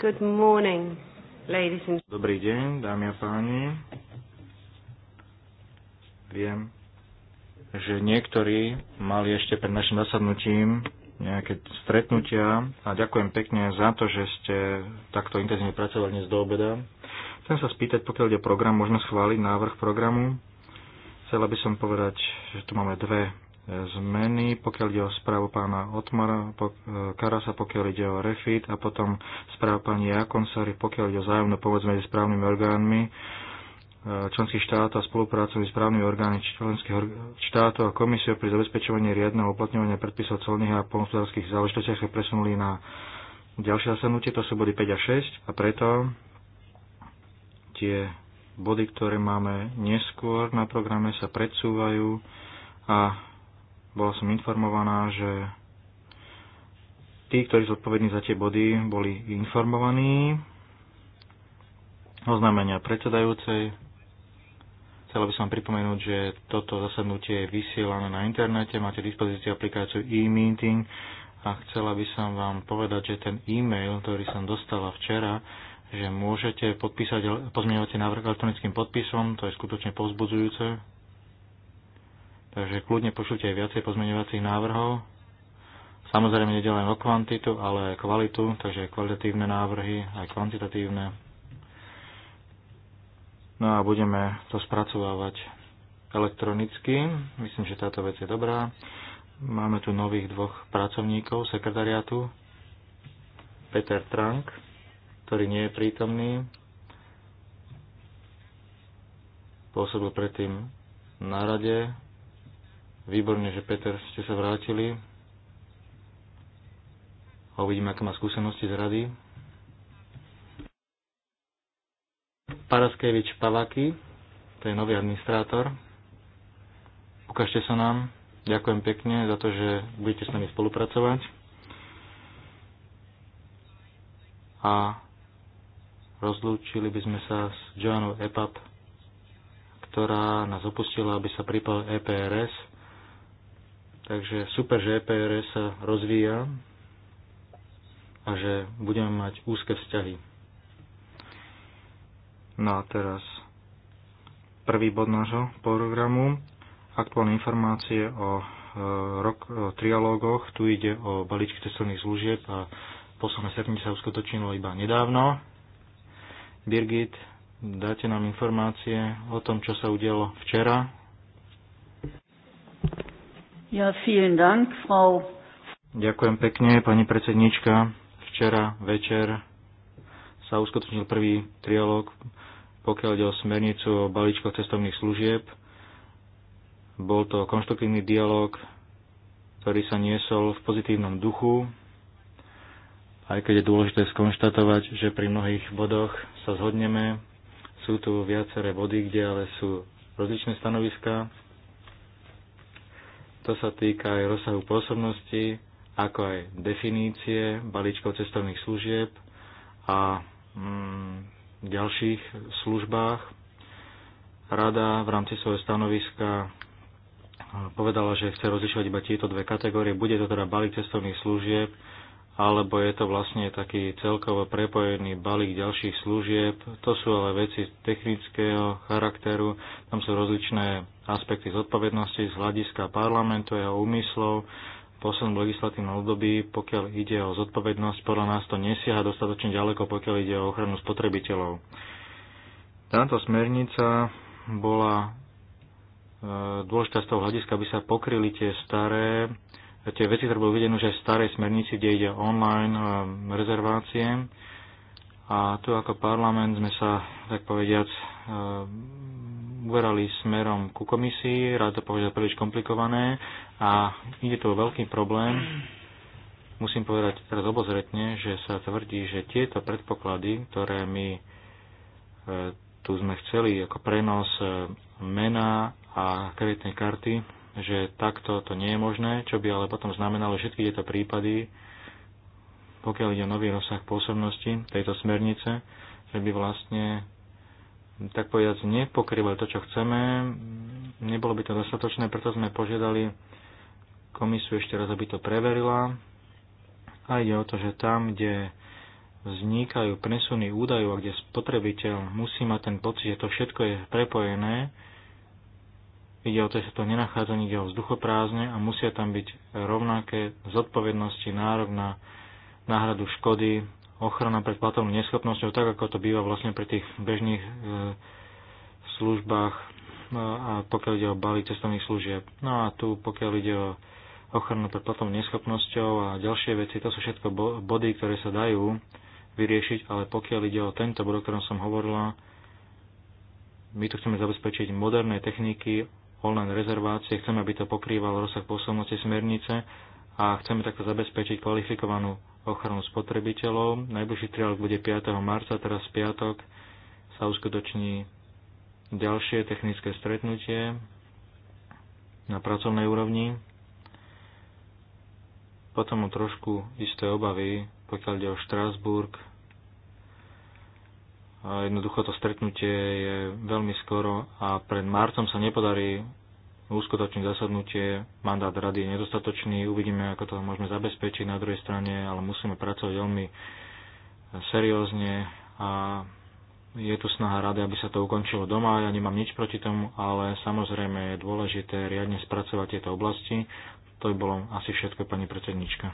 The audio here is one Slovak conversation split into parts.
Good morning, ladies and Dobrý deň, dámy a páni. Viem, že niektorí mali ešte pred našim zasadnutím nejaké stretnutia a ďakujem pekne za to, že ste takto intenzívne pracovali dnes do obeda. Chcem sa spýtať, pokiaľ ide program, možno schváliť návrh programu. Chcela by som povedať, že tu máme dve zmeny, pokiaľ ide o správu pána Otmara, pok, e, Karasa, pokiaľ ide o Refit a potom správu pani Jakonsary, pokiaľ ide o zájomnú pomoc medzi správnymi orgánmi e, členských štátov a spoluprácu s správnymi orgány členských štátov a komisiou pri zabezpečovaní riadneho uplatňovania predpisov celných a polnospodárských záležitostiach sa presunuli na ďalšie zasadnutie, to sú body 5 a 6 a preto tie body, ktoré máme neskôr na programe, sa predsúvajú a bola som informovaná, že tí, ktorí sú odpovední za tie body, boli informovaní. Oznámenia predsedajúcej. Chcela by som pripomenúť, že toto zasadnutie je vysielané na internete, máte v dispozícii aplikáciu e-meeting a chcela by som vám povedať, že ten e-mail, ktorý som dostala včera, že môžete podpísať pozmeňovací návrh elektronickým podpisom, to je skutočne povzbudzujúce, Takže kľudne pošlite aj viacej pozmeňovacích návrhov. Samozrejme nede len o kvantitu, ale aj kvalitu, takže aj kvalitatívne návrhy, aj kvantitatívne. No a budeme to spracovávať elektronicky. Myslím, že táto vec je dobrá. Máme tu nových dvoch pracovníkov sekretariátu. Peter Trank, ktorý nie je prítomný. Pôsobil predtým na rade Výborne, že Peter, ste sa vrátili. A uvidíme, aké má skúsenosti z rady. Paraskevič Pavaky, to je nový administrátor. Ukážte sa nám. Ďakujem pekne za to, že budete s nami spolupracovať. A rozlúčili by sme sa s Joanou Epap, ktorá nás opustila, aby sa pripal EPRS – Takže super, že EPRS sa rozvíja a že budeme mať úzke vzťahy. No a teraz prvý bod nášho programu. Aktuálne informácie o, e, rok, o trialógoch. Tu ide o balíčky cestovných služieb a posledné stretnutie sa uskutočnilo iba nedávno. Birgit, dáte nám informácie o tom, čo sa udialo včera? Ja, vielen Dank, Frau. Ďakujem pekne, pani predsednička. Včera večer sa uskutočnil prvý trialog, pokiaľ ide o smernicu o balíčkoch cestovných služieb. Bol to konštruktívny dialog, ktorý sa niesol v pozitívnom duchu, aj keď je dôležité skonštatovať, že pri mnohých bodoch sa zhodneme. Sú tu viaceré body, kde ale sú rozličné stanoviská. To sa týka aj rozsahu pôsobnosti, ako aj definície balíčkov cestovných služieb a mm, ďalších službách. Rada v rámci svojho stanoviska povedala, že chce rozlišovať iba tieto dve kategórie. Bude to teda balík cestovných služieb alebo je to vlastne taký celkovo prepojený balík ďalších služieb. To sú ale veci technického charakteru, tam sú rozličné aspekty zodpovednosti z hľadiska parlamentu, jeho úmyslov, poslednom legislatívnom období, pokiaľ ide o zodpovednosť, podľa nás to nesieha dostatočne ďaleko, pokiaľ ide o ochranu spotrebiteľov. Táto smernica bola e, dôležitá z toho hľadiska, aby sa pokryli tie staré tie veci, ktoré boli uvedené že v starej smernici, kde ide online um, rezervácie. A tu ako parlament sme sa, tak povediac, uverali um, smerom ku komisii, rád to povedať príliš komplikované a ide to o veľký problém. Musím povedať teraz obozretne, že sa tvrdí, že tieto predpoklady, ktoré my e, tu sme chceli ako prenos e, mena a kreditnej karty že takto to nie je možné, čo by ale potom znamenalo všetky tieto prípady, pokiaľ ide o nový rozsah pôsobnosti tejto smernice, že by vlastne tak povedať, nepokrývali to, čo chceme. Nebolo by to dostatočné, preto sme požiadali komisiu ešte raz, aby to preverila. A ide o to, že tam, kde vznikajú presuny údajov a kde spotrebiteľ musí mať ten pocit, že to všetko je prepojené, Ide o to, že sa to nenachádza nikde o vzduchoprázdne a musia tam byť rovnaké zodpovednosti, nárok na náhradu škody, ochrana pred platovnou neschopnosťou, tak ako to býva vlastne pri tých bežných e, službách no, a pokiaľ ide o balí cestovných služieb. No a tu pokiaľ ide o ochranu pred platovnou neschopnosťou a ďalšie veci, to sú všetko body, ktoré sa dajú vyriešiť, ale pokiaľ ide o tento bod, o ktorom som hovorila, my tu chceme zabezpečiť moderné techniky, online rezervácie, chceme, aby to pokrývalo rozsah pôsobnosti smernice a chceme takto zabezpečiť kvalifikovanú ochranu spotrebiteľov. Najbližší trialog bude 5. marca, teraz v piatok sa uskutoční ďalšie technické stretnutie na pracovnej úrovni. Potom mám trošku isté obavy, pokiaľ ide o Štrásburg, a jednoducho to stretnutie je veľmi skoro a pred marcom sa nepodarí uskutočniť zasadnutie, mandát rady je nedostatočný, uvidíme, ako to môžeme zabezpečiť na druhej strane, ale musíme pracovať veľmi seriózne a je tu snaha rady, aby sa to ukončilo doma, ja nemám nič proti tomu, ale samozrejme je dôležité riadne spracovať tieto oblasti. To by bolo asi všetko, pani predsednička.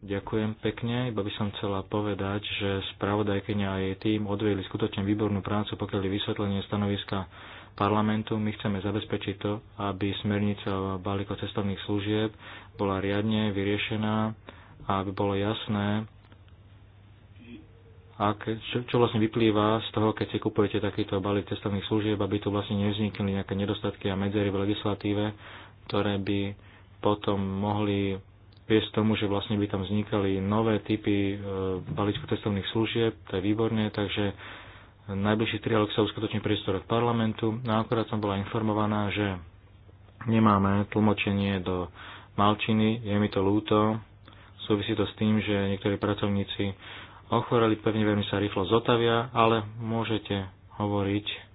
Ďakujem pekne, iba by som chcela povedať, že spravodajkynia a jej tým odvieli skutočne výbornú prácu, pokiaľ je vysvetlenie stanoviska parlamentu. My chceme zabezpečiť to, aby smernica o balíko cestovných služieb bola riadne vyriešená a aby bolo jasné, ak, čo, čo vlastne vyplýva z toho, keď si kupujete takýto balík cestovných služieb, aby tu vlastne nevznikli nejaké nedostatky a medzery v legislatíve, ktoré by potom mohli viesť tomu, že vlastne by tam vznikali nové typy e, balíčku testovných služieb, to je výborné, takže najbližší trialog sa uskutoční priestor od parlamentu. No akorát som bola informovaná, že nemáme tlmočenie do malčiny, je mi to lúto, súvisí to s tým, že niektorí pracovníci ochoreli, pevne veľmi sa rýchlo zotavia, ale môžete hovoriť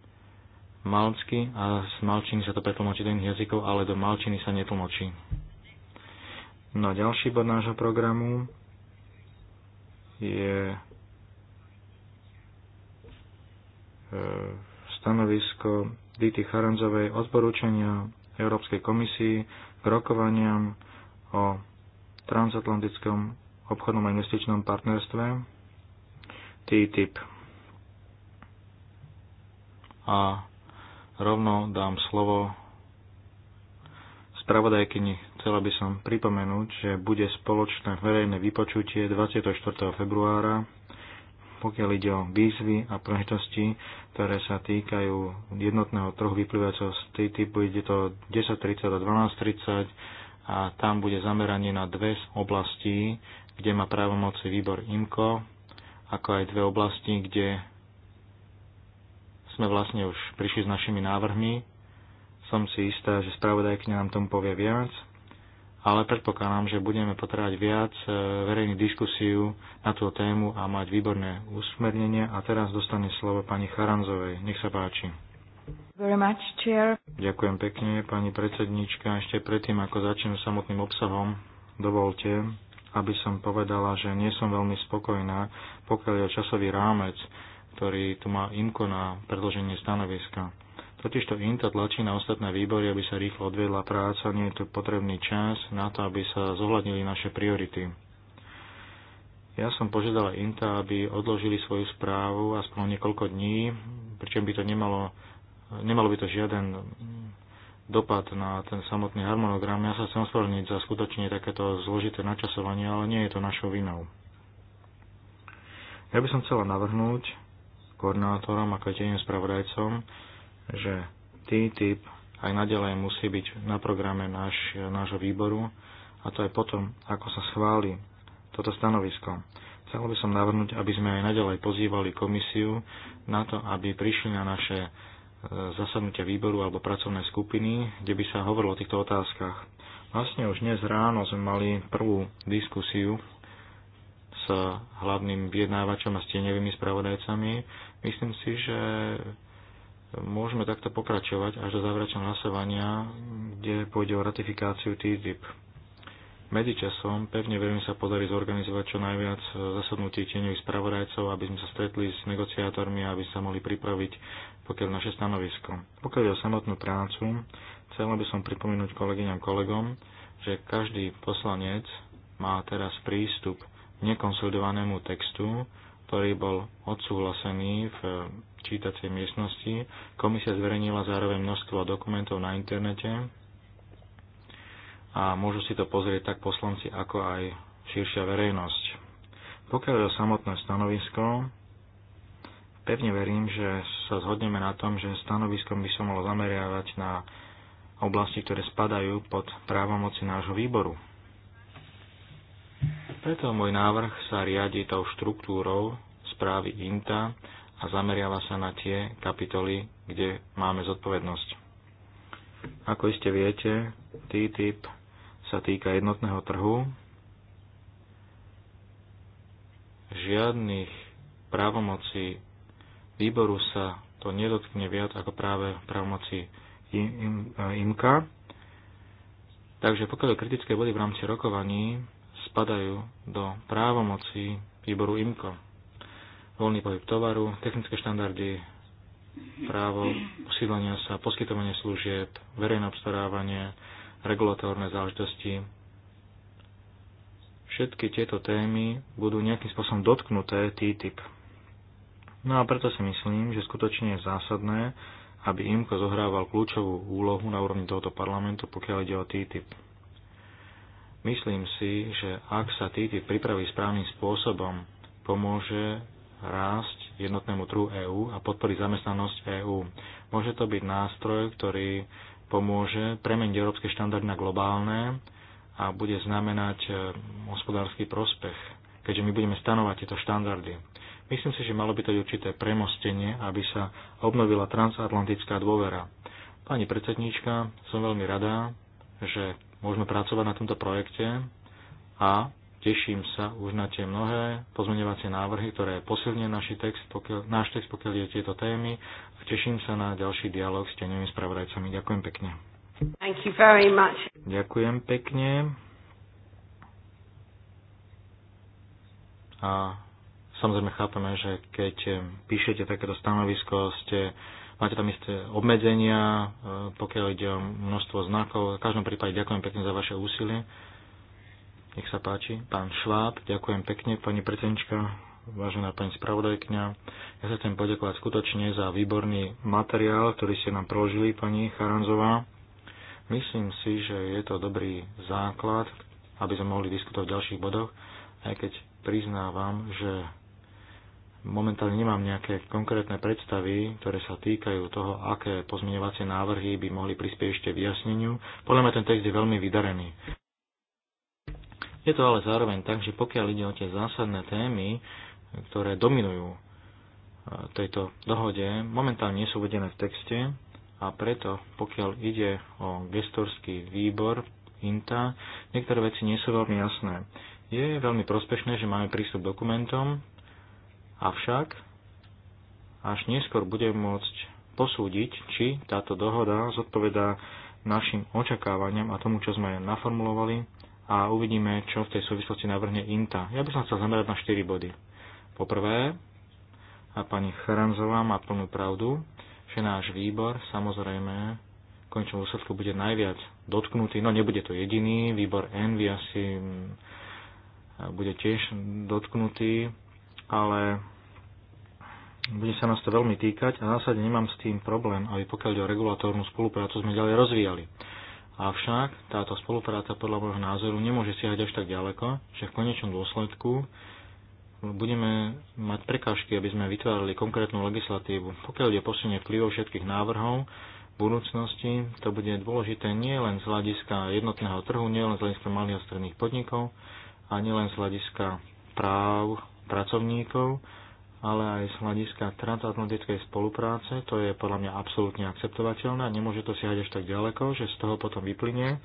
malcky a z malčiny sa to pretlmočí do iných jazykov, ale do malčiny sa netlmočí. No a ďalší bod nášho programu je e, stanovisko Dity Charanzovej odporúčania Európskej komisii k rokovaniam o transatlantickom obchodnom a investičnom partnerstve TTIP. A rovno dám slovo spravodajkyni. Chcela by som pripomenúť, že bude spoločné verejné vypočutie 24. februára, pokiaľ ide o výzvy a príležitosti, ktoré sa týkajú jednotného trhu vyplývajúceho z TTIP, bude to 10.30 a 12.30 a tam bude zameranie na dve oblasti, kde má právomoci výbor IMCO, ako aj dve oblasti, kde sme vlastne už prišli s našimi návrhmi. Som si istá, že spravodajkňa nám tomu povie viac, ale predpokladám, že budeme potrebať viac e, verejnú diskusiu na tú tému a mať výborné usmernenie. A teraz dostane slovo pani Charanzovej. Nech sa páči. Very much, chair. Ďakujem pekne, pani predsedníčka. Ešte predtým, ako začnem samotným obsahom, dovolte, aby som povedala, že nie som veľmi spokojná, pokiaľ je časový rámec ktorý tu má IMKO na predloženie stanoviska. Totižto INTA tlačí na ostatné výbory, aby sa rýchlo odvedla práca, nie je tu potrebný čas na to, aby sa zohľadnili naše priority. Ja som požiadala INTA, aby odložili svoju správu aspoň niekoľko dní, pričom by to nemalo, nemalo by to žiaden dopad na ten samotný harmonogram. Ja sa chcem ospravedlniť za skutočne takéto zložité načasovanie, ale nie je to našou vinou. Ja by som chcela navrhnúť, koordinátorom a kvetením spravodajcom, že typ aj nadalej musí byť na programe náš, nášho výboru a to aj potom, ako sa schváli toto stanovisko. Chcel by som navrhnúť, aby sme aj nadalej pozývali komisiu na to, aby prišli na naše e, zasadnutia výboru alebo pracovnej skupiny, kde by sa hovorilo o týchto otázkach. Vlastne už dnes ráno sme mali prvú diskusiu s hlavným vyjednávačom a stieňovými spravodajcami. Myslím si, že môžeme takto pokračovať až do záverečného hlasovania, kde pôjde o ratifikáciu TTIP. Medzičasom pevne verím sa podarí zorganizovať čo najviac zasadnutí tieňových spravodajcov, aby sme sa stretli s negociátormi a aby sa mohli pripraviť pokiaľ naše stanovisko. Pokiaľ je o samotnú prácu, chcel by som pripomenúť kolegyňam kolegom, že každý poslanec má teraz prístup nekonsolidovanému textu, ktorý bol odsúhlasený v eh, čítacej miestnosti. Komisia zverejnila zároveň množstvo dokumentov na internete a môžu si to pozrieť tak poslanci, ako aj širšia verejnosť. Pokiaľ je o samotné stanovisko, pevne verím, že sa zhodneme na tom, že stanoviskom by sa malo zameriavať na oblasti, ktoré spadajú pod právomoci nášho výboru. Preto môj návrh sa riadi tou štruktúrou správy INTA a zameriava sa na tie kapitoly, kde máme zodpovednosť. Ako iste viete, TTIP sa týka jednotného trhu, žiadnych právomocí výboru sa to nedotkne viac ako práve právomocí IMKA. Takže pokiaľ kritické body v rámci rokovaní, spadajú do právomocí výboru IMCO. Voľný pohyb tovaru, technické štandardy, právo usídlenia sa, poskytovanie služieb, verejné obstarávanie, regulatórne záležitosti. Všetky tieto témy budú nejakým spôsobom dotknuté TTIP. No a preto si myslím, že skutočne je zásadné, aby IMCO zohrával kľúčovú úlohu na úrovni tohoto parlamentu, pokiaľ ide o TTIP. Myslím si, že ak sa TTIP pripraví správnym spôsobom, pomôže rásť jednotnému trhu EÚ a podporí zamestnanosť EÚ. Môže to byť nástroj, ktorý pomôže premeniť európske štandardy na globálne a bude znamenať e, hospodársky prospech, keďže my budeme stanovať tieto štandardy. Myslím si, že malo by to určité premostenie, aby sa obnovila transatlantická dôvera. Pani predsedníčka, som veľmi rada, že môžeme pracovať na tomto projekte a teším sa už na tie mnohé pozmeňovacie návrhy, ktoré posilnia náš text, pokiaľ, náš text, pokiaľ je tieto témy. A teším sa na ďalší dialog s tenými spravodajcami. Ďakujem pekne. Thank you very much. Ďakujem pekne. A samozrejme chápeme, že keď píšete takéto stanovisko, ste Máte tam isté obmedzenia, e, pokiaľ ide o množstvo znakov. V každom prípade ďakujem pekne za vaše úsilie. Nech sa páči. Pán Šváb, ďakujem pekne, pani predsednička, vážená pani spravodajkňa. Ja sa chcem poďakovať skutočne za výborný materiál, ktorý ste nám preložili, pani Charanzová. Myslím si, že je to dobrý základ, aby sme mohli diskutovať v ďalších bodoch, aj keď priznávam, že momentálne nemám nejaké konkrétne predstavy, ktoré sa týkajú toho, aké pozmeňovacie návrhy by mohli prispieť ešte vyjasneniu. Podľa mňa ten text je veľmi vydarený. Je to ale zároveň tak, že pokiaľ ide o tie zásadné témy, ktoré dominujú e, tejto dohode, momentálne nie sú uvedené v texte a preto, pokiaľ ide o gestorský výbor INTA, niektoré veci nie sú veľmi jasné. Je veľmi prospešné, že máme prístup k dokumentom, Avšak až neskôr budem môcť posúdiť, či táto dohoda zodpovedá našim očakávaniam a tomu, čo sme naformulovali a uvidíme, čo v tej súvislosti navrhne INTA. Ja by som chcel zamerať na 4 body. Poprvé, a pani Charanzová má plnú pravdu, že náš výbor samozrejme v končnom úsledku bude najviac dotknutý, no nebude to jediný, výbor Envy asi mm, bude tiež dotknutý ale bude sa nás to veľmi týkať a zásadne nemám s tým problém, aby pokiaľ ide o regulatórnu spoluprácu sme ďalej rozvíjali. Avšak táto spolupráca podľa môjho názoru nemôže siahať až tak ďaleko, že v konečnom dôsledku budeme mať prekážky, aby sme vytvárali konkrétnu legislatívu. Pokiaľ ide posunie vplyvov všetkých návrhov, v budúcnosti to bude dôležité nie len z hľadiska jednotného trhu, nie len z hľadiska malých a stredných podnikov a nie len z hľadiska práv pracovníkov, ale aj z hľadiska transatlantickej spolupráce. To je podľa mňa absolútne akceptovateľné. a Nemôže to siahať až tak ďaleko, že z toho potom vyplynie,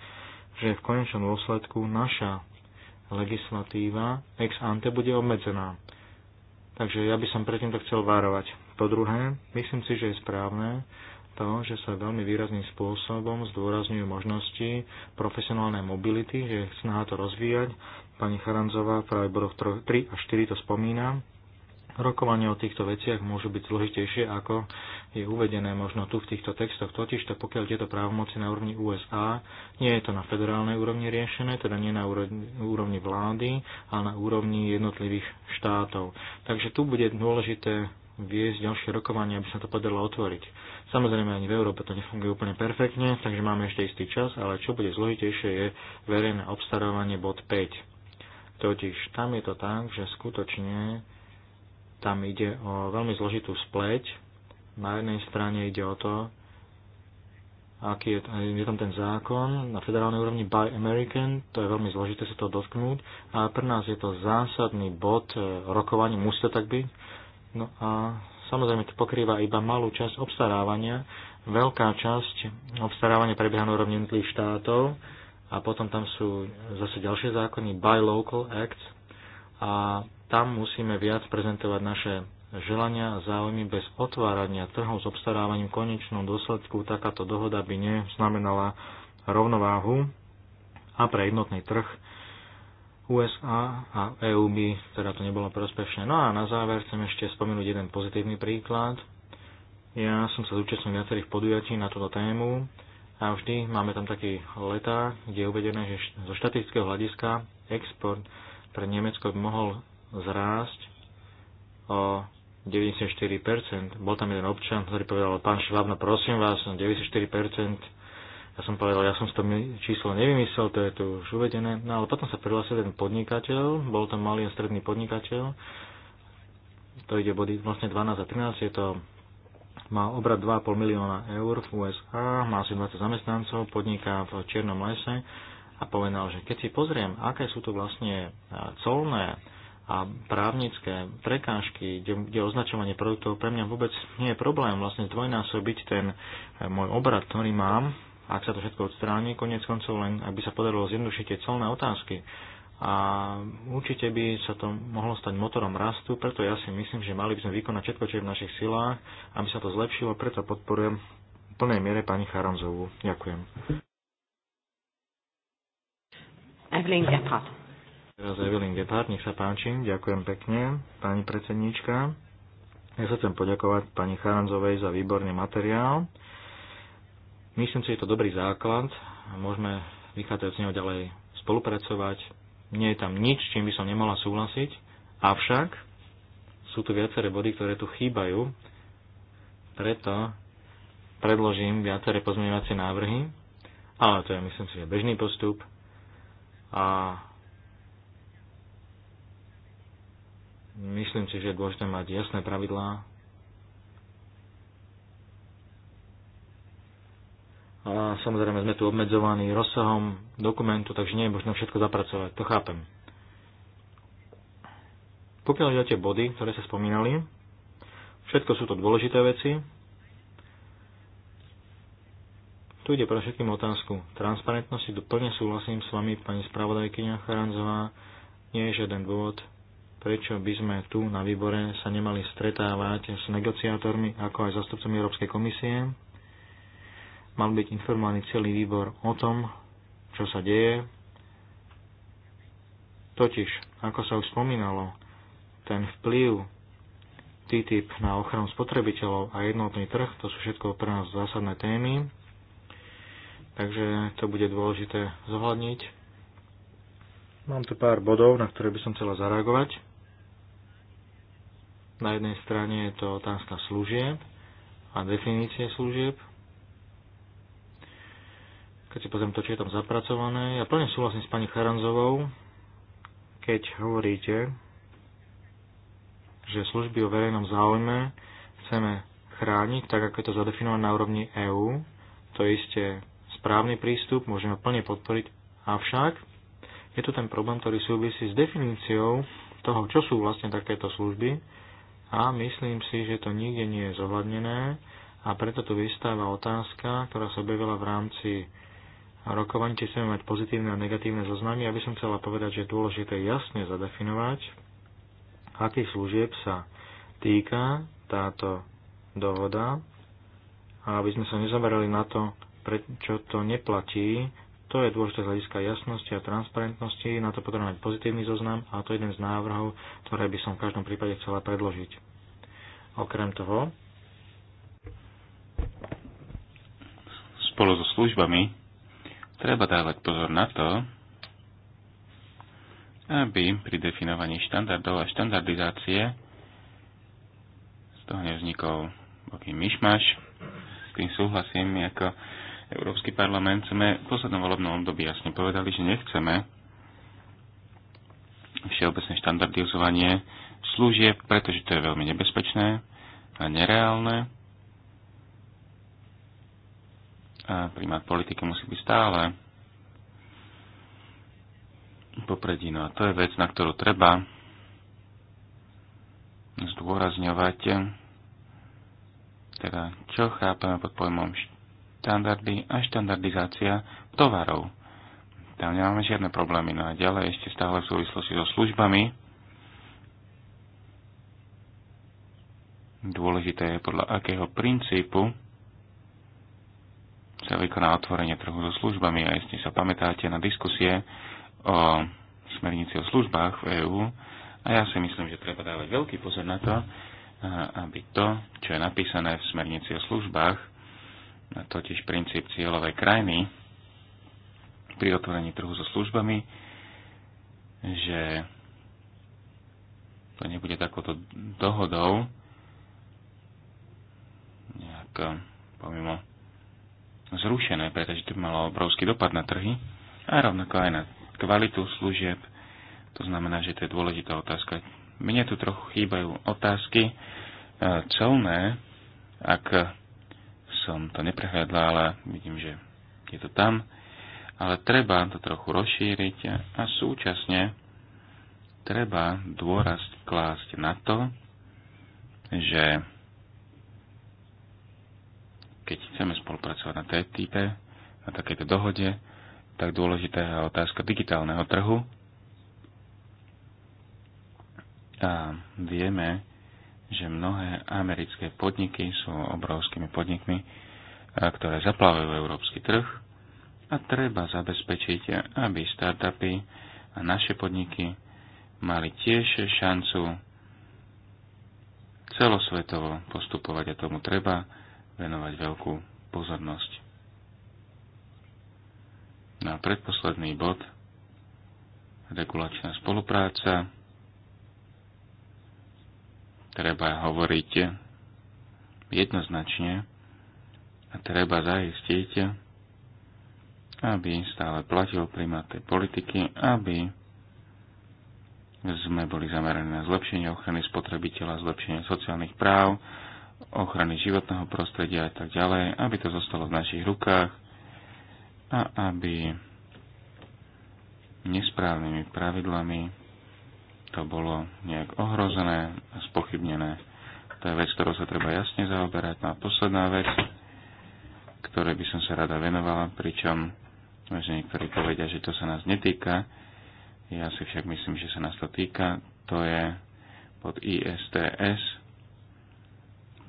že v konečnom dôsledku naša legislatíva ex ante bude obmedzená. Takže ja by som predtým to chcel varovať. Po druhé, myslím si, že je správne, to, že sa veľmi výrazným spôsobom zdôrazňujú možnosti profesionálnej mobility, že snaha to rozvíjať. Pani Charanzová práve bodoch 3 a 4 to spomína. Rokovanie o týchto veciach môžu byť zložitejšie, ako je uvedené možno tu v týchto textoch. to, pokiaľ tieto právomoci na úrovni USA, nie je to na federálnej úrovni riešené, teda nie na úrovni vlády, ale na úrovni jednotlivých štátov. Takže tu bude dôležité viesť ďalšie rokovanie, aby sa to podarilo otvoriť. Samozrejme, ani v Európe to nefunguje úplne perfektne, takže máme ešte istý čas, ale čo bude zložitejšie je verejné obstarávanie bod 5. Totiž tam je to tak, že skutočne tam ide o veľmi zložitú spleť. Na jednej strane ide o to, aký je, je tam ten zákon na federálnej úrovni Buy American, to je veľmi zložité sa to dotknúť ale pre nás je to zásadný bod e, rokovania, musí to tak byť, No a samozrejme to pokrýva iba malú časť obstarávania. Veľká časť obstarávania prebieha na úrovni jednotlivých štátov a potom tam sú zase ďalšie zákony, by Local acts a tam musíme viac prezentovať naše želania a záujmy bez otvárania trhov s obstarávaním v konečnom dôsledku takáto dohoda by neznamenala rovnováhu a pre jednotný trh USA a EU by teda to nebolo prospešné. No a na záver chcem ešte spomenúť jeden pozitívny príklad. Ja som sa zúčastnil viacerých podujatí na túto tému a vždy máme tam taký leták, kde je uvedené, že zo štatistického hľadiska export pre Nemecko by mohol zrásť o 94%. Bol tam jeden občan, ktorý povedal, pán Švábno, prosím vás, 94% no ja som povedal, ja som si to číslo nevymyslel, to je tu už uvedené. No ale potom sa prihlásil jeden podnikateľ, bol tam malý a stredný podnikateľ. To ide body vlastne 12 a 13, je to má obrad 2,5 milióna eur v USA, má asi 20 zamestnancov, podniká v Čiernom lese a povedal, že keď si pozriem, aké sú to vlastne colné a právnické prekážky, kde, kde označovanie produktov pre mňa vôbec nie je problém vlastne zdvojnásobiť ten e, môj obrad, ktorý mám ak sa to všetko odstráni, koniec koncov len, aby sa podarilo zjednodušiť tie colné otázky. A určite by sa to mohlo stať motorom rastu, preto ja si myslím, že mali by sme vykonať všetko, čo je v našich silách, aby sa to zlepšilo, preto podporujem v plnej miere pani Charanzovú. Ďakujem. Evelyn Gephardt. Teraz Evelyn Gephardt, nech sa páči. Ďakujem pekne, pani predsedníčka. Ja sa chcem poďakovať pani Charanzovej za výborný materiál. Myslím si, že je to dobrý základ. a Môžeme vychádzať z neho ďalej spolupracovať. Nie je tam nič, čím by som nemohla súhlasiť. Avšak sú tu viaceré body, ktoré tu chýbajú. Preto predložím viaceré pozmeňovacie návrhy. Ale to je, myslím si, že bežný postup. A myslím si, že je dôležité mať jasné pravidlá a samozrejme sme tu obmedzovaní rozsahom dokumentu, takže nie je možné všetko zapracovať. To chápem. Pokiaľ ide o tie body, ktoré sa spomínali, všetko sú to dôležité veci. Tu ide pre všetkým otázku transparentnosti. Tu plne súhlasím s vami, pani spravodajkyňa Charanzová. Nie je žiaden dôvod, prečo by sme tu na výbore sa nemali stretávať s negociátormi, ako aj zastupcami Európskej komisie mal byť informovaný celý výbor o tom, čo sa deje. Totiž, ako sa už spomínalo, ten vplyv TTIP na ochranu spotrebiteľov a jednotný trh, to sú všetko pre nás zásadné témy, takže to bude dôležité zohľadniť. Mám tu pár bodov, na ktoré by som chcela zareagovať. Na jednej strane je to otázka služieb a definície služieb, keď si pozriem to, čo je tam zapracované. Ja plne súhlasím s pani Charanzovou, keď hovoríte, že služby o verejnom záujme chceme chrániť, tak ako je to zadefinované na úrovni EÚ. To je isté správny prístup, môžeme plne podporiť, avšak je tu ten problém, ktorý súvisí s definíciou toho, čo sú vlastne takéto služby a myslím si, že to nikde nie je zohľadnené a preto tu vystáva otázka, ktorá sa objavila v rámci rokovaní, či chceme mať pozitívne a negatívne zoznamy. Ja by som chcela povedať, že je dôležité jasne zadefinovať, akých služieb sa týka táto dohoda a aby sme sa nezamerali na to, prečo to neplatí. To je dôležité z hľadiska jasnosti a transparentnosti, na to potrebujeme mať pozitívny zoznam a to je jeden z návrhov, ktoré by som v každom prípade chcela predložiť. Okrem toho, spolu so službami treba dávať pozor na to, aby pri definovaní štandardov a štandardizácie z toho nevznikol veľký myšmaš. S tým súhlasím, ako Európsky parlament sme v poslednom volebnom období jasne povedali, že nechceme všeobecné štandardizovanie služieb, pretože to je veľmi nebezpečné a nereálne primát politiky musí byť stále popredí. No a to je vec, na ktorú treba zdôrazňovať, teda čo chápeme pod pojmom štandardy a štandardizácia tovarov. Tam nemáme žiadne problémy. No a ďalej ešte stále v súvislosti so službami. Dôležité je podľa akého princípu sa vykoná otvorenie trhu so službami a jestli sa pamätáte na diskusie o smernici o službách v EÚ a ja si myslím, že treba dávať veľký pozor na to, aby to, čo je napísané v smernici o službách, totiž princíp cieľovej krajiny pri otvorení trhu so službami, že to nebude takouto dohodou, nejak e, pomimo zrušené, pretože to malo obrovský dopad na trhy a rovnako aj na kvalitu služieb. To znamená, že to je dôležitá otázka. Mne tu trochu chýbajú otázky e, celné, ak som to neprehľadla, ale vidím, že je to tam. Ale treba to trochu rozšíriť a súčasne treba dôraz klásť na to, že keď chceme spolupracovať na TTIP, na takejto dohode, tak dôležitá je otázka digitálneho trhu. A vieme, že mnohé americké podniky sú obrovskými podnikmi, ktoré zaplavujú európsky trh a treba zabezpečiť, aby startupy a naše podniky mali tiež šancu celosvetovo postupovať a tomu treba venovať veľkú pozornosť. Na predposledný bod regulačná spolupráca. Treba hovoriť jednoznačne a treba zaistiť, aby stále platil primáte politiky, aby sme boli zameraní na zlepšenie ochrany spotrebiteľa, zlepšenie sociálnych práv, ochrany životného prostredia a tak ďalej, aby to zostalo v našich rukách a aby nesprávnymi pravidlami to bolo nejak ohrozené a spochybnené. To je vec, ktorou sa treba jasne zaoberať. No a posledná vec, ktoré by som sa rada venovala, pričom možno niektorí povedia, že to sa nás netýka, ja si však myslím, že sa nás to týka, to je pod ISTS,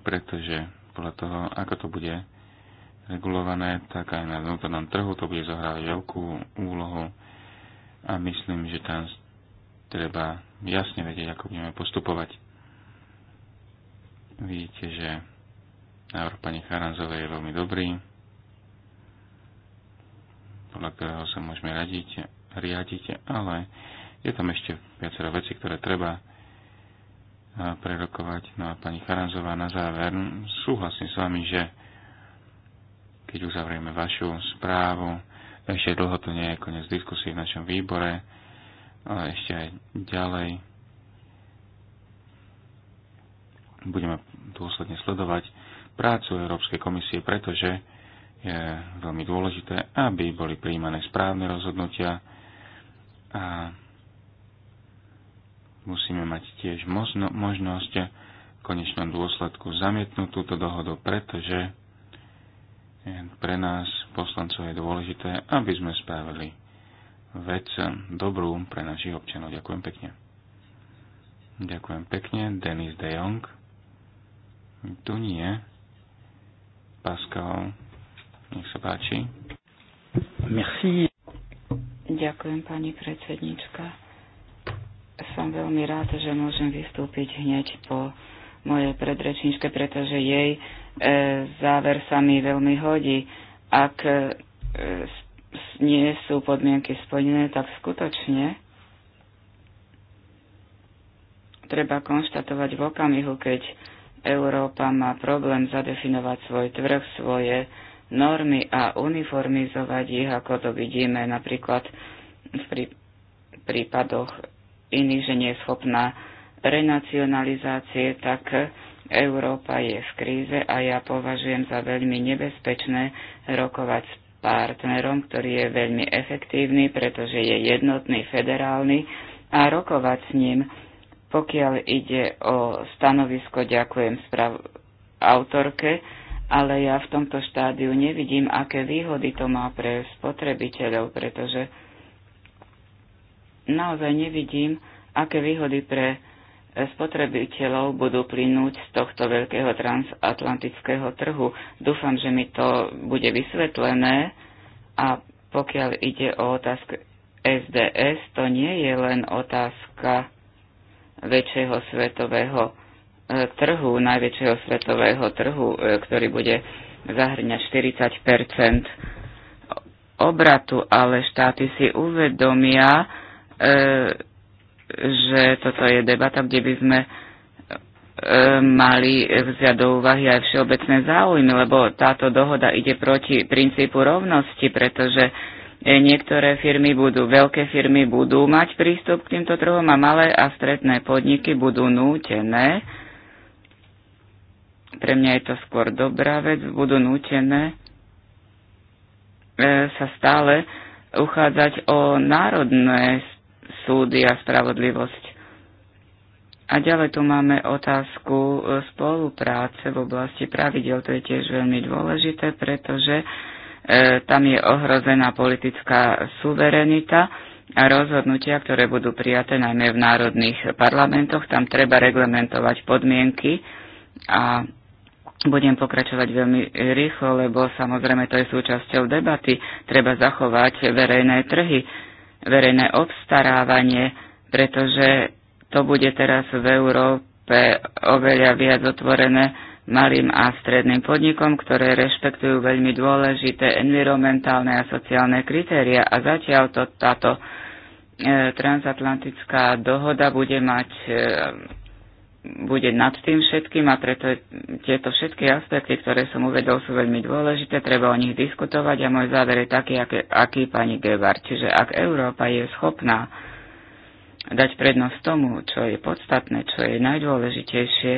pretože podľa toho, ako to bude regulované, tak aj na vnútornom trhu to bude zohrávať veľkú úlohu a myslím, že tam treba jasne vedieť, ako budeme postupovať. Vidíte, že návrh pani Charanzovej je veľmi dobrý, podľa ktorého sa môžeme radiť, riadiť, ale je tam ešte viacero veci, ktoré treba prerokovať. No a pani Charanzová na záver, súhlasím s vami, že keď uzavrieme vašu správu, ešte dlho to nie je koniec diskusie v našom výbore, ale ešte aj ďalej budeme dôsledne sledovať prácu Európskej komisie, pretože je veľmi dôležité, aby boli príjmané správne rozhodnutia a Musíme mať tiež možno, možnosť v konečnom dôsledku zamietnúť túto dohodu, pretože pre nás, poslancov, je dôležité, aby sme spravili vec dobrú pre našich občanov. Ďakujem pekne. Ďakujem pekne. Denis de Jong. Tu nie. Pascal, nech sa páči. Merci. Ďakujem, pani predsednička. Som veľmi rád, že môžem vystúpiť hneď po mojej predrečničke, pretože jej e, záver sa mi veľmi hodí. Ak e, s, nie sú podmienky splnené, tak skutočne treba konštatovať v okamihu, keď Európa má problém zadefinovať svoj trh, svoje normy a uniformizovať ich, ako to vidíme napríklad v prípadoch iný že nie je schopná renacionalizácie, tak Európa je v kríze a ja považujem za veľmi nebezpečné rokovať s partnerom, ktorý je veľmi efektívny, pretože je jednotný, federálny a rokovať s ním. Pokiaľ ide o stanovisko, ďakujem sprav- autorke, ale ja v tomto štádiu nevidím, aké výhody to má pre spotrebiteľov, pretože naozaj nevidím, aké výhody pre e, spotrebiteľov budú plynúť z tohto veľkého transatlantického trhu. Dúfam, že mi to bude vysvetlené a pokiaľ ide o otázku SDS, to nie je len otázka väčšieho svetového e, trhu, najväčšieho svetového trhu, e, ktorý bude zahrňať 40 obratu, ale štáty si uvedomia, že toto je debata, kde by sme e, mali vziať do úvahy aj všeobecné záujmy, lebo táto dohoda ide proti princípu rovnosti, pretože e, niektoré firmy budú, veľké firmy budú mať prístup k týmto trhom a malé a stredné podniky budú nútené. Pre mňa je to skôr dobrá vec, budú nútené e, sa stále uchádzať o národné súdy a spravodlivosť. A ďalej tu máme otázku e, spolupráce v oblasti pravidel. To je tiež veľmi dôležité, pretože e, tam je ohrozená politická suverenita a rozhodnutia, ktoré budú prijaté najmä v národných parlamentoch. Tam treba reglementovať podmienky a budem pokračovať veľmi rýchlo, lebo samozrejme to je súčasťou debaty. Treba zachovať verejné trhy verejné obstarávanie, pretože to bude teraz v Európe oveľa viac otvorené malým a stredným podnikom, ktoré rešpektujú veľmi dôležité environmentálne a sociálne kritéria a zatiaľ to, táto e, transatlantická dohoda bude mať e, bude nad tým všetkým a preto tieto všetky aspekty, ktoré som uvedol, sú veľmi dôležité, treba o nich diskutovať a môj záver je taký, aký, aký pani Gebar. Čiže ak Európa je schopná dať prednosť tomu, čo je podstatné, čo je najdôležitejšie,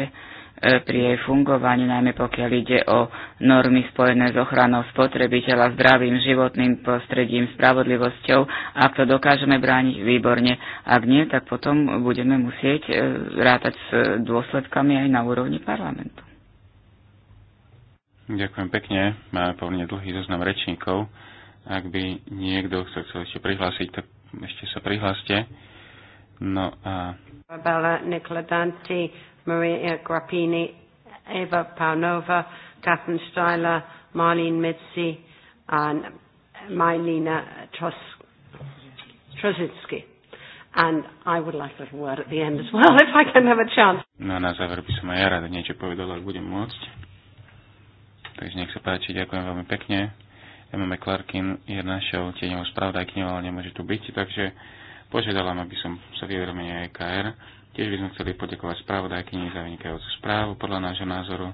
E, pri jej fungovaní, najmä pokiaľ ide o normy spojené s ochranou spotrebiteľa, zdravým životným prostredím, spravodlivosťou. Ak to dokážeme brániť, výborne. Ak nie, tak potom budeme musieť e, rátať s dôsledkami aj na úrovni parlamentu. Ďakujem pekne. Máme pomerne dlhý zoznam rečníkov. Ak by niekto sa chcel ešte prihlásiť, tak ešte sa prihláste. No a... Bala Nikola Maria Grappini, Eva Paunova, Catherine Steiler, Marlene Mitzi, and Mylena Tros And I would like a little word at the end as well, if I can have a chance. No, na záver by som aj ja rada niečo povedala, ak budem môcť. Takže nech sa páči, ďakujem veľmi pekne. Emma McClarkin je našou tieňou spravodajkňou, ale nemôže tu byť, takže požiadala, aby som sa vyjadril aj e KR. Tiež by sme chceli poďakovať spravodajkyni za vynikajúcu správu. Podľa nášho názoru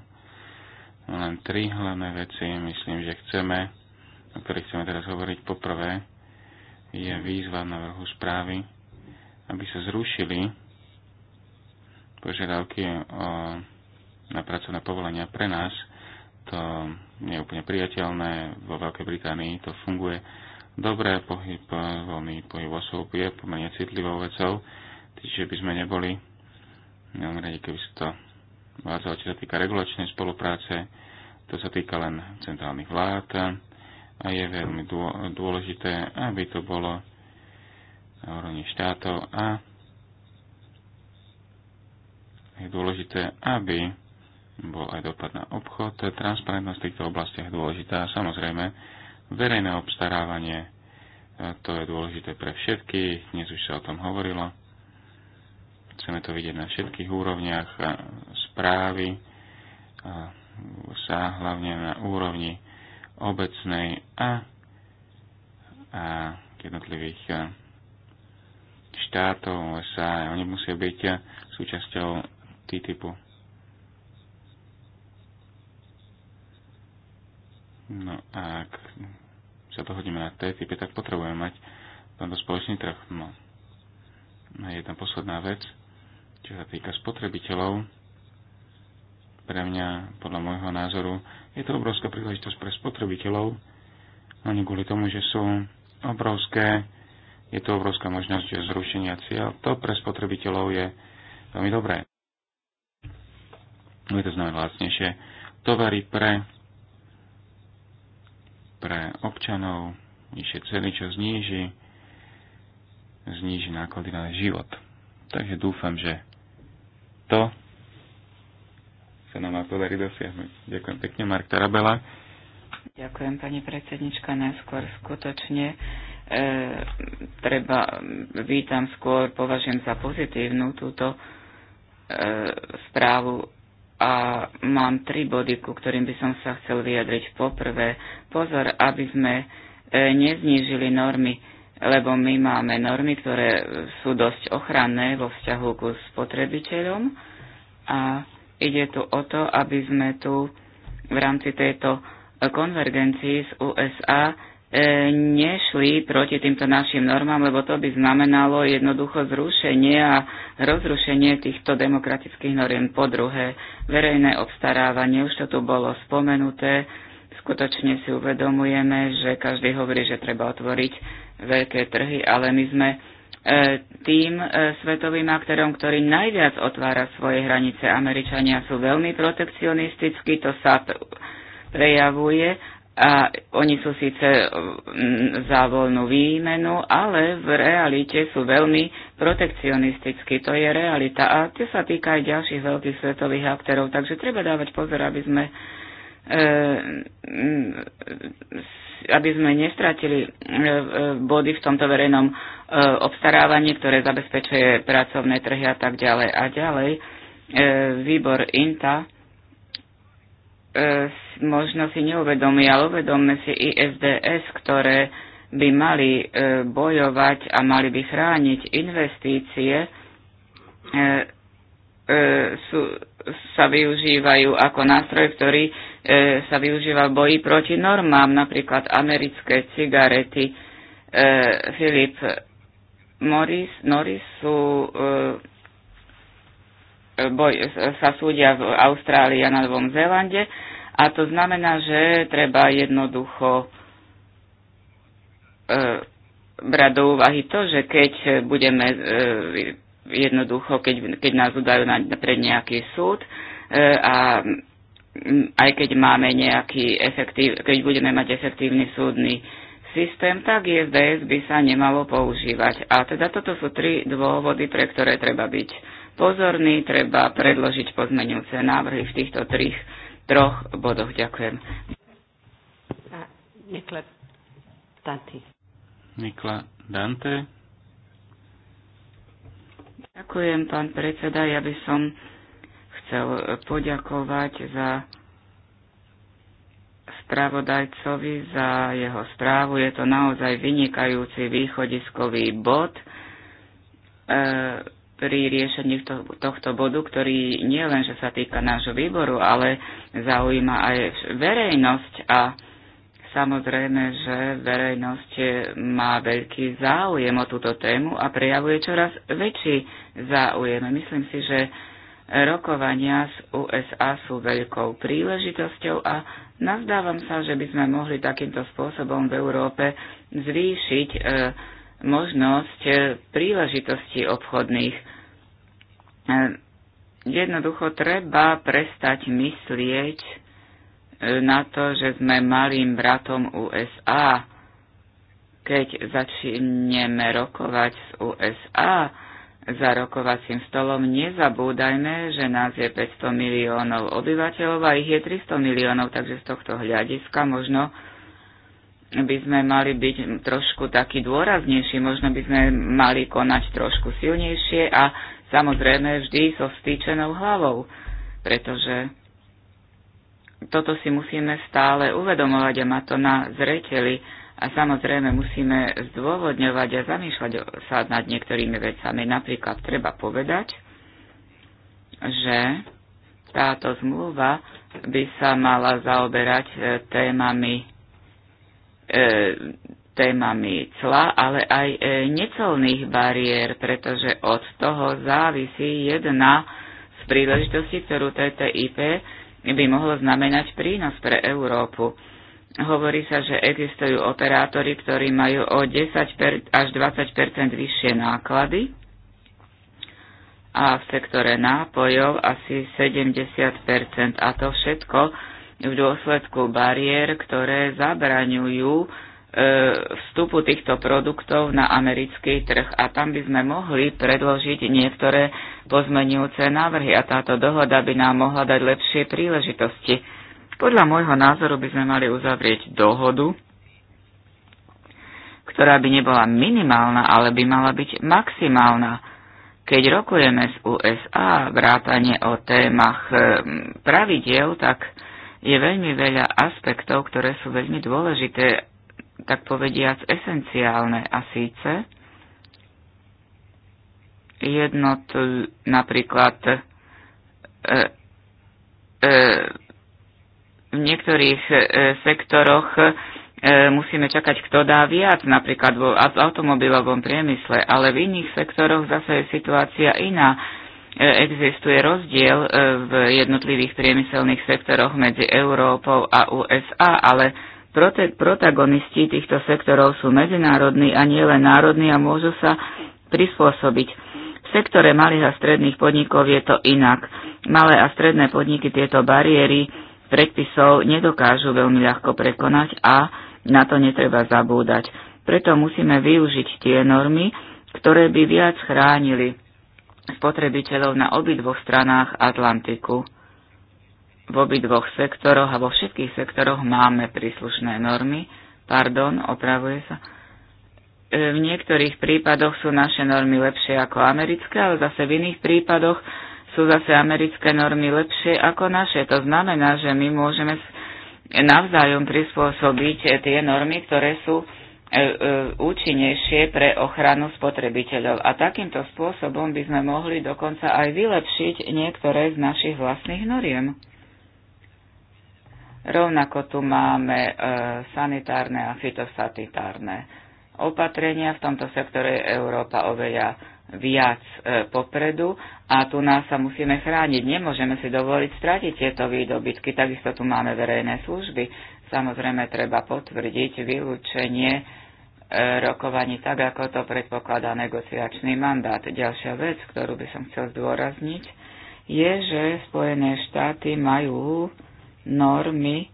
len tri hlavné veci, myslím, že chceme, o ktorých chceme teraz hovoriť. Poprvé je výzva na vrhu správy, aby sa zrušili požiadavky o, eh, na pracovné povolenia pre nás. To nie je úplne priateľné. Vo Veľkej Británii to funguje dobre. Pohyb, eh, voľný pohyb osôb je pomerne citlivou vecou že by sme neboli veľmi radi, keby sa to vádzalo, čo sa týka regulačnej spolupráce, to sa týka len centrálnych vlád a je veľmi dôležité, aby to bolo na úrovni štátov a je dôležité, aby bol aj dopad na obchod. Transparentnosť v týchto oblastiach je dôležitá samozrejme verejné obstarávanie to je dôležité pre všetkých, dnes už sa o tom hovorilo. Chceme to vidieť na všetkých úrovniach správy, sa hlavne na úrovni obecnej a, a jednotlivých štátov USA. Oni musia byť súčasťou TTIPu. No a ak sa dohodneme na TTIP, tak potrebujeme mať tento spoločný trh. No. A jedna posledná vec – čo sa týka spotrebiteľov, pre mňa, podľa môjho názoru, je to obrovská príležitosť pre spotrebiteľov, ani kvôli tomu, že sú obrovské, je to obrovská možnosť zrušenia cieľ. To pre spotrebiteľov je veľmi dobré. Je to znamená vlastnejšie tovary pre, pre občanov, nižšie ceny, čo zníži, zníži náklady na život. Takže dúfam, že to sa nám má podarí dosiahnuť. Ďakujem pekne, Mark Tarabela. Ďakujem, pani predsednička. Najskôr skutočne e, treba, vítam skôr, považujem za pozitívnu túto e, správu a mám tri body, ku ktorým by som sa chcel vyjadriť. Poprvé, pozor, aby sme e, neznížili normy lebo my máme normy, ktoré sú dosť ochranné vo vzťahu k spotrebiteľom a ide tu o to, aby sme tu v rámci tejto konvergencii z USA e, nešli proti týmto našim normám, lebo to by znamenalo jednoducho zrušenie a rozrušenie týchto demokratických noriem. Po druhé, verejné obstarávanie, už to tu bolo spomenuté, skutočne si uvedomujeme, že každý hovorí, že treba otvoriť veľké trhy, ale my sme e, tým e, svetovým aktérom, ktorý najviac otvára svoje hranice. Američania sú veľmi protekcionistickí, to sa prejavuje a oni sú síce e, za voľnú výmenu, ale v realite sú veľmi protekcionistickí. To je realita a to sa týka aj ďalších veľkých svetových aktérov, takže treba dávať pozor, aby sme aby sme nestratili e, e, body v tomto verejnom e, obstarávaní, ktoré zabezpečuje pracovné trhy a tak ďalej a ďalej. Výbor INTA možno si neuvedomí, ale uvedomme si ISDS, ktoré by mali bojovať a mali by chrániť investície E, sú, sa využívajú ako nástroj, ktorý e, sa využíva v boji proti normám, napríklad americké cigarety. E, Philip Morris, Norris sú, e, boj, sa súdia v Austrálii a na Novom Zélande a to znamená, že treba jednoducho e, brať do úvahy to, že keď budeme e, jednoducho, keď, keď nás udajú na, pred nejaký súd e, a aj keď máme nejaký efektív, keď budeme mať efektívny súdny systém, tak ISDS by sa nemalo používať. A teda toto sú tri dôvody, pre ktoré treba byť pozorný, treba predložiť pozmenujúce návrhy v týchto trich, troch bodoch. Ďakujem. Nikla Dante. Nikla Dante. Ďakujem, pán predseda. Ja by som chcel poďakovať za spravodajcovi za jeho správu. Je to naozaj vynikajúci východiskový bod e, pri riešení to, tohto bodu, ktorý nie len, že sa týka nášho výboru, ale zaujíma aj verejnosť a Samozrejme, že verejnosť má veľký záujem o túto tému a prejavuje čoraz väčší záujem. Myslím si, že rokovania z USA sú veľkou príležitosťou a nazdávam sa, že by sme mohli takýmto spôsobom v Európe zvýšiť e, možnosť e, príležitostí obchodných. E, jednoducho treba prestať myslieť, na to, že sme malým bratom USA. Keď začneme rokovať s USA za rokovacím stolom, nezabúdajme, že nás je 500 miliónov obyvateľov a ich je 300 miliónov, takže z tohto hľadiska možno by sme mali byť trošku taký dôraznejší, možno by sme mali konať trošku silnejšie a samozrejme vždy so stýčenou hlavou, pretože toto si musíme stále uvedomovať a mať to na zreteli a samozrejme musíme zdôvodňovať a zamýšľať sa nad niektorými vecami. Napríklad treba povedať, že táto zmluva by sa mala zaoberať e, témami, e, témami cla, ale aj e, necelných bariér, pretože od toho závisí jedna z príležitostí, ktorú TTIP by mohlo znamenať prínos pre Európu. Hovorí sa, že existujú operátori, ktorí majú o 10 až 20 vyššie náklady a v sektore nápojov asi 70 a to všetko v dôsledku bariér, ktoré zabraňujú E, vstupu týchto produktov na americký trh a tam by sme mohli predložiť niektoré pozmenujúce návrhy a táto dohoda by nám mohla dať lepšie príležitosti. Podľa môjho názoru by sme mali uzavrieť dohodu, ktorá by nebola minimálna, ale by mala byť maximálna. Keď rokujeme z USA vrátane o témach e, pravidiel, tak je veľmi veľa aspektov, ktoré sú veľmi dôležité tak povediac, esenciálne a síce jednot, napríklad e, e, v niektorých e, sektoroch e, musíme čakať, kto dá viac, napríklad v automobilovom priemysle, ale v iných sektoroch zase je situácia iná. E, existuje rozdiel e, v jednotlivých priemyselných sektoroch medzi Európou a USA, ale Prote- protagonisti týchto sektorov sú medzinárodní a nielen národní a môžu sa prispôsobiť. V sektore malých a stredných podnikov je to inak. Malé a stredné podniky tieto bariéry predpisov nedokážu veľmi ľahko prekonať a na to netreba zabúdať. Preto musíme využiť tie normy, ktoré by viac chránili spotrebiteľov na obidvoch stranách Atlantiku v obidvoch sektoroch a vo všetkých sektoroch máme príslušné normy. Pardon, opravuje sa. E, v niektorých prípadoch sú naše normy lepšie ako americké, ale zase v iných prípadoch sú zase americké normy lepšie ako naše. To znamená, že my môžeme navzájom prispôsobiť tie normy, ktoré sú e, e, účinnejšie pre ochranu spotrebiteľov. A takýmto spôsobom by sme mohli dokonca aj vylepšiť niektoré z našich vlastných noriem. Rovnako tu máme e, sanitárne a fitosanitárne opatrenia. V tomto sektore je Európa oveľa viac e, popredu a tu nás sa musíme chrániť. Nemôžeme si dovoliť stratiť tieto výdobytky. Takisto tu máme verejné služby. Samozrejme treba potvrdiť vylúčenie e, rokovaní tak, ako to predpokladá negociačný mandát. Ďalšia vec, ktorú by som chcel zdôrazniť, je, že Spojené štáty majú normy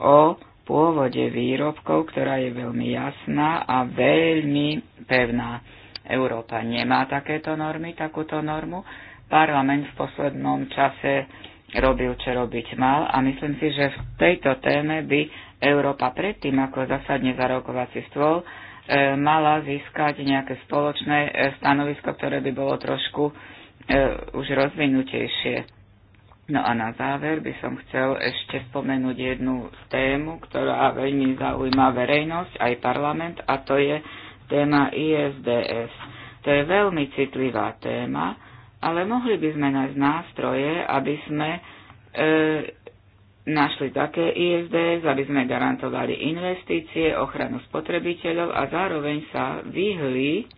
o pôvode výrobkov, ktorá je veľmi jasná a veľmi pevná. Európa nemá takéto normy, takúto normu. Parlament v poslednom čase robil, čo robiť mal a myslím si, že v tejto téme by Európa predtým, ako zasadne za rokovací stôl, e, mala získať nejaké spoločné e, stanovisko, ktoré by bolo trošku e, už rozvinutejšie. No a na záver by som chcel ešte spomenúť jednu tému, ktorá veľmi zaujíma verejnosť, aj parlament, a to je téma ISDS. To je veľmi citlivá téma, ale mohli by sme nájsť nástroje, aby sme e, našli také ISDS, aby sme garantovali investície, ochranu spotrebiteľov a zároveň sa vyhli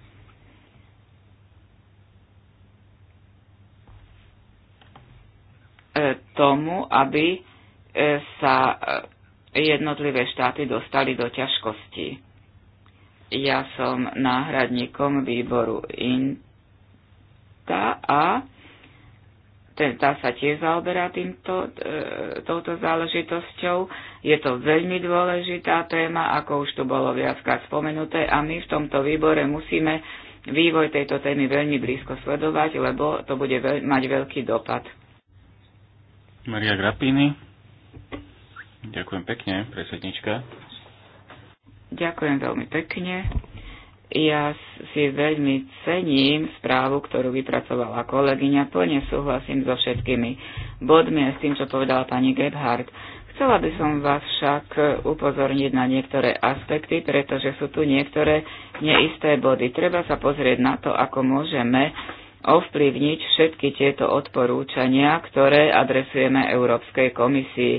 tomu, aby e, sa e, jednotlivé štáty dostali do ťažkostí. Ja som náhradníkom výboru INTA a ten, tá sa tiež zaoberá týmto, e, touto záležitosťou. Je to veľmi dôležitá téma, ako už tu bolo viackrát spomenuté a my v tomto výbore musíme vývoj tejto témy veľmi blízko sledovať, lebo to bude veľ, mať veľký dopad. Maria Grappini. Ďakujem pekne, predsednička. Ďakujem veľmi pekne. Ja si veľmi cením správu, ktorú vypracovala kolegyňa. Plne súhlasím so všetkými bodmi a s tým, čo povedala pani Gebhardt. Chcela by som vás však upozorniť na niektoré aspekty, pretože sú tu niektoré neisté body. Treba sa pozrieť na to, ako môžeme ovplyvniť všetky tieto odporúčania, ktoré adresujeme Európskej komisii.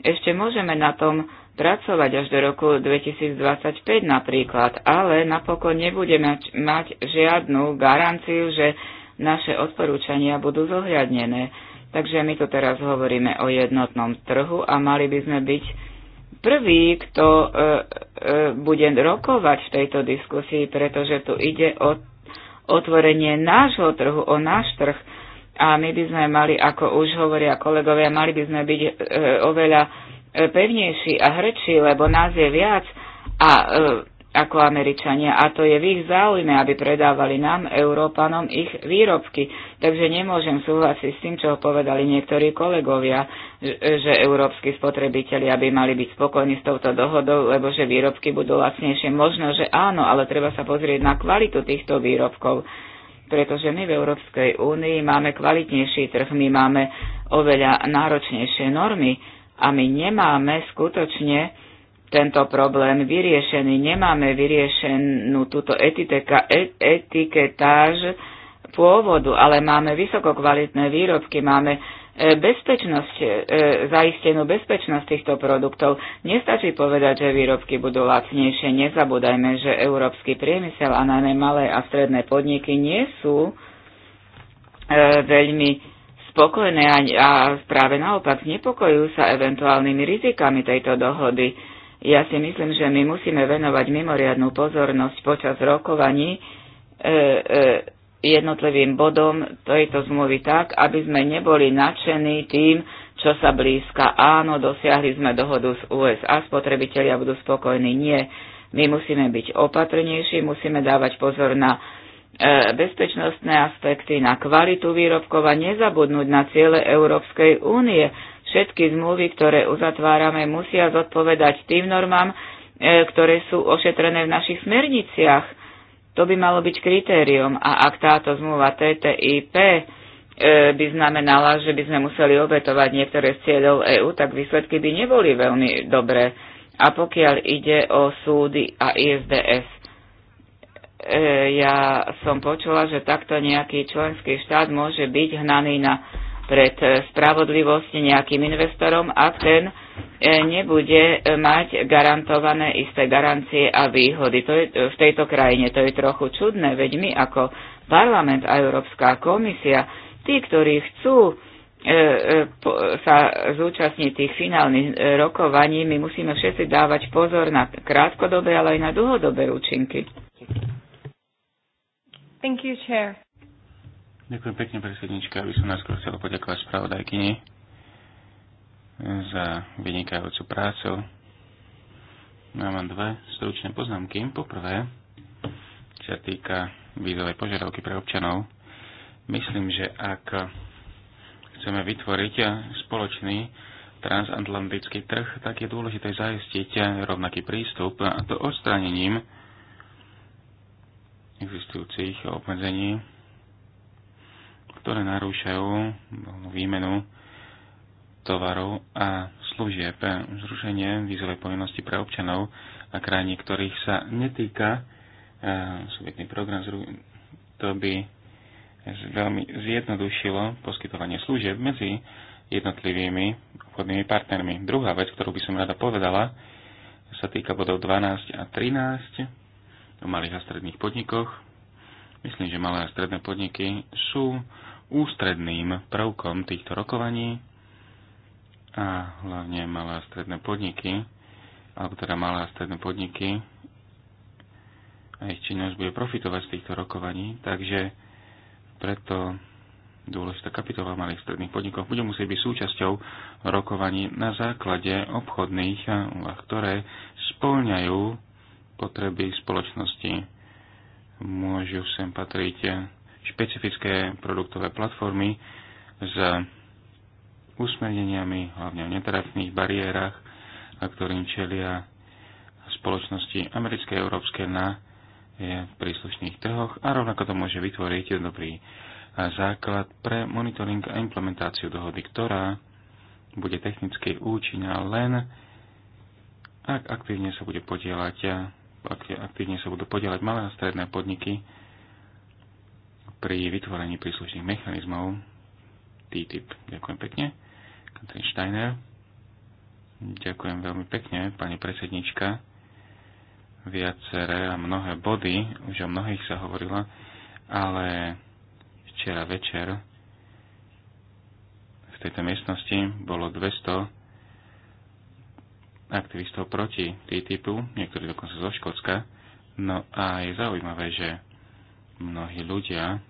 Ešte môžeme na tom pracovať až do roku 2025 napríklad, ale napokon nebudeme mať žiadnu garanciu, že naše odporúčania budú zohľadnené. Takže my tu teraz hovoríme o jednotnom trhu a mali by sme byť prví, kto e, e, bude rokovať v tejto diskusii, pretože tu ide o otvorenie nášho trhu, o náš trh. A my by sme mali, ako už hovoria kolegovia, mali by sme byť e, oveľa e, pevnejší a hrdší, lebo nás je viac a e, ako Američania a to je v ich záujme, aby predávali nám, Európanom, ich výrobky. Takže nemôžem súhlasiť s tým, čo povedali niektorí kolegovia, že európsky spotrebitelia by mali byť spokojní s touto dohodou, lebo že výrobky budú lacnejšie. Možno, že áno, ale treba sa pozrieť na kvalitu týchto výrobkov pretože my v Európskej únii máme kvalitnejší trh, my máme oveľa náročnejšie normy a my nemáme skutočne tento problém vyriešený. Nemáme vyriešenú túto et, e- etiketáž pôvodu, ale máme vysokokvalitné výrobky, máme e, bezpečnosť, e, zaistenú bezpečnosť týchto produktov. Nestačí povedať, že výrobky budú lacnejšie. Nezabúdajme, že európsky priemysel a najmä malé a stredné podniky nie sú veľmi spokojné a, a práve naopak znepokojujú sa eventuálnymi rizikami tejto dohody. Ja si myslím, že my musíme venovať mimoriadnú pozornosť počas rokovaní e, e, jednotlivým bodom tejto zmluvy tak, aby sme neboli nadšení tým, čo sa blízka. Áno, dosiahli sme dohodu z USA, spotrebitelia budú spokojní. Nie, my musíme byť opatrnejší, musíme dávať pozor na e, bezpečnostné aspekty, na kvalitu výrobkov a nezabudnúť na ciele Európskej únie, Všetky zmluvy, ktoré uzatvárame, musia zodpovedať tým normám, e, ktoré sú ošetrené v našich smerniciach. To by malo byť kritérium. A ak táto zmluva TTIP e, by znamenala, že by sme museli obetovať niektoré z cieľov EÚ, tak výsledky by neboli veľmi dobré. A pokiaľ ide o súdy a ISDS, e, ja som počula, že takto nejaký členský štát môže byť hnaný na pred eh, spravodlivosť nejakým investorom, ak ten eh, nebude eh, mať garantované isté garancie a výhody. To je, v tejto krajine to je trochu čudné, veď my ako parlament a Európska komisia, tí, ktorí chcú sa zúčastniť tých finálnych rokovaní, my musíme všetci dávať pozor na krátkodobé, ale aj na dlhodobé účinky. Thank you, Chair. Ďakujem pekne, predsednička. Aby som nás chcel poďakovať spravodajkyni za vynikajúcu prácu. Ja no, mám dve stručné poznámky. Poprvé, čo sa týka vízovej požiadavky pre občanov, myslím, že ak chceme vytvoriť spoločný transatlantický trh, tak je dôležité zajistiť rovnaký prístup a to odstránením existujúcich obmedzení ktoré narúšajú voľnú no, výmenu tovarov a služieb. Zrušenie vízovej povinnosti pre občanov a krajiny ktorých sa netýka e, subjektný program, to by veľmi zjednodušilo poskytovanie služieb medzi jednotlivými obchodnými partnermi. Druhá vec, ktorú by som rada povedala, sa týka bodov 12 a 13 o malých a stredných podnikoch. Myslím, že malé a stredné podniky sú ústredným prvkom týchto rokovaní a hlavne malé a stredné podniky, alebo teda malé a stredné podniky a ich činnosť bude profitovať z týchto rokovaní, takže preto dôležitá kapitola malých stredných podnikov bude musieť byť súčasťou rokovaní na základe obchodných úvah, ktoré spĺňajú potreby spoločnosti. Môžu sem patriť špecifické produktové platformy s usmerneniami, hlavne o netarafných bariérach, ktorým čelia spoločnosti americké a európske na e, príslušných trhoch a rovnako to môže vytvoriť dobrý e, základ pre monitoring a implementáciu dohody, ktorá bude technicky účinná len ak aktívne sa bude podielať aktívne sa budú podielať malé a stredné podniky pri vytvorení príslušných mechanizmov TTIP. Ďakujem pekne. Katrin Steiner. Ďakujem veľmi pekne, pani predsednička. Viaceré a mnohé body, už o mnohých sa hovorila, ale včera večer v tejto miestnosti bolo 200 aktivistov proti TTIPu, niektorí dokonca zo Škótska. No a je zaujímavé, že mnohí ľudia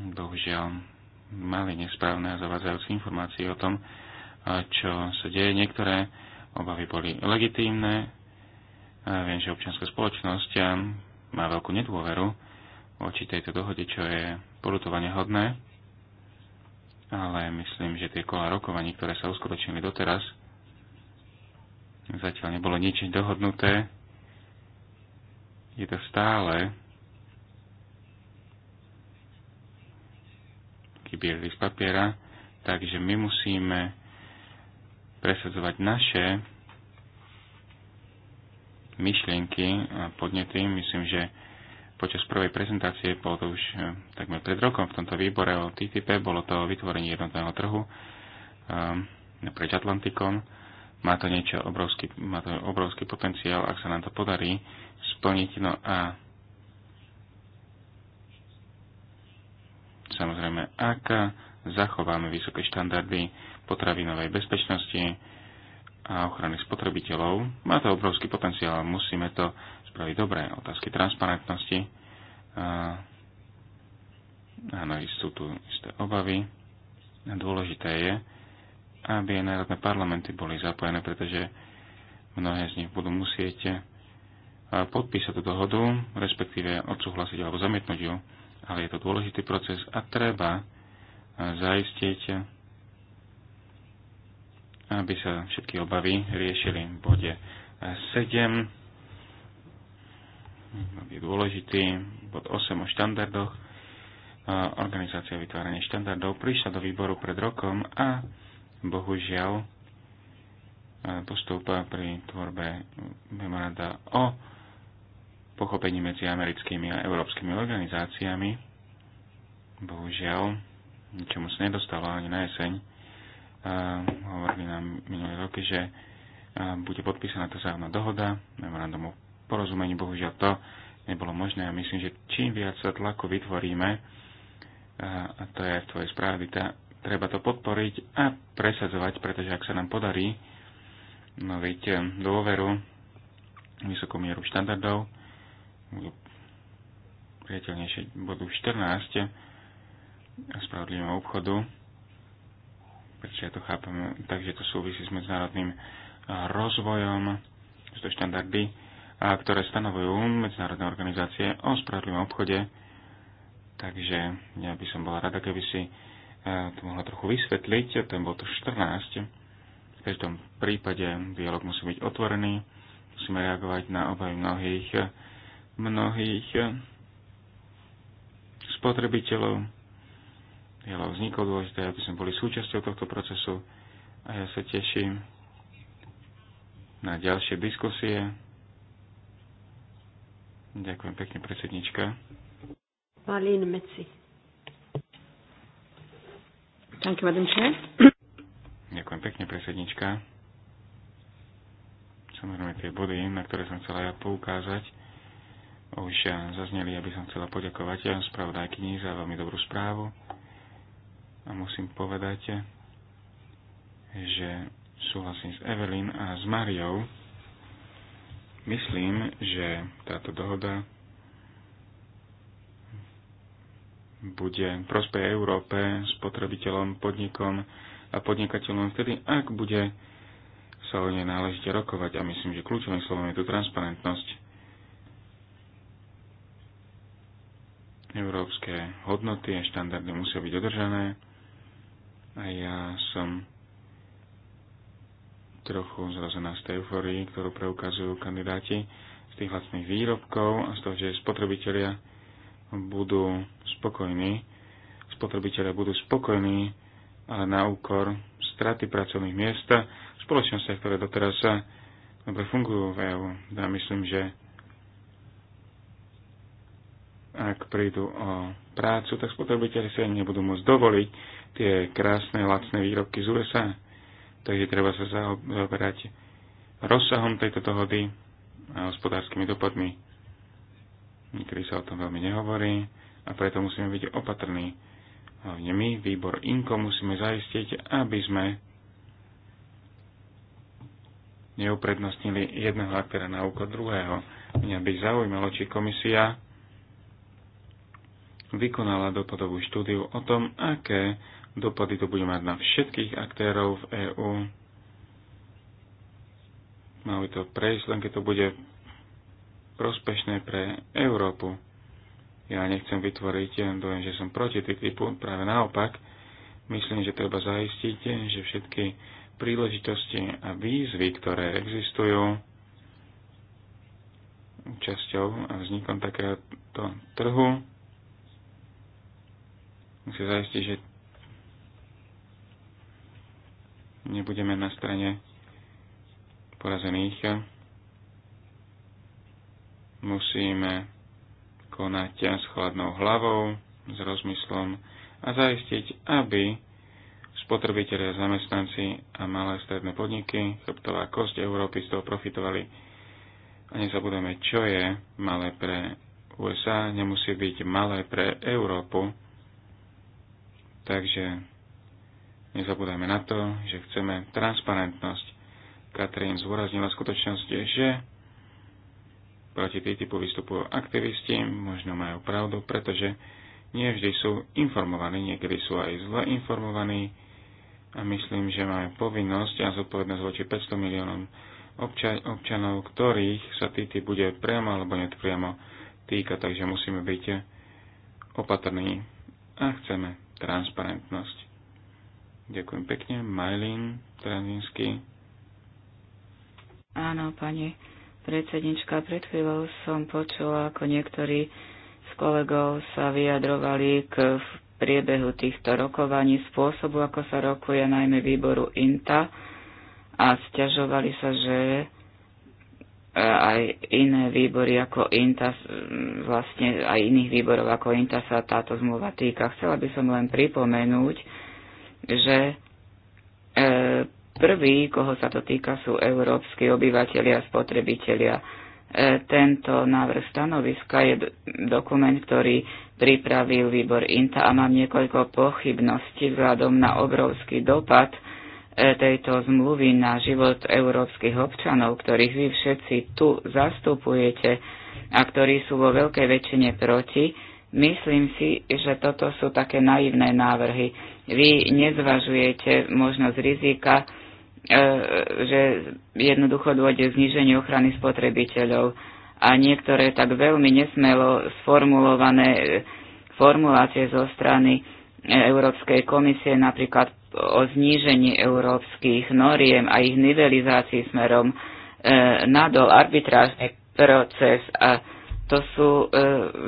bohužiaľ mali nesprávne a zavádzajúce informácie o tom, čo sa deje. Niektoré obavy boli legitímne. viem, že občianská spoločnosť má veľkú nedôveru voči tejto dohode, čo je porutovanie hodné. Ale myslím, že tie kola rokovaní, ktoré sa uskutočnili doteraz, zatiaľ nebolo nič dohodnuté. Je to stále kybierli list papiera, takže my musíme presadzovať naše myšlienky a podnety. Myslím, že počas prvej prezentácie, bolo to už e, takmer pred rokom v tomto výbore o TTP, bolo to o vytvorení jednotného trhu um, ehm, preč Atlantikom. Má to niečo obrovský, má to obrovský potenciál, ak sa nám to podarí splniť. No a Samozrejme, ak zachováme vysoké štandardy potravinovej bezpečnosti a ochrany spotrebiteľov, má to obrovský potenciál, musíme to spraviť dobre. Otázky transparentnosti, áno, sú tu isté obavy. Dôležité je, aby aj národné parlamenty boli zapojené, pretože mnohé z nich budú musieť podpísať tú dohodu, respektíve odsúhlasiť alebo zamietnúť ju ale je to dôležitý proces a treba zaistiť, aby sa všetky obavy riešili v bode 7. Je dôležitý bod 8 o štandardoch. Organizácia vytvárania štandardov prišla do výboru pred rokom a bohužiaľ postup pri tvorbe memoranda o pochopení medzi americkými a európskymi organizáciami. Bohužiaľ, ničomu sa nedostalo ani na jeseň. Uh, hovorili nám minulé roky, že uh, bude podpísaná tá závna dohoda, memorandum o porozumení, bohužiaľ to nebolo možné a myslím, že čím viac sa tlaku vytvoríme, uh, a to je aj v tvojej správe, tá, treba to podporiť a presadzovať, pretože ak sa nám podarí noviť dôveru, vysokú mieru štandardov, budú priateľnejšie bodu 14 a spravodlivého obchodu, pretože ja to chápem tak, že to súvisí s medzinárodným rozvojom, sú to štandardy, a ktoré stanovujú medzinárodné organizácie o spravodlivom obchode, takže ja by som bola rada, keby si e, to mohla trochu vysvetliť, ten bod 14. V každom prípade dialog musí byť otvorený, musíme reagovať na obavy mnohých mnohých eh, spotrebiteľov. Dialóg vznikol dôležité, aby sme boli súčasťou tohto procesu a ja sa teším na ďalšie diskusie. Ďakujem pekne, predsednička. Marlene Meci. Ďakujem, Madam Chair. Ďakujem pekne, predsednička. Samozrejme tie body, na ktoré som chcela ja poukázať, už eh, zazneli, aby som chcela poďakovať ja eh, spravodajkyni za veľmi dobrú správu. A musím povedať, eh, že súhlasím s Evelyn a s Mariou. Myslím, že táto dohoda bude prospej Európe, spotrebiteľom, podnikom a podnikateľom vtedy, ak bude sa o nej náležite rokovať. A myslím, že kľúčovým slovom je tu transparentnosť Európske hodnoty a štandardy musia byť dodržané. A ja som trochu zrazená z tej euforii, ktorú preukazujú kandidáti z tých vlastných výrobkov a z toho, že spotrebitelia budú spokojní. Spotrebitelia budú spokojní, ale na úkor straty pracovných miest v spoločnostiach, ktoré doteraz dobre fungujú v EU. Ja myslím, že ak prídu o prácu, tak spotrebiteľi si ani nebudú môcť dovoliť tie krásne, lacné výrobky z USA. Takže treba sa zaoberať rozsahom tejto dohody a hospodárskymi dopadmi. Nikdy sa o tom veľmi nehovorí a preto musíme byť opatrní. Hlavne my, výbor INKO, musíme zaistiť, aby sme neuprednostnili jedného aktéra na úkor druhého. Mňa by zaujímalo, či komisia vykonala dopadovú štúdiu o tom, aké dopady to bude mať na všetkých aktérov v EÚ. Malo by to prejsť, len keď to bude prospešné pre Európu. Ja nechcem vytvoriť dojem, že som proti typu práve naopak. Myslím, že treba zaistiť, že všetky príležitosti a výzvy, ktoré existujú, časťou a vznikom takéhoto trhu musí zaistiť, že nebudeme na strane porazených. Musíme konať s chladnou hlavou, s rozmyslom a zaistiť, aby spotrebitelia, zamestnanci a malé stredné podniky, chrbtová kosť Európy z toho profitovali. A nezabudeme, čo je malé pre USA, nemusí byť malé pre Európu Takže nezabúdajme na to, že chceme transparentnosť. Katrin zúraznila skutočnosť, že proti TTIPu vystupujú aktivisti, možno majú pravdu, pretože nie vždy sú informovaní, niekedy sú aj zle informovaní a myslím, že máme povinnosť a zodpovednosť voči 500 miliónom obča- občanov, ktorých sa TTIP bude priamo alebo nepriamo týka, takže musíme byť opatrní a chceme transparentnosť. Ďakujem pekne. Majlin Trandinsky. Áno, pani predsednička, pred chvíľou som počula, ako niektorí z kolegov sa vyjadrovali k priebehu týchto rokovaní spôsobu, ako sa rokuje najmä výboru INTA a stiažovali sa, že E, aj iné výbory ako INTA, vlastne aj iných výborov ako INTA sa táto zmluva týka. Chcela by som len pripomenúť, že e, prvý, koho sa to týka, sú európsky obyvateľia a spotrebitelia. E, tento návrh stanoviska je dokument, ktorý pripravil výbor INTA a mám niekoľko pochybností vzhľadom na obrovský dopad, E, tejto zmluvy na život európskych občanov, ktorých vy všetci tu zastupujete a ktorí sú vo veľkej väčšine proti, myslím si, že toto sú také naivné návrhy. Vy nezvažujete možnosť rizika, e, že jednoducho dôjde k zniženiu ochrany spotrebiteľov a niektoré tak veľmi nesmelo sformulované e, formulácie zo strany Európskej komisie napríklad o znížení európskych noriem a ich nivelizácii smerom e, nadol arbitrážny proces a to sú e,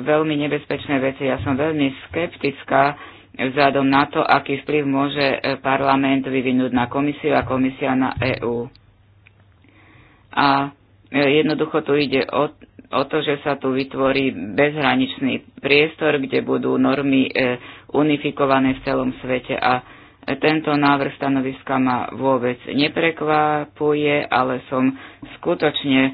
veľmi nebezpečné veci. Ja som veľmi skeptická vzhľadom na to, aký vplyv môže e, parlament vyvinúť na komisiu a komisia na EÚ. A e, jednoducho tu ide o, o to, že sa tu vytvorí bezhraničný priestor, kde budú normy e, unifikované v celom svete. A tento návrh stanoviska ma vôbec neprekvapuje, ale som skutočne e,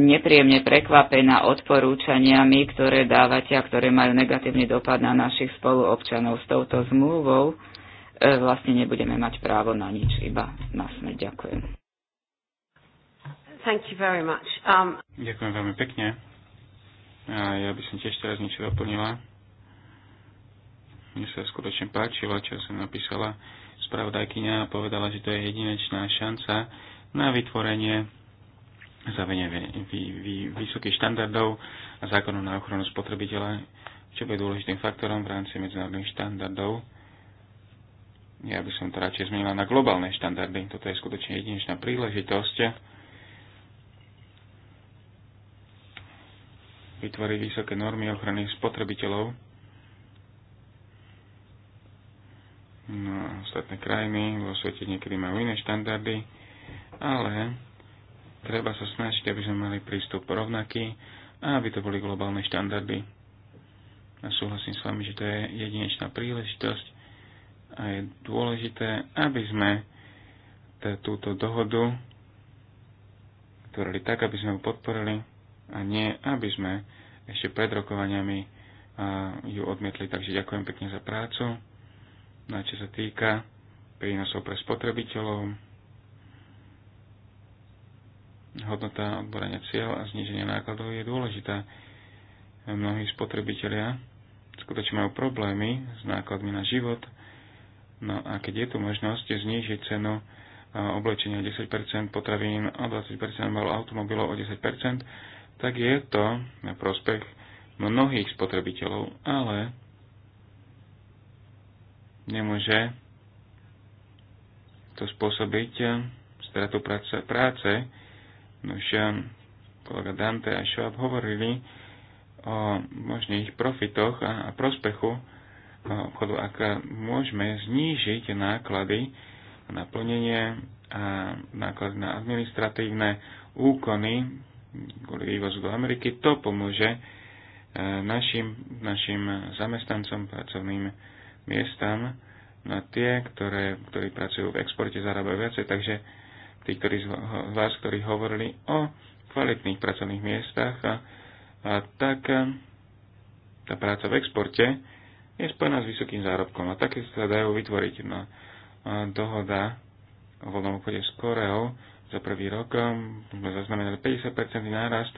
nepríjemne prekvapená odporúčaniami, ktoré dávate a ktoré majú negatívny dopad na našich spoluobčanov. S touto zmluvou e, vlastne nebudeme mať právo na nič, iba na smrť. Ďakujem. Thank you very much. Um... Ďakujem veľmi pekne. A ja by som tiež teraz niečo doplnila mne sa skutočne páčilo, čo som napísala spravodajkyňa a povedala, že to je jedinečná šanca na vytvorenie zavenie vy, vy, vysokých štandardov a zákonov na ochranu spotrebiteľa, čo bude dôležitým faktorom v rámci medzinárodných štandardov. Ja by som to radšej zmenila na globálne štandardy. Toto je skutočne jedinečná príležitosť vytvoriť vysoké normy ochrany spotrebiteľov No, ostatné krajiny vo svete niekedy majú iné štandardy, ale treba sa snažiť, aby sme mali prístup rovnaký a aby to boli globálne štandardy. A súhlasím s vami, že to je jedinečná príležitosť a je dôležité, aby sme túto dohodu tvorili tak, aby sme ju podporili a nie, aby sme ešte pred rokovaniami ju odmietli. Takže ďakujem pekne za prácu na no čo sa týka prínosov pre spotrebiteľov, hodnota odborania cieľ a zniženie nákladov je dôležitá. Mnohí spotrebitelia skutočne majú problémy s nákladmi na život, no a keď je tu možnosť znížiť cenu oblečenia 10%, potravín o 20% alebo automobilov o 10%, tak je to na prospech mnohých spotrebiteľov, ale nemôže to spôsobiť eh, stratu práce, práce. Nož eh, kolega Dante a Schwab hovorili o možných profitoch a, a prospechu eh, obchodu, ak môžeme znížiť náklady na plnenie a náklady na administratívne úkony kvôli vývozu do Ameriky, to pomôže našim, našim zamestnancom, pracovným miestam, na tie, ktoré, ktorí pracujú v exporte, zarábajú viacej, takže tí, ktorí z vás, ktorí hovorili o kvalitných pracovných miestach, a, a tak a, tá práca v exporte je spojená s vysokým zárobkom a také sa dajú vytvoriť. na no, a dohoda o voľnom obchode s Koreou za prvý rok sme zaznamenali 50% nárast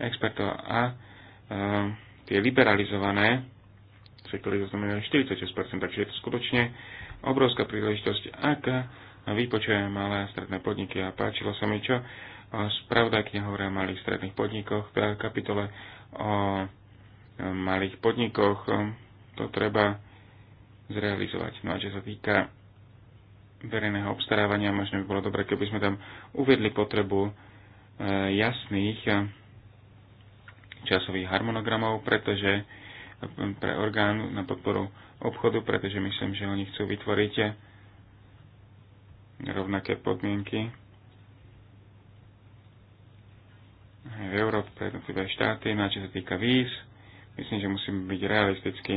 expertov a, a tie liberalizované sektory zaznamenali 46%, takže je to skutočne obrovská príležitosť, ak vypočujem malé a stredné podniky a páčilo sa mi, čo spravda kniha hovorí o malých stredných podnikoch, v kapitole o malých podnikoch, to treba zrealizovať. No a čo sa týka verejného obstarávania, možno by bolo dobre, keby sme tam uvedli potrebu e, jasných e, časových harmonogramov, pretože pre orgán na podporu obchodu, pretože myslím, že oni chcú vytvoriť rovnaké podmienky aj v Európe pre jednotlivé štáty, na no čo sa týka víz. Myslím, že musíme byť realistickí.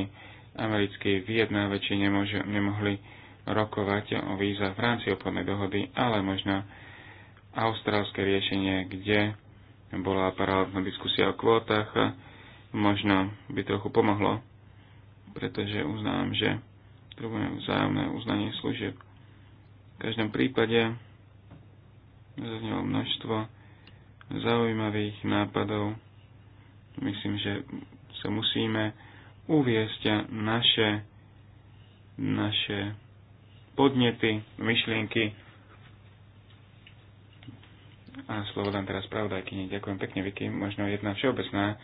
Americkí vyjednávači nemohli rokovať o víza v rámci obchodnej dohody, ale možno austrálske riešenie, kde bola paralelná diskusia o kvótach, možno by trochu pomohlo, pretože uznám, že potrebujeme vzájomné uznanie služieb. V každom prípade zaznelo množstvo zaujímavých nápadov. Myslím, že sa musíme uviesť naše, naše podnety, myšlienky a slovo dám teraz pravdajkyni. Ďakujem pekne, Vicky. Možno jedna všeobecná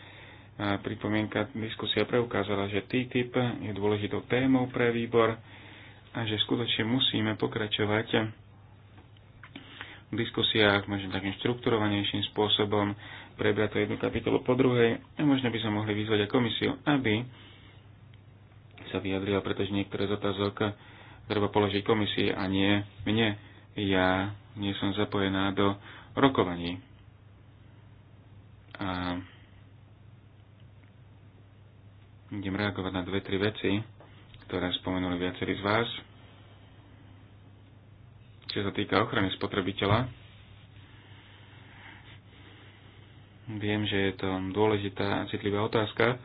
pripomienka diskusia preukázala, že TTIP je dôležitou témou pre výbor a že skutočne musíme pokračovať v diskusiách možno takým štrukturovanejším spôsobom, prebrať to jednu kapitolu po druhej a možno by sme mohli vyzvať aj komisiu, aby sa vyjadrila, pretože niektoré z otázok treba položiť komisii a nie mne. Ja nie som zapojená do rokovaní. A Idem reagovať na dve, tri veci, ktoré spomenuli viacerí z vás. Čo sa týka ochrany spotrebiteľa, viem, že je to dôležitá a citlivá otázka.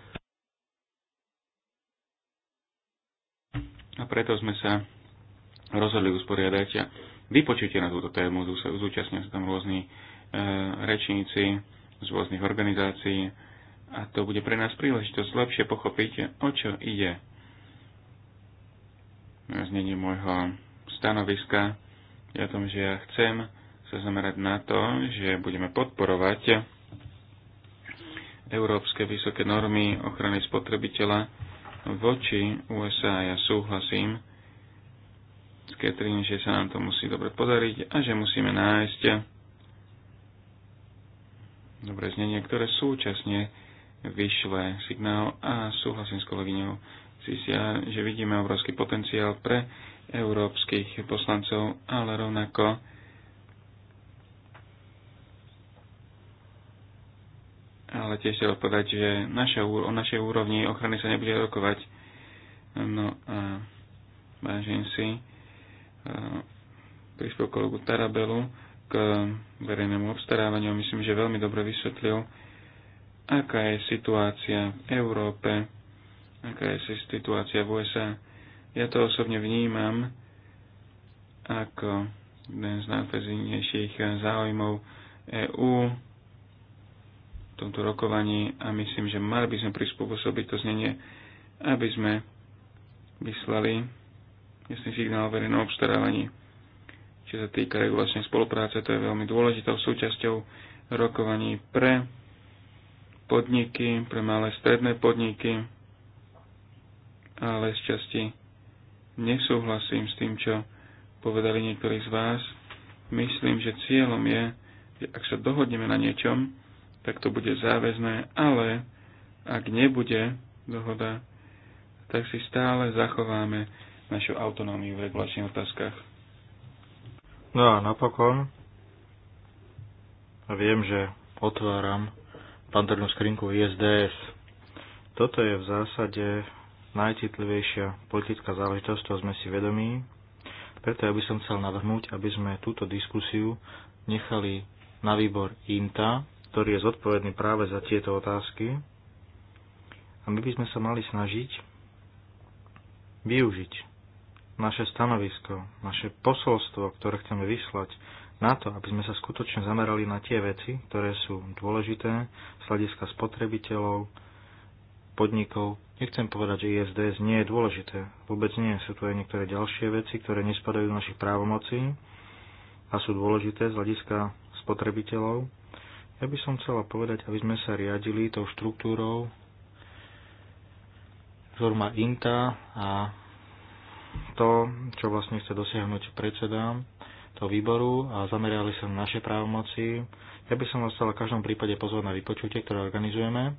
A preto sme sa rozhodli usporiadať a vypočujte na túto tému. Zúčastnia sa tam rôzni e, rečníci z rôznych organizácií, a to bude pre nás príležitosť lepšie pochopiť, o čo ide. Znenie môjho stanoviska je o tom, že ja chcem sa zamerať na to, že budeme podporovať európske vysoké normy ochrany spotrebiteľa voči USA. Ja súhlasím s Katrin, že sa nám to musí dobre podariť a že musíme nájsť dobre znenie, ktoré súčasne vyšle signál a súhlasím s kolegyňou Cisia, že vidíme obrovský potenciál pre európskych poslancov, ale rovnako ale tiež chcel povedať, že naša, o našej úrovni ochrany sa nebude rokovať. No a vážim si e, príspevok kolegu Tarabelu k verejnému obstarávaniu. Myslím, že veľmi dobre vysvetlil, aká je situácia v Európe, aká je situácia v USA. Ja to osobne vnímam ako jeden z najfezinejších záujmov EÚ v tomto rokovaní a myslím, že mali by sme prispôsobiť to znenie, aby sme vyslali jasný signál o verejnom obstarávaní. Čo sa týka regulačnej spolupráce, to je veľmi dôležitou súčasťou rokovaní pre podniky, pre malé stredné podniky, ale z časti nesúhlasím s tým, čo povedali niektorí z vás. Myslím, že cieľom je, že ak sa dohodneme na niečom, tak to bude záväzné, ale ak nebude dohoda, tak si stále zachováme našu autonómiu v regulačných otázkach. No a napokon viem, že otváram pandornú skrinku ISDS. Toto je v zásade najcitlivejšia politická záležitosť, to sme si vedomí. Preto ja by som chcel navrhnúť, aby sme túto diskusiu nechali na výbor INTA, ktorý je zodpovedný práve za tieto otázky. A my by sme sa mali snažiť využiť naše stanovisko, naše posolstvo, ktoré chceme vyslať na to, aby sme sa skutočne zamerali na tie veci, ktoré sú dôležité z hľadiska spotrebiteľov, podnikov. Nechcem povedať, že ISDS nie je dôležité. Vôbec nie. Sú tu aj niektoré ďalšie veci, ktoré nespadajú do našich právomocí a sú dôležité z hľadiska spotrebiteľov. Ja by som chcela povedať, aby sme sa riadili tou štruktúrou, forma INTA a to, čo vlastne chce dosiahnuť predsedám toho výboru a zamerali sa na naše právomoci. Ja by som vás chcel v každom prípade pozvať na vypočutie, ktoré organizujeme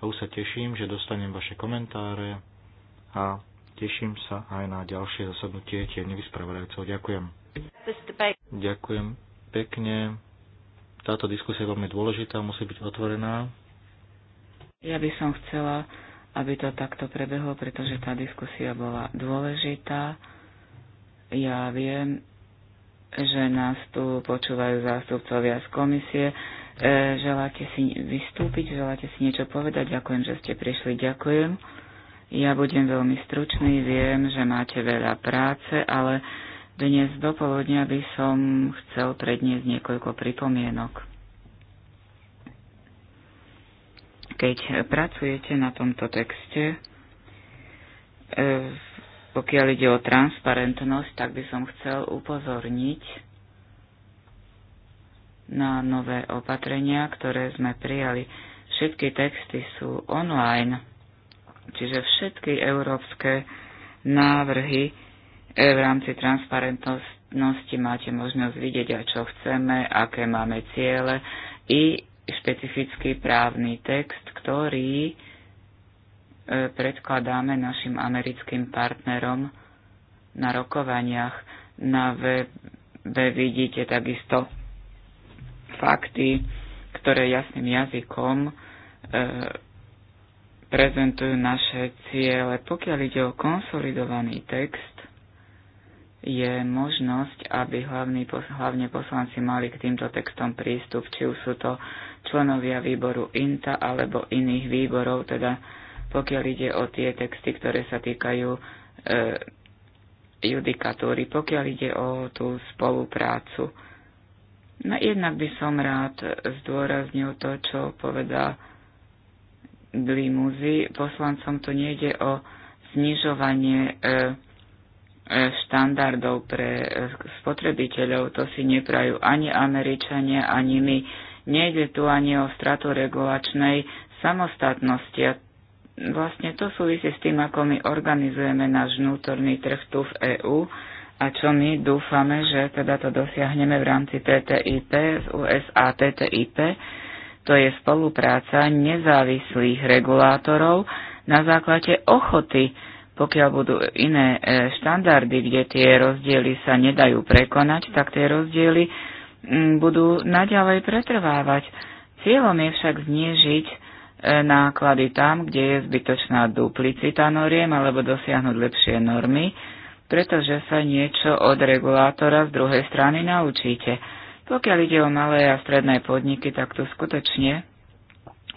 a už sa teším, že dostanem vaše komentáre a teším sa aj na ďalšie zasadnutie tie spravodajcov. Ďakujem. Ďakujem pekne. Táto diskusia je veľmi dôležitá, musí byť otvorená. Ja by som chcela, aby to takto prebehlo, pretože tá diskusia bola dôležitá. Ja viem, že nás tu počúvajú zástupcovia z komisie. E, želáte si vystúpiť, želáte si niečo povedať? Ďakujem, že ste prišli. Ďakujem. Ja budem veľmi stručný, viem, že máte veľa práce, ale dnes do poludnia by som chcel predniesť niekoľko pripomienok. Keď pracujete na tomto texte, e, pokiaľ ide o transparentnosť, tak by som chcel upozorniť na nové opatrenia, ktoré sme prijali. Všetky texty sú online, čiže všetky európske návrhy e, v rámci transparentnosti máte možnosť vidieť aj čo chceme, aké máme ciele i špecifický právny text, ktorý predkladáme našim americkým partnerom na rokovaniach. Na webe vidíte takisto fakty, ktoré jasným jazykom e, prezentujú naše ciele. Pokiaľ ide o konsolidovaný text, je možnosť, aby hlavní, hlavne poslanci mali k týmto textom prístup, či už sú to členovia výboru INTA alebo iných výborov, teda pokiaľ ide o tie texty, ktoré sa týkajú e, judikatúry, pokiaľ ide o tú spoluprácu. No, jednak by som rád zdôraznil to, čo povedal Blimuzi. Poslancom tu nejde o znižovanie e, e, štandardov pre e, spotrebiteľov. To si neprajú ani Američania, ani my. Nejde tu ani o stratu regulačnej samostatnosti. A vlastne to súvisí s tým, ako my organizujeme náš vnútorný trh tu v EÚ a čo my dúfame, že teda to dosiahneme v rámci TTIP z USA TTIP, to je spolupráca nezávislých regulátorov na základe ochoty, pokiaľ budú iné e, štandardy, kde tie rozdiely sa nedajú prekonať, tak tie rozdiely budú naďalej pretrvávať. Cieľom je však zniežiť E, náklady tam, kde je zbytočná duplicita noriem alebo dosiahnuť lepšie normy, pretože sa niečo od regulátora z druhej strany naučíte. Pokiaľ ide o malé a stredné podniky, tak tu skutočne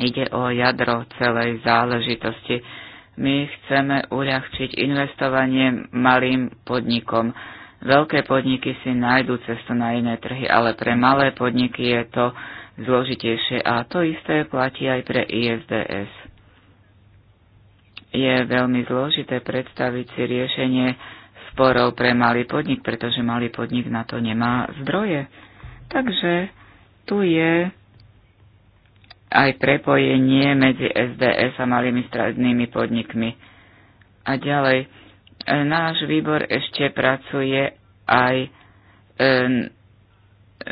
ide o jadro celej záležitosti. My chceme uľahčiť investovanie malým podnikom. Veľké podniky si nájdú cestu na iné trhy, ale pre malé podniky je to zložitejšie a to isté platí aj pre ISDS. Je veľmi zložité predstaviť si riešenie sporov pre malý podnik, pretože malý podnik na to nemá zdroje. Takže tu je aj prepojenie medzi SDS a malými strednými podnikmi. A ďalej, e, náš výbor ešte pracuje aj e,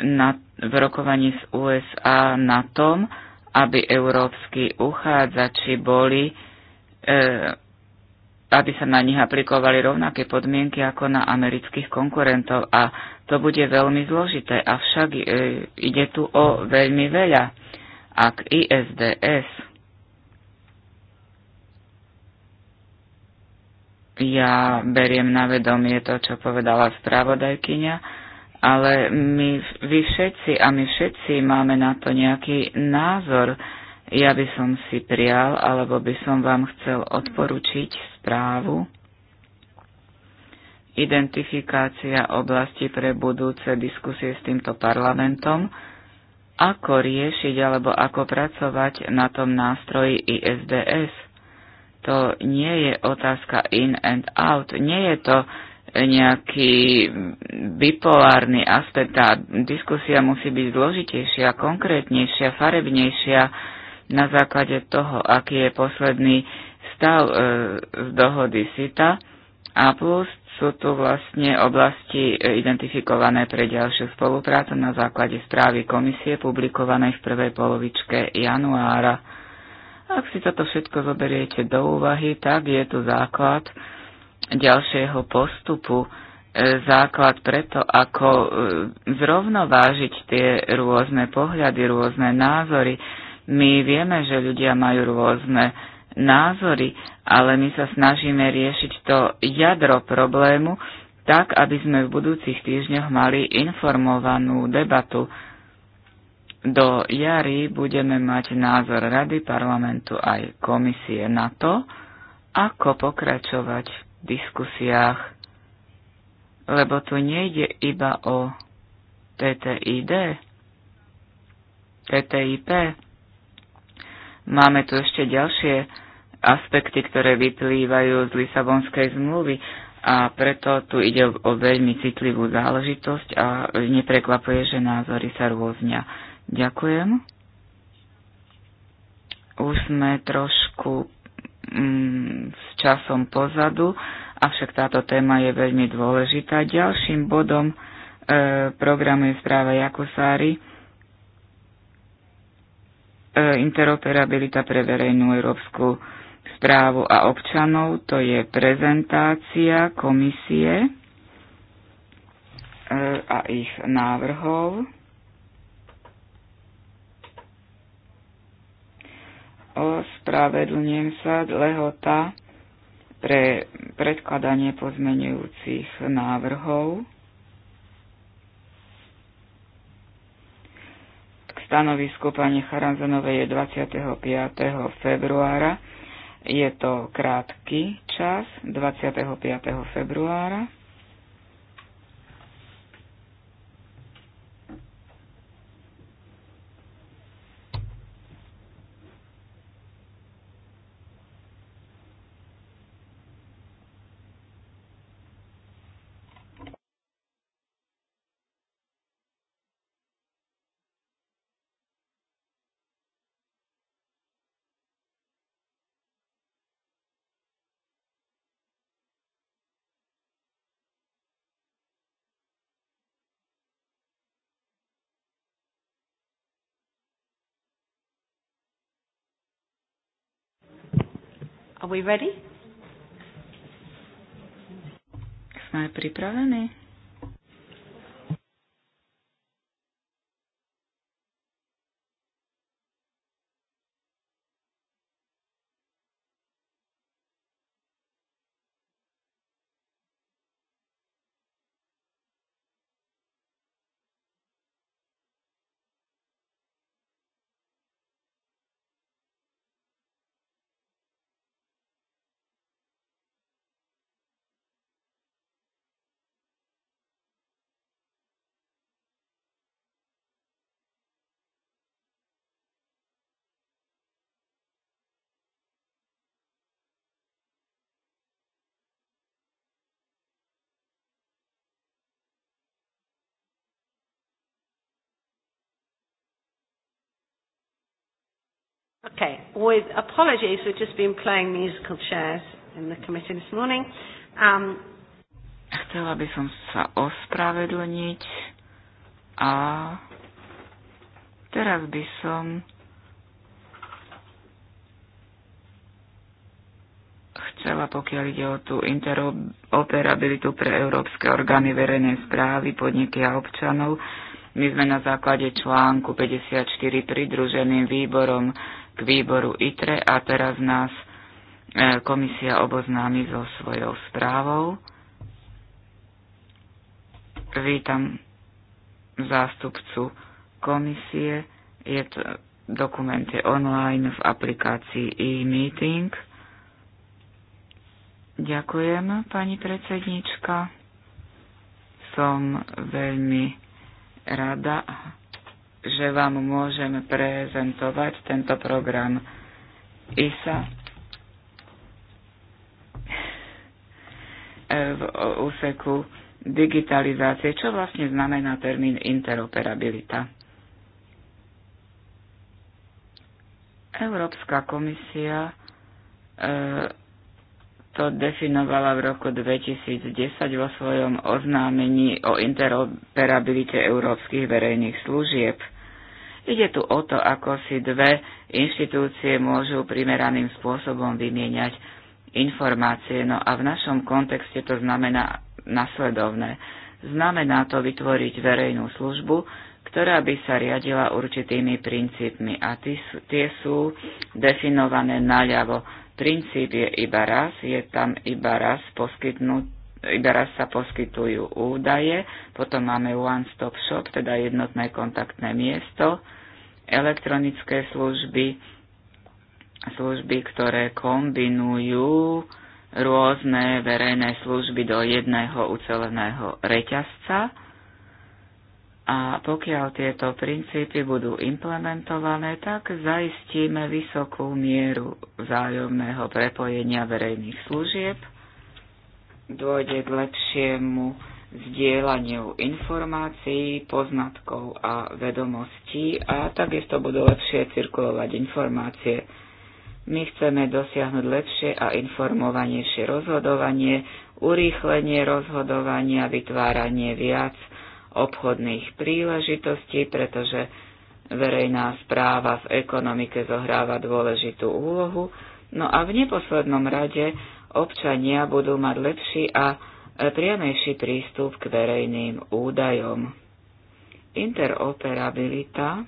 na, v rokovaní s USA na tom, aby európsky uchádzači boli, e, aby sa na nich aplikovali rovnaké podmienky ako na amerických konkurentov a to bude veľmi zložité, avšak e, ide tu o veľmi veľa. Ak ISDS ja beriem na vedomie to, čo povedala spravodajkyňa, ale my, vy všetci a my všetci máme na to nejaký názor. Ja by som si prial, alebo by som vám chcel odporučiť správu identifikácia oblasti pre budúce diskusie s týmto parlamentom, ako riešiť alebo ako pracovať na tom nástroji ISDS. To nie je otázka in and out, nie je to nejaký bipolárny aspekt. Tá diskusia musí byť zložitejšia, konkrétnejšia, farebnejšia na základe toho, aký je posledný stav e, z dohody SITA a plus sú tu vlastne oblasti e, identifikované pre ďalšiu spoluprácu na základe správy komisie publikovanej v prvej polovičke januára. Ak si toto všetko zoberiete do úvahy, tak je tu základ, ďalšieho postupu e, základ preto, ako e, zrovnovážiť tie rôzne pohľady, rôzne názory. My vieme, že ľudia majú rôzne názory, ale my sa snažíme riešiť to jadro problému tak, aby sme v budúcich týždňoch mali informovanú debatu. Do jary budeme mať názor Rady parlamentu aj komisie na to, ako pokračovať v diskusiách, lebo tu nejde iba o TTID, TTIP. Máme tu ešte ďalšie aspekty, ktoré vyplývajú z Lisabonskej zmluvy a preto tu ide o veľmi citlivú záležitosť a neprekvapuje, že názory sa rôznia. Ďakujem. Už sme trošku mm, s časom pozadu, avšak táto téma je veľmi dôležitá. Ďalším bodom e, programu je správa Jakosári e, interoperabilita pre verejnú európsku správu a občanov. To je prezentácia komisie e, a ich návrhov Ospravedlňujem sa, lehota pre predkladanie pozmenujúcich návrhov k stanovisku pani Charanzanovej je 25. februára. Je to krátky čas, 25. februára. Are we ready? Sme pripravení? Okay, with apologies, we've just been playing musical chairs in the committee this morning. Um, Chcela by som sa ospravedlniť a teraz by som chcela, pokiaľ ide o tú interoperabilitu pre európske orgány verejnej správy, podniky a občanov, my sme na základe článku 54 pridruženým výborom k výboru ITRE a teraz nás e, komisia oboznámi so svojou správou. Vítam zástupcu komisie. Je to, dokument online v aplikácii e-meeting. Ďakujem, pani predsednička. Som veľmi rada, že vám môžem prezentovať tento program ISA e, v úseku digitalizácie, čo vlastne znamená termín interoperabilita. Európska komisia e, to definovala v roku 2010 vo svojom oznámení o interoperabilite európskych verejných služieb. Ide tu o to, ako si dve inštitúcie môžu primeraným spôsobom vymieňať informácie. No a v našom kontexte to znamená nasledovné. Znamená to vytvoriť verejnú službu, ktorá by sa riadila určitými princípmi a tie sú definované naľavo. Princíp je iba raz, je tam iba raz poskytnúť iba raz sa poskytujú údaje, potom máme One Stop Shop, teda jednotné kontaktné miesto, elektronické služby, služby, ktoré kombinujú rôzne verejné služby do jedného uceleného reťazca. A pokiaľ tieto princípy budú implementované, tak zaistíme vysokú mieru vzájomného prepojenia verejných služieb, dôjde k lepšiemu zdieľaniu informácií, poznatkov a vedomostí a takisto budú lepšie cirkulovať informácie. My chceme dosiahnuť lepšie a informovanejšie rozhodovanie, urýchlenie rozhodovania, vytváranie viac obchodných príležitostí, pretože verejná správa v ekonomike zohráva dôležitú úlohu, no a v neposlednom rade občania budú mať lepší a priamejší prístup k verejným údajom. Interoperabilita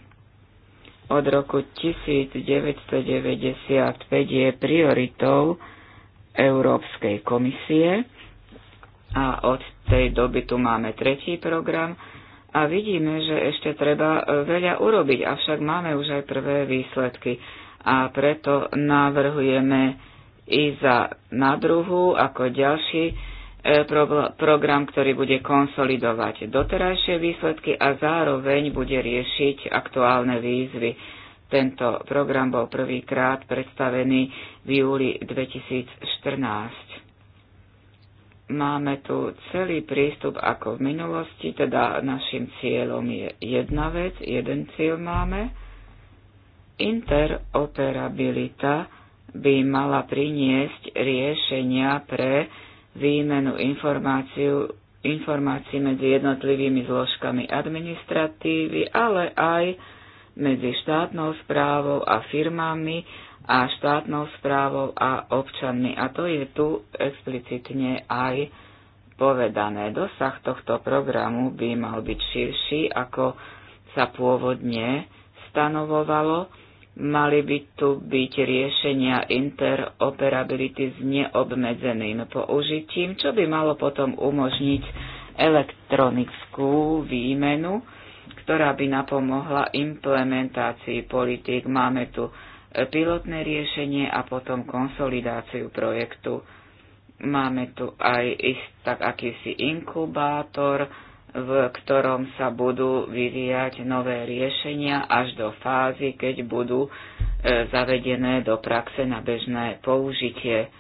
od roku 1995 je prioritou Európskej komisie a od tej doby tu máme tretí program a vidíme, že ešte treba veľa urobiť, avšak máme už aj prvé výsledky a preto navrhujeme za na druhu ako ďalší e, program, ktorý bude konsolidovať doterajšie výsledky a zároveň bude riešiť aktuálne výzvy. Tento program bol prvýkrát predstavený v júli 2014. Máme tu celý prístup ako v minulosti, teda našim cieľom je jedna vec, jeden cieľ máme. Interoperabilita by mala priniesť riešenia pre výmenu informácií medzi jednotlivými zložkami administratívy, ale aj medzi štátnou správou a firmami a štátnou správou a občanmi. A to je tu explicitne aj povedané. Dosah tohto programu by mal byť širší, ako sa pôvodne stanovovalo Mali by tu byť riešenia interoperability s neobmedzeným použitím, čo by malo potom umožniť elektronickú výmenu, ktorá by napomohla implementácii politík. Máme tu pilotné riešenie a potom konsolidáciu projektu. Máme tu aj ist, tak akýsi inkubátor, v ktorom sa budú vyvíjať nové riešenia až do fázy, keď budú e, zavedené do praxe na bežné použitie.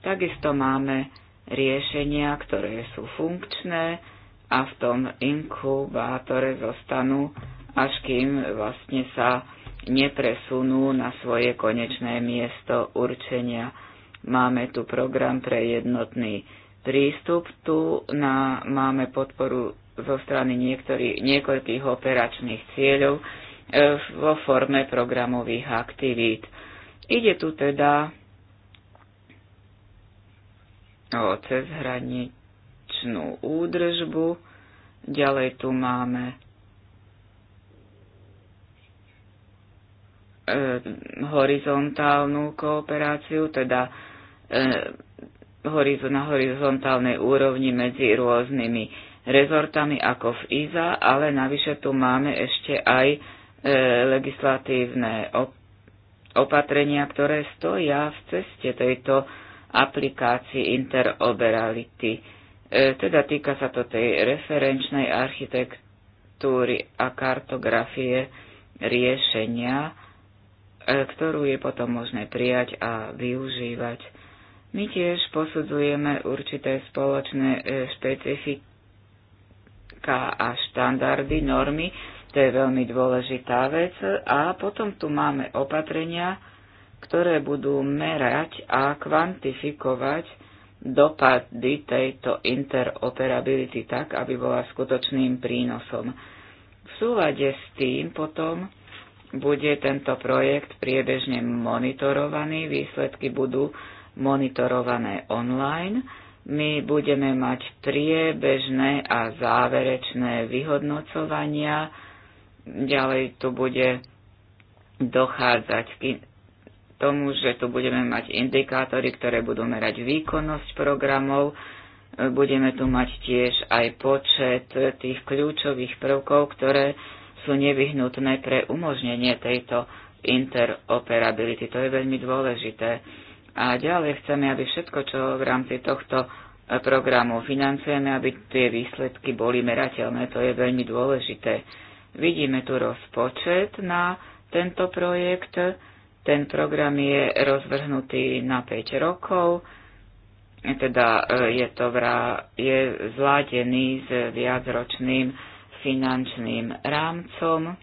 Takisto máme riešenia, ktoré sú funkčné a v tom inkubátore zostanú, až kým vlastne sa nepresunú na svoje konečné miesto určenia. Máme tu program pre jednotný prístup, tu na, máme podporu zo strany niekoľkých operačných cieľov e, vo forme programových aktivít. Ide tu teda o cezhraničnú údržbu, ďalej tu máme e, horizontálnu kooperáciu, teda e, na horizontálnej úrovni medzi rôznymi rezortami ako v IZA, ale navyše tu máme ešte aj e, legislatívne op- opatrenia, ktoré stoja v ceste tejto aplikácii interoperability. E, teda týka sa to tej referenčnej architektúry a kartografie riešenia, e, ktorú je potom možné prijať a využívať. My tiež posudzujeme určité spoločné e, a štandardy, normy, to je veľmi dôležitá vec. A potom tu máme opatrenia, ktoré budú merať a kvantifikovať dopady tejto interoperability tak, aby bola skutočným prínosom. V súlade s tým potom bude tento projekt priebežne monitorovaný, výsledky budú monitorované online my budeme mať priebežné a záverečné vyhodnocovania. Ďalej tu bude dochádzať k tomu, že tu budeme mať indikátory, ktoré budú merať výkonnosť programov. Budeme tu mať tiež aj počet tých kľúčových prvkov, ktoré sú nevyhnutné pre umožnenie tejto interoperability. To je veľmi dôležité. A ďalej chceme, aby všetko, čo v rámci tohto e, programu financujeme, aby tie výsledky boli merateľné. To je veľmi dôležité. Vidíme tu rozpočet na tento projekt. Ten program je rozvrhnutý na 5 rokov, e, teda e, je, to vrá, je zladený s viacročným finančným rámcom.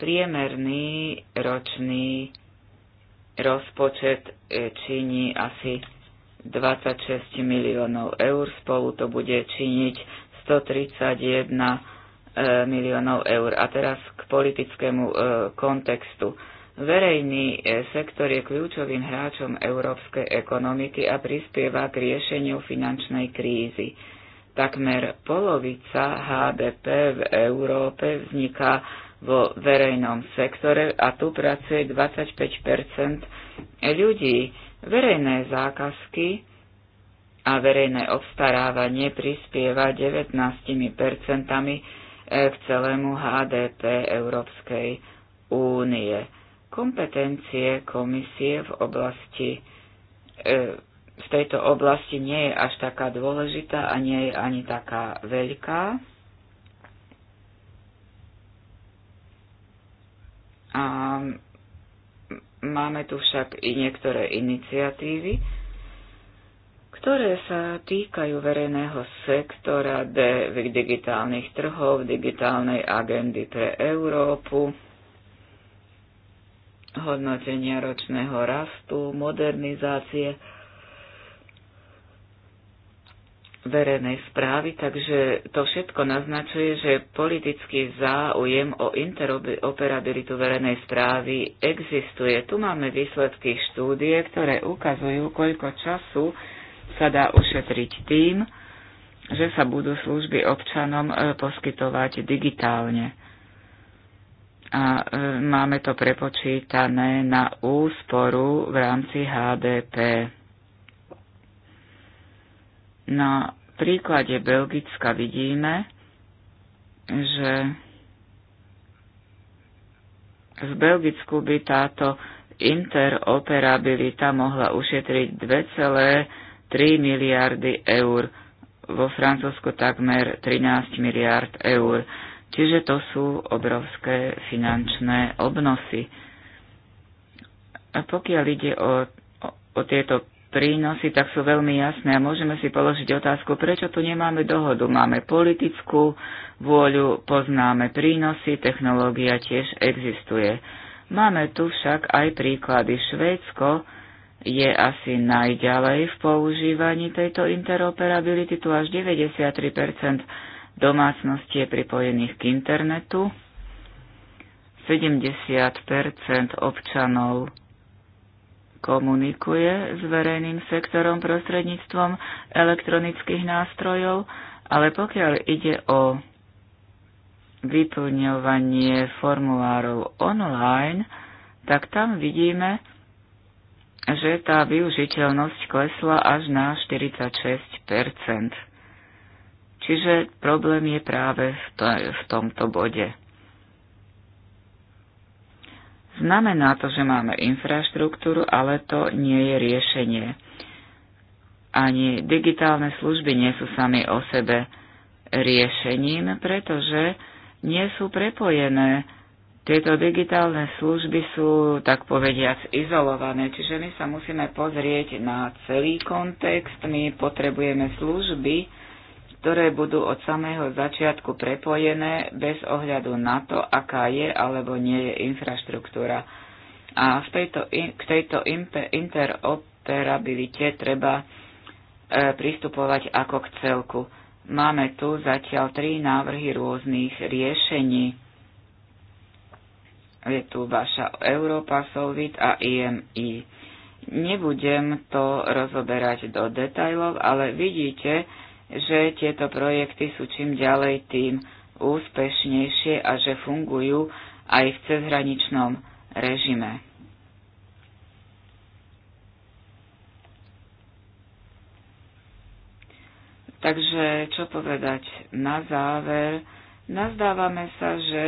Priemerný ročný rozpočet e, činí asi 26 miliónov eur, spolu to bude činiť 131 e, miliónov eur. A teraz k politickému e, kontextu. Verejný sektor je kľúčovým hráčom európskej ekonomiky a prispieva k riešeniu finančnej krízy. Takmer polovica HDP v Európe vzniká vo verejnom sektore a tu pracuje 25 ľudí. Verejné zákazky a verejné obstarávanie prispieva 19 e, k celému HDP Európskej únie. Kompetencie komisie v oblasti e, v tejto oblasti nie je až taká dôležitá a nie je ani taká veľká A máme tu však i niektoré iniciatívy, ktoré sa týkajú verejného sektora digitálnych trhov, digitálnej agendy pre Európu, hodnotenia ročného rastu, modernizácie verejnej správy, takže to všetko naznačuje, že politický záujem o interoperabilitu verejnej správy existuje. Tu máme výsledky štúdie, ktoré ukazujú, koľko času sa dá ušetriť tým, že sa budú služby občanom e, poskytovať digitálne. A e, máme to prepočítané na úsporu v rámci HDP. Na príklade Belgicka vidíme, že v Belgicku by táto interoperabilita mohla ušetriť 2,3 miliardy eur, vo Francúzsku takmer 13 miliard eur. Čiže to sú obrovské finančné obnosy. A pokiaľ ide o, o, o tieto prínosy, tak sú veľmi jasné a môžeme si položiť otázku, prečo tu nemáme dohodu. Máme politickú vôľu, poznáme prínosy, technológia tiež existuje. Máme tu však aj príklady. Švédsko je asi najďalej v používaní tejto interoperability, tu až 93% domácností je pripojených k internetu, 70% občanov komunikuje s verejným sektorom prostredníctvom elektronických nástrojov, ale pokiaľ ide o vyplňovanie formulárov online, tak tam vidíme, že tá využiteľnosť klesla až na 46 Čiže problém je práve v, to, v tomto bode. Znamená to, že máme infraštruktúru, ale to nie je riešenie. Ani digitálne služby nie sú sami o sebe riešením, pretože nie sú prepojené. Tieto digitálne služby sú, tak povediac, izolované, čiže my sa musíme pozrieť na celý kontext, my potrebujeme služby, ktoré budú od samého začiatku prepojené bez ohľadu na to, aká je alebo nie je infraštruktúra. A v tejto, k tejto interoperabilite treba e, pristupovať ako k celku. Máme tu zatiaľ tri návrhy rôznych riešení. Je tu vaša Európa, Solvit a IMI. Nebudem to rozoberať do detajlov, ale vidíte, že tieto projekty sú čím ďalej tým úspešnejšie a že fungujú aj v cezhraničnom režime. Takže čo povedať na záver? Nazdávame sa, že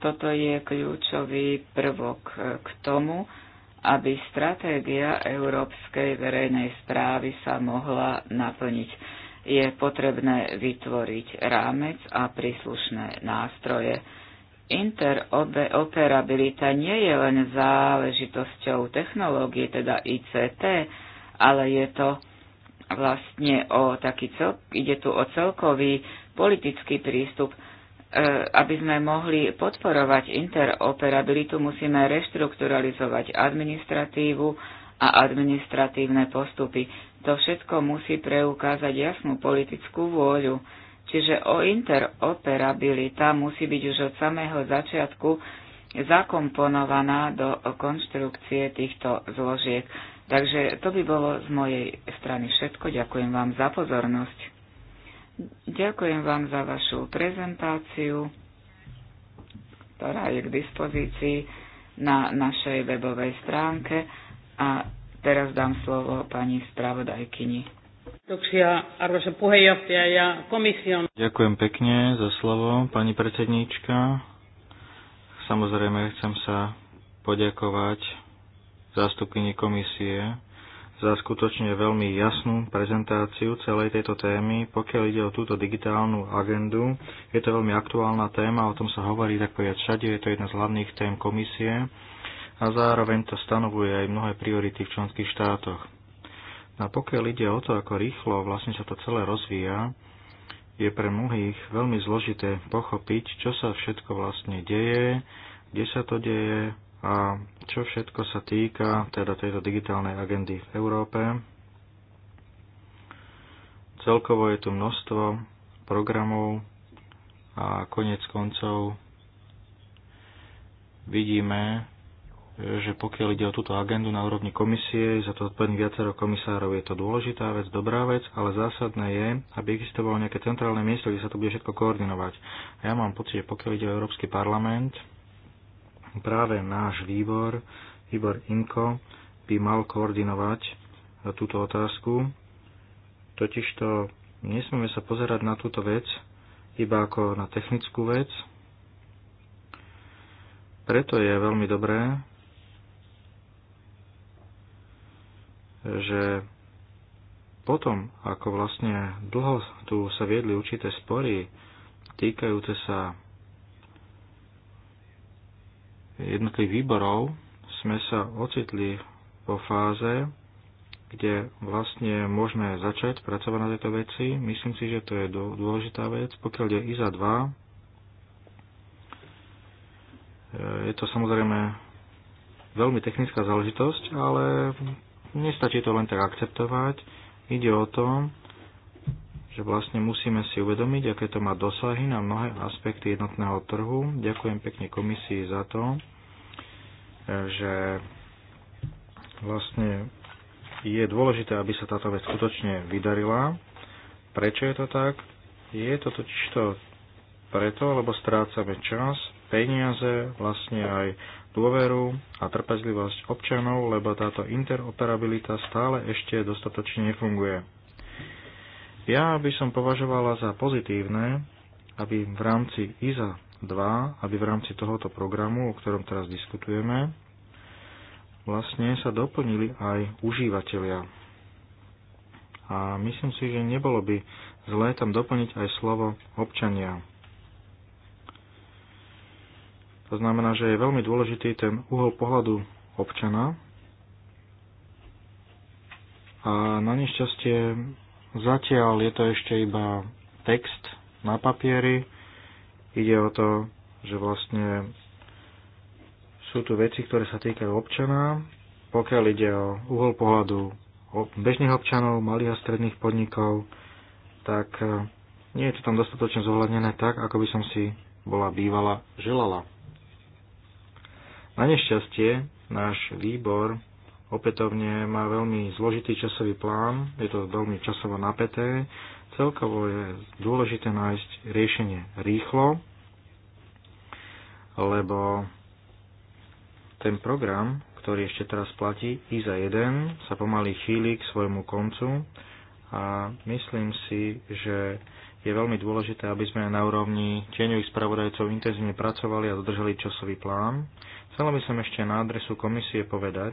toto je kľúčový prvok k tomu, aby stratégia európskej verejnej správy sa mohla naplniť. Je potrebné vytvoriť rámec a príslušné nástroje. Interoperabilita nie je len záležitosťou technológie, teda ICT, ale je to vlastne o taký cel, ide tu o celkový politický prístup E, aby sme mohli podporovať interoperabilitu, musíme reštrukturalizovať administratívu a administratívne postupy. To všetko musí preukázať jasnú politickú vôľu. Čiže o interoperabilita musí byť už od samého začiatku zakomponovaná do konštrukcie týchto zložiek. Takže to by bolo z mojej strany všetko. Ďakujem vám za pozornosť. Ďakujem vám za vašu prezentáciu, ktorá je k dispozícii na našej webovej stránke a teraz dám slovo pani spravodajkyni. Ďakujem pekne za slovo, pani predsedníčka. Samozrejme chcem sa poďakovať zástupkyni komisie za skutočne veľmi jasnú prezentáciu celej tejto témy. Pokiaľ ide o túto digitálnu agendu, je to veľmi aktuálna téma, o tom sa hovorí tak povedať všade, je to jedna z hlavných tém komisie a zároveň to stanovuje aj mnohé priority v členských štátoch. No a pokiaľ ide o to, ako rýchlo vlastne sa to celé rozvíja, je pre mnohých veľmi zložité pochopiť, čo sa všetko vlastne deje, kde sa to deje, a čo všetko sa týka teda tejto digitálnej agendy v Európe. Celkovo je tu množstvo programov a konec koncov vidíme, že pokiaľ ide o túto agendu na úrovni komisie, za to odpovední viacero komisárov, je to dôležitá vec, dobrá vec, ale zásadné je, aby existovalo nejaké centrálne miesto, kde sa to bude všetko koordinovať. A ja mám pocit, že pokiaľ ide o Európsky parlament, práve náš výbor, výbor Inko by mal koordinovať túto otázku. Totižto nesmieme sa pozerať na túto vec iba ako na technickú vec. Preto je veľmi dobré, že potom, ako vlastne dlho tu sa viedli určité spory týkajúce sa jednotlivých výborov sme sa ocitli vo fáze, kde vlastne môžeme začať pracovať na tejto veci. Myslím si, že to je dôležitá vec. Pokiaľ je IZA 2, e, je to samozrejme veľmi technická záležitosť, ale nestačí to len tak akceptovať. Ide o to, že vlastne musíme si uvedomiť, aké to má dosahy na mnohé aspekty jednotného trhu. Ďakujem pekne komisii za to, e, že vlastne je dôležité, aby sa táto vec skutočne vydarila. Prečo je to tak? Je to totiž to preto, lebo strácame čas, peniaze, vlastne aj dôveru a trpezlivosť občanov, lebo táto interoperabilita stále ešte dostatočne nefunguje. Ja by som považovala za pozitívne, aby v rámci IZA 2, aby v rámci tohoto programu, o ktorom teraz diskutujeme, vlastne sa doplnili aj užívateľia. A myslím si, že nebolo by zlé tam doplniť aj slovo občania. To znamená, že je veľmi dôležitý ten uhol pohľadu občana, a na nešťastie Zatiaľ je to ešte iba text na papieri. Ide o to, že vlastne sú tu veci, ktoré sa týkajú občana. Pokiaľ ide o uhol pohľadu bežných občanov, malých a stredných podnikov, tak e, nie je to tam dostatočne zohľadnené tak, ako by som si bola bývala želala. Na nešťastie náš výbor opätovne má veľmi zložitý časový plán, je to veľmi časovo napäté. Celkovo je dôležité nájsť riešenie rýchlo, lebo ten program, ktorý ešte teraz platí, ISA jeden sa pomaly chýli k svojmu koncu a myslím si, že je veľmi dôležité, aby sme na úrovni tieňových spravodajcov intenzívne pracovali a dodržali časový plán. Chcela by som ešte na adresu komisie povedať,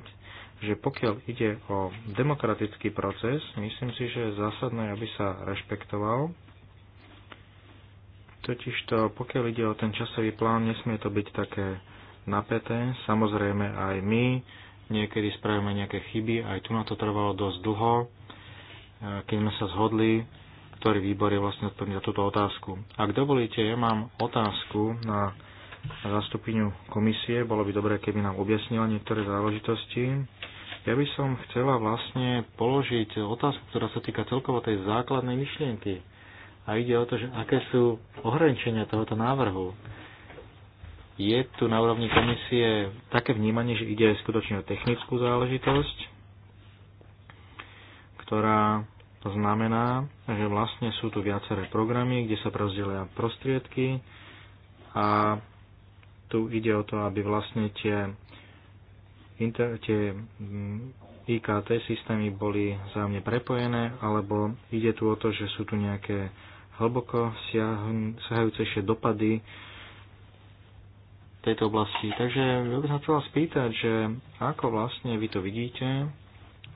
že pokiaľ ide o demokratický proces, myslím si, že je zásadné, aby sa rešpektoval. Totižto, pokiaľ ide o ten časový plán, nesmie to byť také napäté. Samozrejme aj my niekedy spravíme nejaké chyby, aj tu na to trvalo dosť dlho, e, keď sme sa zhodli, ktorý výbor je vlastne odpovedný za túto otázku. Ak dovolíte, ja mám otázku na zástupňu komisie. Bolo by dobré, keby nám objasnila niektoré záležitosti. Ja by som chcela vlastne položiť otázku, ktorá sa týka celkovo tej základnej myšlienky. A ide o to, že aké sú ohraničenia tohoto návrhu. Je tu na úrovni komisie také vnímanie, že ide skutočne o technickú záležitosť, ktorá znamená, že vlastne sú tu viaceré programy, kde sa prerozdelia prostriedky a tu ide o to, aby vlastne tie tie mm, IKT systémy boli vzájomne prepojené, alebo ide tu o to, že sú tu nejaké hlboko siahajúcejšie dopady tejto oblasti. Takže ja by som chcel spýtať, že ako vlastne vy to vidíte,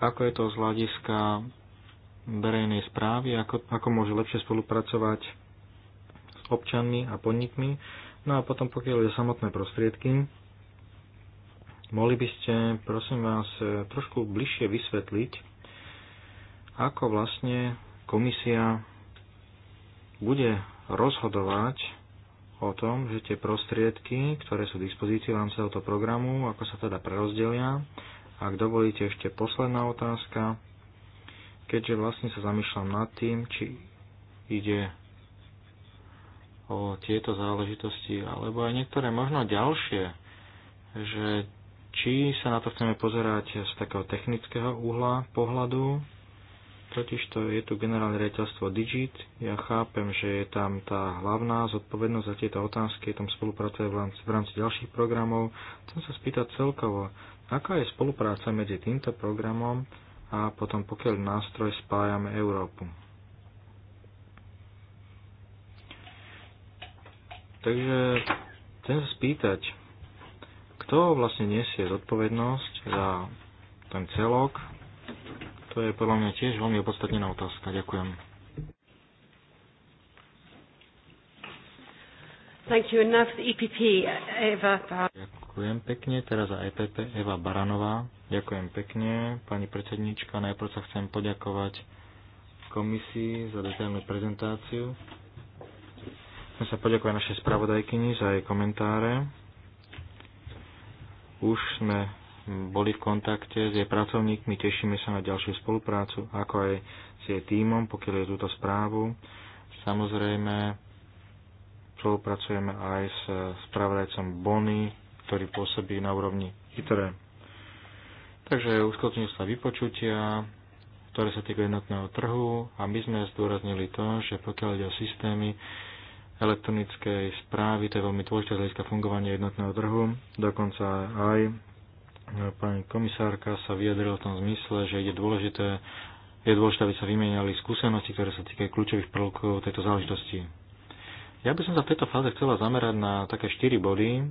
ako je to z hľadiska verejnej správy, ako, ako môže lepšie spolupracovať s občanmi a podnikmi. No a potom pokiaľ je samotné prostriedky, Mohli by ste, prosím vás, trošku bližšie vysvetliť, ako vlastne komisia bude rozhodovať o tom, že tie prostriedky, ktoré sú v dispozícii v rámci tohto programu, ako sa teda prerozdelia. Ak dovolíte ešte posledná otázka, keďže vlastne sa zamýšľam nad tým, či ide o tieto záležitosti, alebo aj niektoré možno ďalšie, že či sa na to chceme pozerať z takého technického uhla pohľadu, totiž to je tu generálne riaditeľstvo Digit. Ja chápem, že je tam tá hlavná zodpovednosť za tieto otázky, je tam spolupráca v v rámci ďalších programov. Chcem sa spýtať celkovo, aká je spolupráca medzi týmto programom a potom pokiaľ nástroj spájame Európu. Takže chcem sa spýtať, kto vlastne nesie zodpovednosť za ten celok? To je podľa mňa tiež veľmi opodstatnená otázka. Ďakujem. Thank you. EPP, e Eva Ďakujem pekne. Teraz za EPP Eva Baranová. Ďakujem pekne. Pani predsednička, najprv sa chcem poďakovať komisii za detailnú prezentáciu. Chcem sa poďakovať našej spravodajkyni za jej komentáre. Už sme boli v kontakte s jej pracovníkmi, tešíme sa na ďalšiu spoluprácu, ako aj s jej tímom, pokiaľ je túto správu. Samozrejme, spolupracujeme aj s spravodajcom Bony, ktorý pôsobí na úrovni ITRE. Takže uskutočnil sa vypočutia, ktoré sa týkajú jednotného trhu a my sme zdôraznili to, že pokiaľ ide o systémy, elektronickej správy, to je veľmi dôležité z hľadiska fungovania jednotného trhu. Dokonca aj e, pani komisárka sa vyjadrila v tom zmysle, že je dôležité, je dôležité, aby sa vymeniali skúsenosti, ktoré sa týkajú kľúčových prvkov tejto záležitosti. Ja by som sa v tejto fáze chcela zamerať na také štyri body,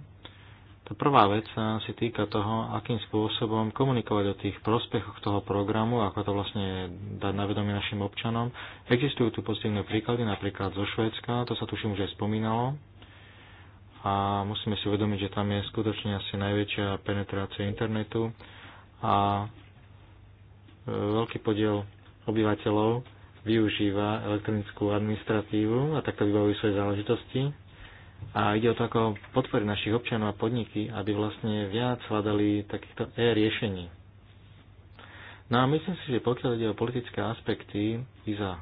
tá prvá vec sa týka toho, akým spôsobom komunikovať o tých prospechoch toho programu, ako to vlastne dať na vedomie našim občanom. Existujú tu pozitívne príklady, napríklad zo Švédska, to sa tuším už aj spomínalo. A musíme si uvedomiť, že tam je skutočne asi najväčšia penetrácia internetu a e, veľký podiel obyvateľov využíva elektronickú administratívu a takto vybavujú svoje záležitosti a ide o to, ako podporiť našich občanov a podniky, aby vlastne viac hľadali takýchto e-riešení. No a myslím si, že pokiaľ ide o politické aspekty IZA,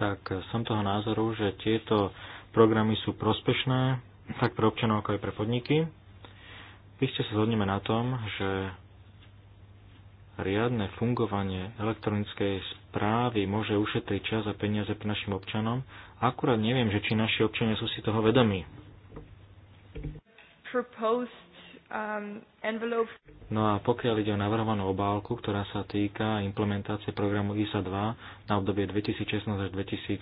tak som toho názoru, že tieto programy sú prospešné tak pre občanov, ako aj pre podniky. Ište sa zhodneme na tom, že riadne fungovanie elektronickej správy môže ušetriť čas a peniaze pre našim občanom Akurát neviem, že či naši občania sú si toho vedomí. Um, no a pokiaľ ide o navrhovanú obálku, ktorá sa týka implementácie programu ISA 2 na obdobie 2016 až 2020,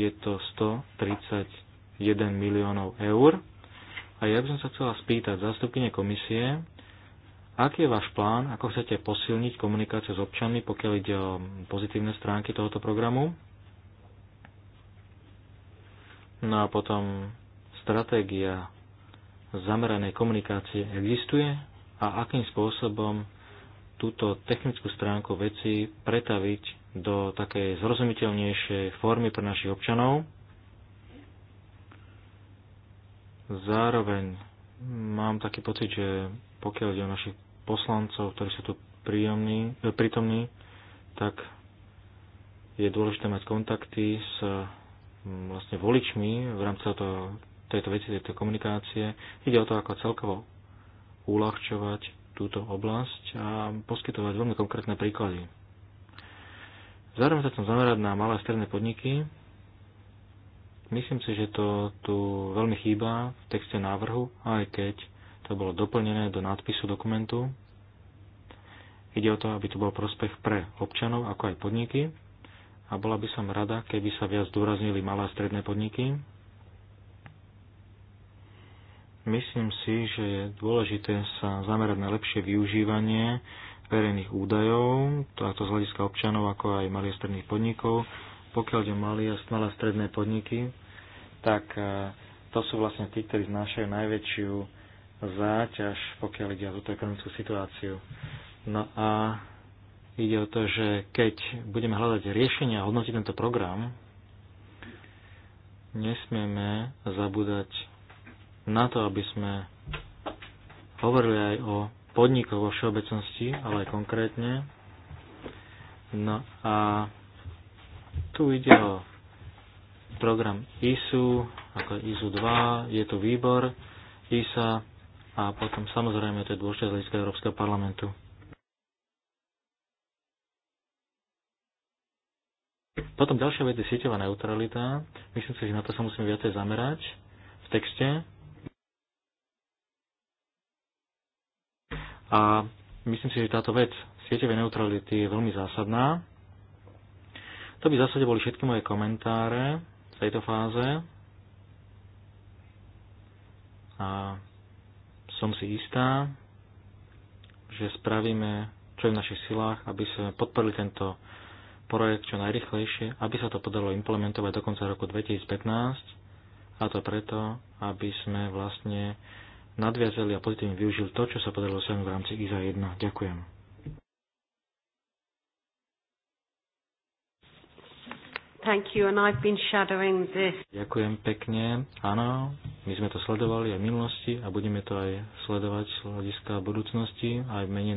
je to 131 miliónov eur. A ja by som sa chcela spýtať zástupkyne komisie, Aký je váš plán, ako chcete posilniť komunikáciu s občanmi, pokiaľ ide o pozitívne stránky tohoto programu? No a potom stratégia zameranej komunikácie existuje a akým spôsobom túto technickú stránku veci pretaviť do takej zrozumiteľnejšej formy pre našich občanov. Zároveň mám taký pocit, že pokiaľ ide o našich poslancov, ktorí sú tu príjomní, e, prítomní, tak je dôležité mať kontakty s mm, vlastne voličmi v rámci toho, tejto veci, tejto komunikácie. Ide o to, ako celkovo uľahčovať túto oblasť a poskytovať veľmi konkrétne príklady. Zároveň sa chcem zamerať na malé a stredné podniky. Myslím si, že to tu veľmi chýba v texte návrhu, aj keď to bolo doplnené do nadpisu dokumentu. Ide o to, aby to bol prospech pre občanov, ako aj podniky. A bola by som rada, keby sa viac zdôraznili malé a stredné podniky. Myslím si, že je dôležité sa zamerať na lepšie využívanie verejných údajov, to z hľadiska občanov, ako aj malých a stredných podnikov. Pokiaľ ide malé a stredné podniky, tak eh, to sú vlastne tí, ktorí znášajú najväčšiu záťaž, pokiaľ ide o túto ekonomickú situáciu. No a ide o to, že keď budeme hľadať riešenia a hodnotiť tento program, nesmieme zabúdať na to, aby sme hovorili aj o podnikoch vo všeobecnosti, ale aj konkrétne. No a tu ide o program ISU, ako ISU 2, je tu výbor ISA, a potom samozrejme to je dôležité z hľadiska Európskeho parlamentu. Potom ďalšia vec je sieťová neutralita. Myslím si, že na to sa musíme viacej zamerať v texte. A myslím si, že táto vec sieťovej neutrality je veľmi zásadná. To by v zásade boli všetky moje komentáre v tejto fáze. A som si istá, že spravíme, čo je v našich silách, aby sme podporili tento projekt čo najrychlejšie, aby sa to podarilo implementovať do konca roku 2015, a to preto, aby sme vlastne nadviazali a pozitívne využili to, čo sa podarilo sem v rámci IZA 1. Ďakujem. Thank you, and I've been shadowing this. Ďakujem pekne. Áno, my sme to sledovali aj v minulosti a budeme to aj sledovať z hľadiska budúcnosti, aj v mene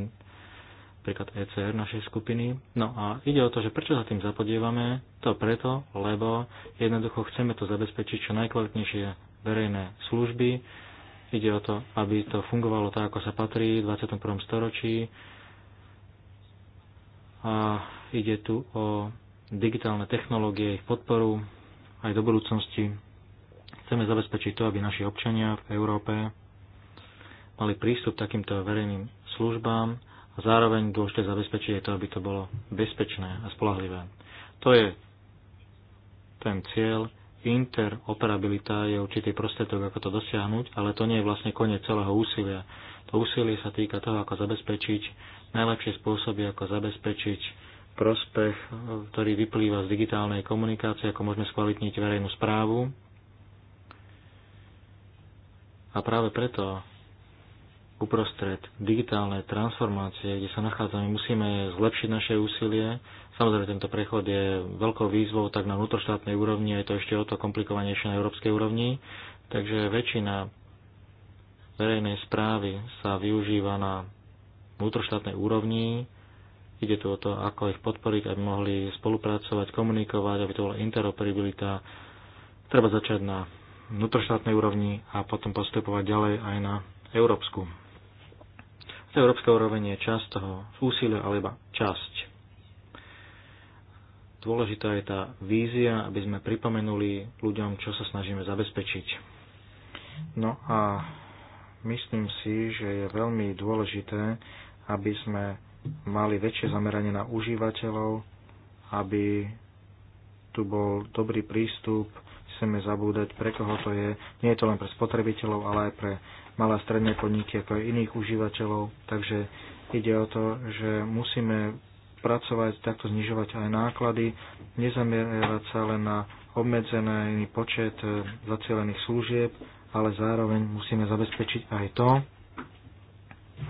napríklad ECR našej skupiny. No a ide o to, že prečo sa tým zapodievame, to preto, lebo jednoducho chceme to zabezpečiť čo najkvalitnejšie verejné služby. Ide o to, aby to fungovalo tak, ako sa patrí v 21. storočí. A ide tu o digitálne technológie, ich podporu aj do budúcnosti. Chceme zabezpečiť to, aby naši občania v Európe mali prístup k takýmto verejným službám a zároveň dôležité zabezpečiť je to, aby to bolo bezpečné a spolahlivé. To je ten cieľ. Interoperabilita je určitý prostriedok, ako to dosiahnuť, ale to nie je vlastne koniec celého úsilia. To úsilie sa týka toho, ako zabezpečiť najlepšie spôsoby, ako zabezpečiť prospech, ktorý vyplýva z digitálnej komunikácie, ako môžeme skvalitniť verejnú správu, a práve preto uprostred digitálnej transformácie, kde sa nachádzame, musíme zlepšiť naše úsilie. Samozrejme, tento prechod je veľkou výzvou tak na vnútroštátnej úrovni, je to ešte o to komplikovanejšie na európskej úrovni. Takže väčšina verejnej správy sa využíva na vnútroštátnej úrovni. Ide tu o to, ako ich podporiť, aby mohli spolupracovať, komunikovať, aby to bola interoperabilita. Treba začať na vnútroštátnej úrovni a potom postupovať ďalej aj na európsku. Tá európska úroveň je časť toho úsilia, ale iba časť. Dôležitá je tá vízia, aby sme pripomenuli ľuďom, čo sa snažíme zabezpečiť. No a myslím si, že je veľmi dôležité, aby sme mali väčšie zameranie na užívateľov, aby tu bol dobrý prístup nesmieme zabúdať, pre koho to je. Nie je to len pre spotrebiteľov, ale aj pre malé a stredné podniky, ako aj iných užívateľov. Takže ide o to, že musíme pracovať, takto znižovať aj náklady, nezamierať sa len na obmedzený počet e, zacielených služieb, ale zároveň musíme zabezpečiť aj to,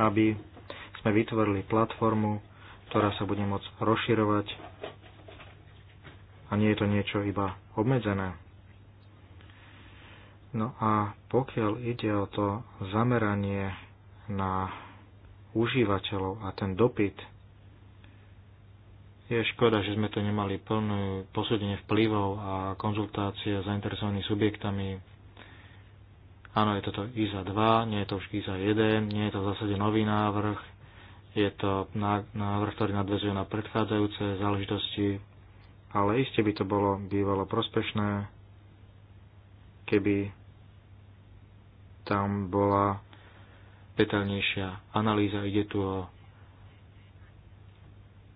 aby sme vytvorili platformu, ktorá sa bude môcť rozširovať a nie je to niečo iba obmedzené. No a pokiaľ ide o to zameranie na užívateľov a ten dopyt, je škoda, že sme to nemali plné posúdenie vplyvov a konzultácie s zainteresovanými subjektami. Áno, je toto ISA 2, nie je to už ISA 1, nie je to v zásade nový návrh, je to návrh, ktorý nadvezuje na predchádzajúce záležitosti, ale iste by to bolo bývalo prospešné, keby tam bola detaľnejšia analýza. Ide tu o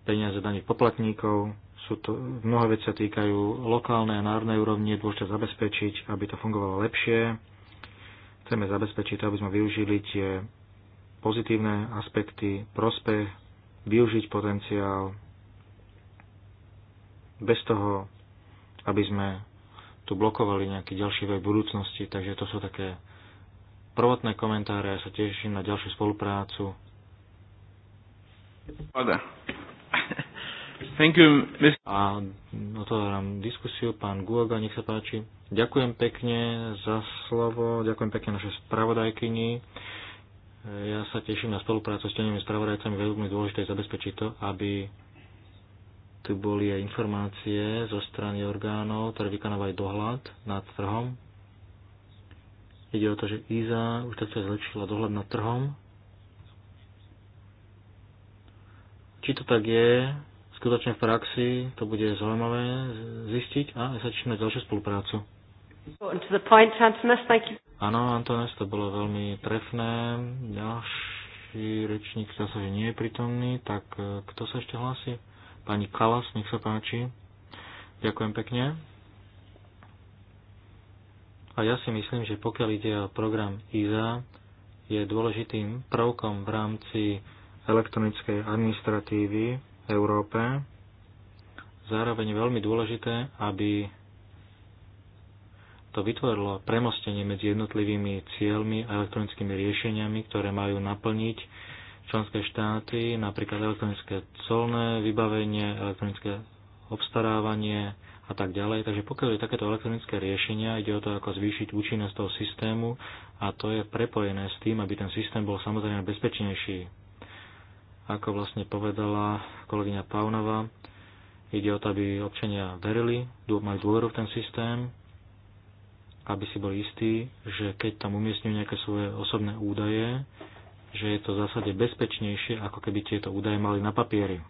peniaze daných poplatníkov. Sú to, mnohé veci sa týkajú lokálnej a národnej úrovni. Je dôležité zabezpečiť, aby to fungovalo lepšie. Chceme zabezpečiť, aby sme využili tie pozitívne aspekty, prospech, využiť potenciál bez toho, aby sme tu blokovali nejaký ďalší vek budúcnosti. Takže to sú také prvotné komentáre. Ja sa teším na ďalšiu spoluprácu. Thank you, A otváram diskusiu. Pán Guoga, nech sa páči. Ďakujem pekne za slovo, ďakujem pekne našej spravodajkyni. Ja sa teším na spoluprácu s tenými spravodajcami, veľmi dôležité je zabezpečiť to, aby tu boli aj informácie zo strany orgánov, ktoré vykonávajú dohľad nad trhom. Ide o to, že IZA už takto zlepšila dohľad nad trhom. Či to tak je, skutočne v praxi, to bude zaujímavé zistiť a začneme ďalšiu spoluprácu. Áno, Antones, to bolo veľmi trefné. Ďalší rečník sa že nie je prítomný, tak eh, kto sa ešte hlási? Pani Kalas, nech sa páči. Ďakujem pekne. A ja si myslím, že pokiaľ ide o program IZA, je dôležitým prvkom v rámci elektronickej administratívy v Európe. Zároveň veľmi dôležité, aby to vytvorilo premostenie medzi jednotlivými cieľmi a elektronickými riešeniami, ktoré majú naplniť členské štáty, napríklad elektronické colné vybavenie, elektronické obstarávanie a tak ďalej. Takže pokiaľ je takéto elektronické riešenia, ide o to, ako zvýšiť účinnosť toho systému a to je prepojené s tým, aby ten systém bol samozrejme bezpečnejší. Ako vlastne povedala kolegyňa Paunova, ide o to, aby občania verili, mali dôveru v ten systém, aby si boli istí, že keď tam umiestňujú nejaké svoje osobné údaje, že je to v zásade bezpečnejšie, ako keby tieto údaje mali na papieri.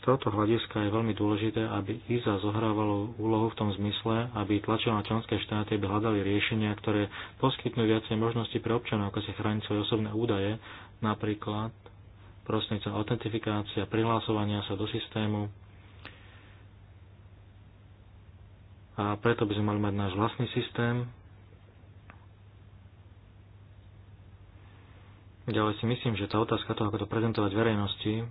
Z tohoto hľadiska je veľmi dôležité, aby ISA zohrávalo úlohu v tom zmysle, aby tlačilo na členské štáty, aby hľadali riešenia, ktoré poskytnú viacej možnosti pre občanov, ako si chrániť svoje osobné údaje, napríklad prostredníctvom autentifikácia, prihlásovania sa do systému. A preto by sme mali mať náš vlastný systém, Ďalej si myslím, že tá otázka toho, ako to prezentovať verejnosti,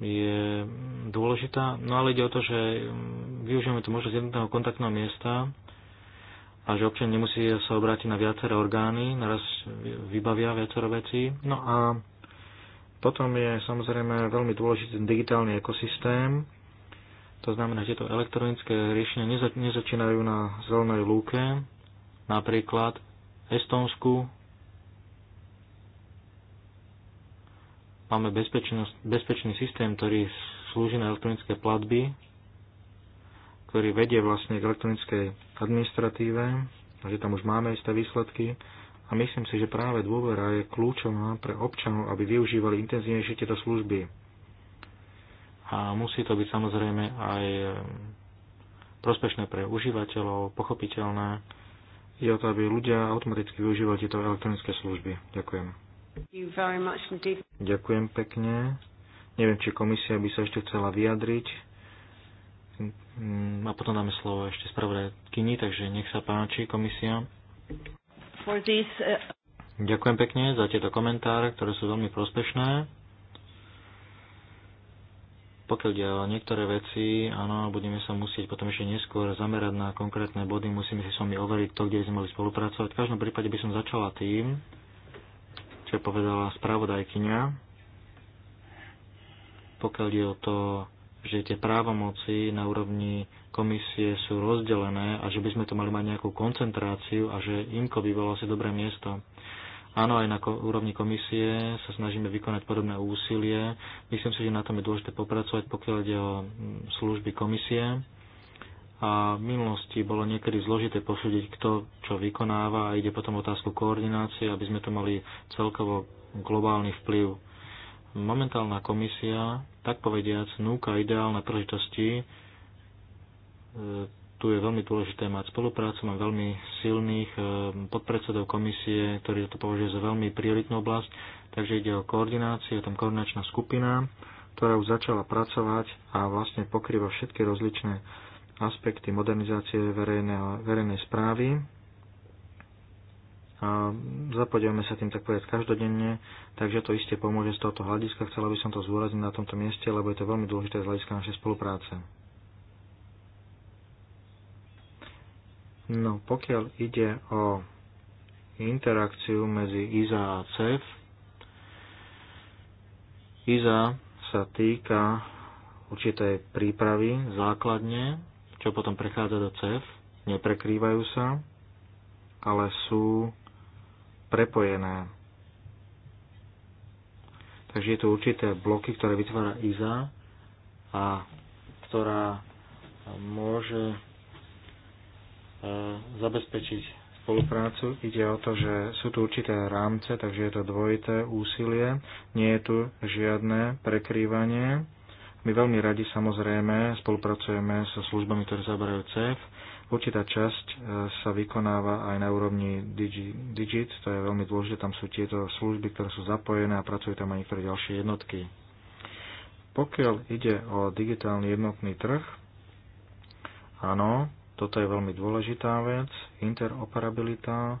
je dôležitá, no ale ide o to, že mm, využijeme tu možnosť jednotného kontaktného miesta a že občan nemusí sa obrátiť na viaceré orgány, naraz vybavia viacero vecí. No a potom je samozrejme veľmi dôležitý digitálny ekosystém, to znamená, že tieto elektronické riešenia nezačínajú na zelenej lúke, napríklad v Estonsku Máme bezpečný systém, ktorý slúži na elektronické platby, ktorý vedie vlastne k elektronickej administratíve, takže tam už máme isté výsledky a myslím si, že práve dôvera je kľúčová pre občanov, aby využívali intenzívnejšie tieto služby. A musí to byť samozrejme aj eh, prospešné pre užívateľov, pochopiteľné. Je o to, aby ľudia automaticky využívali tieto elektronické služby. Ďakujem. Ďakujem pekne. Neviem, či komisia by sa ešte chcela vyjadriť. Mm, a potom dáme slovo ešte spravodajkyni, takže nech sa páči komisia. Uh, Ďakujem pekne za tieto komentáre, ktoré sú veľmi prospešné pokiaľ ide o niektoré veci, áno, budeme sa musieť potom ešte neskôr zamerať na konkrétne body, musíme si s vami overiť to, kde by sme mali spolupracovať. V každom prípade by som začala tým, čo povedala spravodajkynia, pokiaľ je o to, že tie právomoci na úrovni komisie sú rozdelené a že by sme to mali mať nejakú koncentráciu a že INKO by bolo asi dobré miesto. Áno, aj na úrovni komisie sa snažíme vykonať podobné úsilie. Myslím si, že na tom je dôležité popracovať, pokiaľ ide o mm, služby komisie a v minulosti bolo niekedy zložité posúdiť, kto čo vykonáva a ide potom otázku koordinácie, aby sme tu mali celkovo globálny vplyv. Momentálna komisia, tak povediac, núka ideálne príležitosti. E, tu je veľmi dôležité mať spoluprácu, mám veľmi silných e, podpredsedov komisie, ktorí to považujú za veľmi prioritnú oblasť, takže ide o koordináciu, je tam koordinačná skupina, ktorá už začala pracovať a vlastne pokrýva všetky rozličné aspekty modernizácie verejného, verejnej správy a zapodívame sa tým tak povedať každodenne, takže to iste pomôže z tohoto hľadiska. Chcela by som to zúrazniť na tomto mieste, lebo je to veľmi dôležité z hľadiska našej spolupráce. No, pokiaľ ide o interakciu medzi IZA a CEF, IZA sa týka určitej prípravy základne čo potom prechádza do cev, neprekrývajú sa, ale sú prepojené. Takže je to určité bloky, ktoré vytvára IZA a ktorá môže e, zabezpečiť spoluprácu. Ide o to, že sú tu určité rámce, takže je to dvojité úsilie. Nie je tu žiadne prekrývanie my veľmi radi samozrejme spolupracujeme so službami, ktoré zaberajú CEF. Určitá časť e, sa vykonáva aj na úrovni Digi, Digit, to je veľmi dôležité, tam sú tieto služby, ktoré sú zapojené a pracujú tam aj niektoré ďalšie jednotky. Pokiaľ ide o digitálny jednotný trh, áno, toto je veľmi dôležitá vec, interoperabilita,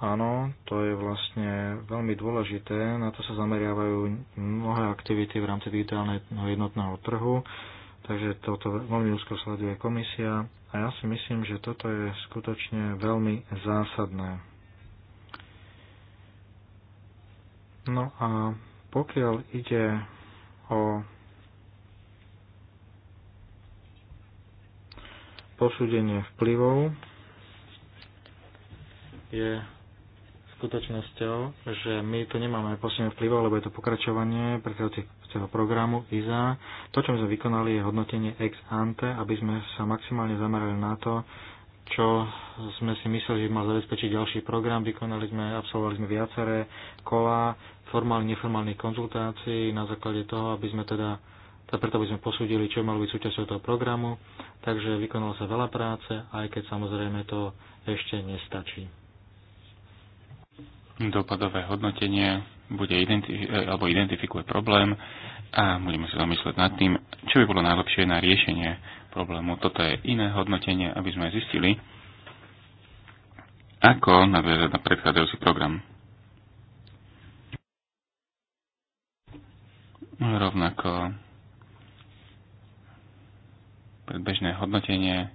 Áno, to je vlastne veľmi dôležité. Na to sa zameriavajú mnohé aktivity v rámci digitálneho jednotného trhu, takže toto veľmi úzko sleduje komisia a ja si myslím, že toto je skutočne veľmi zásadné. No a pokiaľ ide o posúdenie vplyvov, je skutočnosťou, že my tu nemáme posledné vplyv, lebo je to pokračovanie predchádzajúceho programu IZA. To, čo sme vykonali, je hodnotenie ex ante, aby sme sa maximálne zamerali na to, čo sme si mysleli, že mal zabezpečiť ďalší program. Vykonali sme, absolvovali sme viaceré kola formálnych, neformálnych konzultácií na základe toho, aby sme teda preto by sme posúdili, čo malo byť súčasťou toho programu, takže vykonalo sa veľa práce, aj keď samozrejme to ešte nestačí. Dopadové hodnotenie bude identifi- e, alebo identifikuje problém a budeme sa zamýšľať nad tým, čo by bolo najlepšie na riešenie problému. Toto je iné hodnotenie, aby sme zistili, ako nadviazať na predchádzajúci program. Rovnako predbežné hodnotenie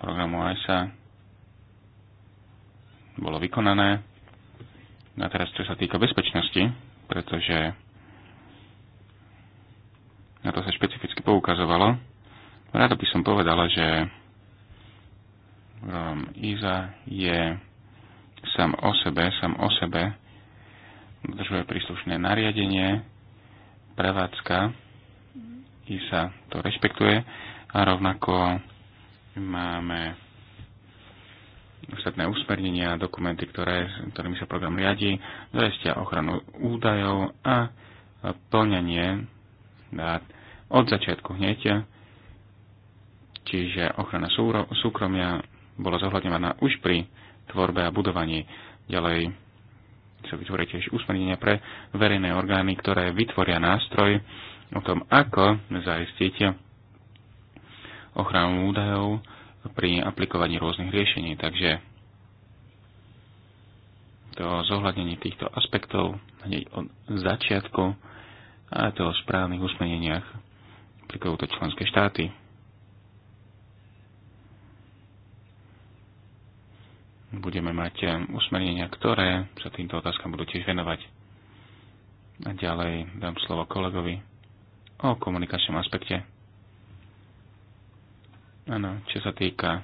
programu ISA bolo vykonané No a teraz, čo sa týka bezpečnosti, pretože na to sa špecificky poukazovalo, rád by som povedala, že um, Iza je sám o sebe, sám o sebe, dodržuje príslušné nariadenie, prevádzka, ISA to rešpektuje a rovnako máme ostatné usmernenia dokumenty, ktoré, ktorými sa program riadi, zaistia ochranu údajov a plnenie dát od začiatku hneď, čiže ochrana súkromia bola zohľadňovaná už pri tvorbe a budovaní. Ďalej sa vytvorí tiež usmernenia pre verejné orgány, ktoré vytvoria nástroj o tom, ako zaistiť ochranu údajov, pri aplikovaní rôznych riešení. Takže to zohľadnenie týchto aspektov hneď od začiatku a to o správnych usmeneniach aplikujú to členské štáty. budeme mať um, usmernenia, ktoré sa týmto otázkam budú tiež venovať. A ďalej dám slovo kolegovi o komunikačnom aspekte. Áno, čo sa týka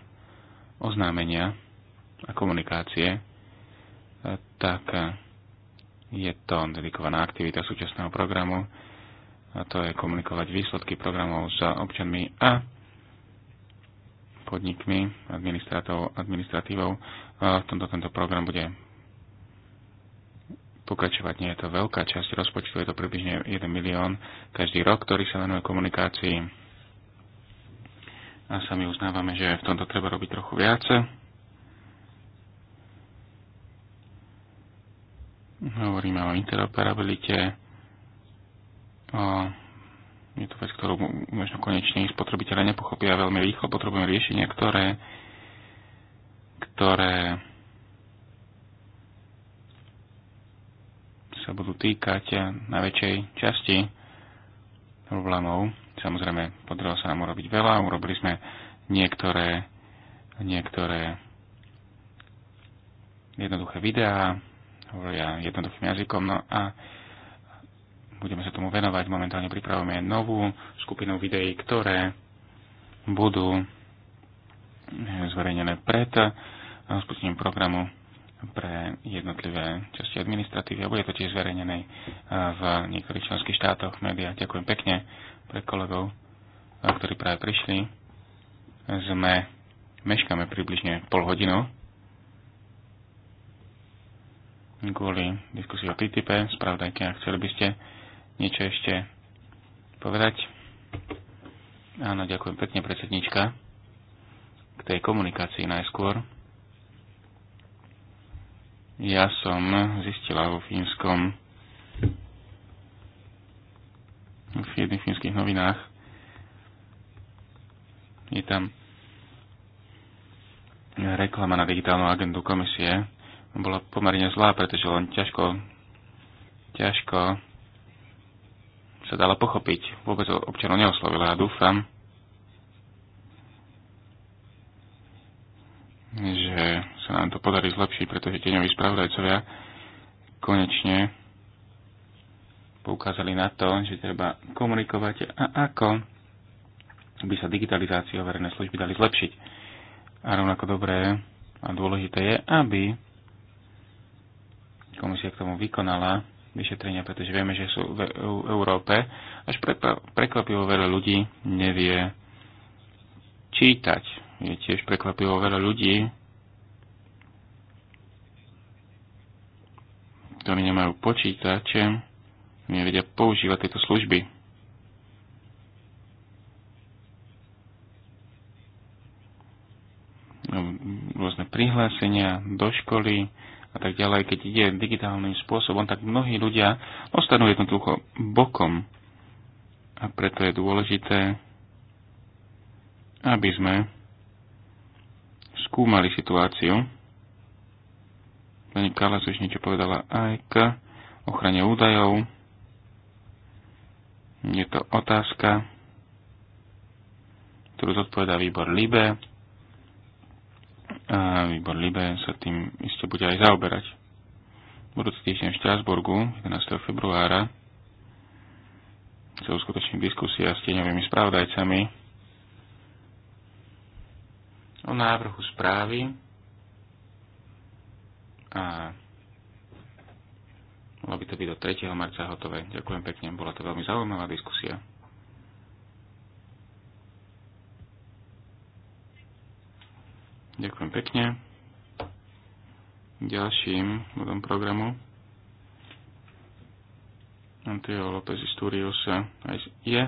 oznámenia a komunikácie, eh, tak eh, je to dedikovaná aktivita súčasného programu a to je komunikovať výsledky programov s občanmi a podnikmi, administratívou. V tomto tento program bude pokračovať. Nie je to veľká časť rozpočtu, je to približne 1 milión každý rok, ktorý sa venuje komunikácii a sami uznávame, že v tomto treba robiť trochu viac. Hovoríme o interoperabilite, o je to vec, ktorú možno konečne spotrebiteľe nepochopia veľmi rýchlo. Potrebujeme riešenia, ktoré, ktoré sa budú týkať najväčšej časti problémov Samozrejme, podarilo sa nám urobiť veľa, urobili sme niektoré, niektoré jednoduché videá, hovoria jednoduchým jazykom, no a budeme sa tomu venovať. Momentálne pripravujeme novú skupinu videí, ktoré budú zverejnené pred spustením programu pre jednotlivé časti administratívy a bude to tiež zverejnené v niektorých členských štátoch, médiách. Ďakujem pekne pre kolegov, ktorí práve prišli. Sme, meškáme približne pol hodinu kvôli diskusii o TTIP, spravdajte, ak chceli by ste niečo ešte povedať. Áno, ďakujem pekne, predsednička. K tej komunikácii najskôr. Ja som zistila vo fínskom v jedných fínskych novinách. Je tam reklama na digitálnu agendu komisie. Bola pomerne zlá, pretože len ťažko, ťažko sa dala pochopiť. Vôbec občanov neoslovila a dúfam, že sa nám to podarí zlepšiť, pretože tieňoví spravodajcovia konečne poukázali na to, že treba komunikovať a ako by sa digitalizácia verejnej služby dali zlepšiť. A rovnako dobré a dôležité je, aby komisia k tomu vykonala vyšetrenia, pretože vieme, že sú v Európe až prekvapivo veľa ľudí nevie čítať. Je tiež prekvapivo veľa ľudí, ktorí nemajú počítače, nevedia používať tieto služby. rôzne prihlásenia do školy a tak ďalej, keď ide digitálnym spôsobom, tak mnohí ľudia ostanú jednoducho bokom. A preto je dôležité, aby sme skúmali situáciu. Pani Kalas už niečo povedala aj k ochrane údajov. Je to otázka, ktorú zodpovedá výbor Libe. A výbor Libe sa tým iste bude aj zaoberať. Budúci týždeň v Štrasburgu, 11. februára, sa uskutoční diskusia s tieňovými spravodajcami o návrhu správy a Malo by to byť do 3. marca hotové. Ďakujem pekne, bola to veľmi zaujímavá diskusia. Ďakujem pekne. Ďalším bodom programu Antio López Isturius je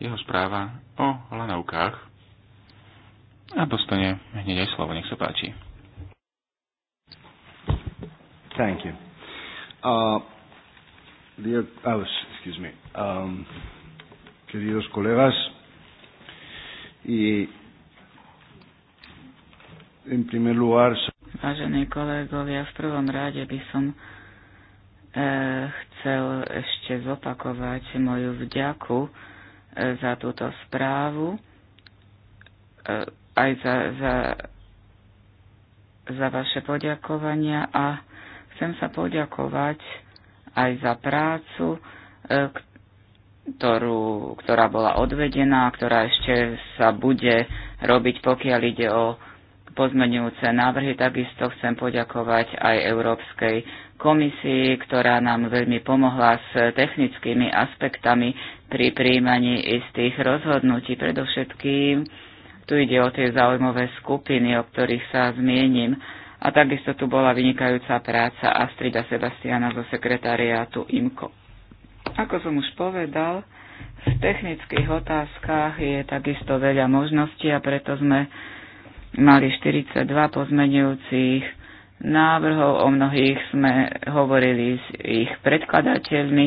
jeho správa o lanovkách a dostane hneď aj slovo. Nech sa páči. Thank you dear, oh, excuse me. Um, queridos colegas, y en primer lugar... Vážení kolegovia, v prvom rade by som e, chcel ešte zopakovať moju vďaku e, za túto správu, e, aj za, za, za vaše poďakovania a Chcem sa poďakovať aj za prácu, e, ktorú, ktorá bola odvedená, ktorá ešte sa bude robiť, pokiaľ ide o pozmenujúce návrhy. Takisto chcem poďakovať aj Európskej komisii, ktorá nám veľmi pomohla s technickými aspektami pri príjmaní istých rozhodnutí. Predovšetkým tu ide o tie zaujímavé skupiny, o ktorých sa zmienim a takisto tu bola vynikajúca práca Astrida Sebastiana zo sekretariátu IMCO. Ako som už povedal, v technických otázkach je takisto veľa možností a preto sme mali 42 pozmenujúcich návrhov, o mnohých sme hovorili s ich predkladateľmi,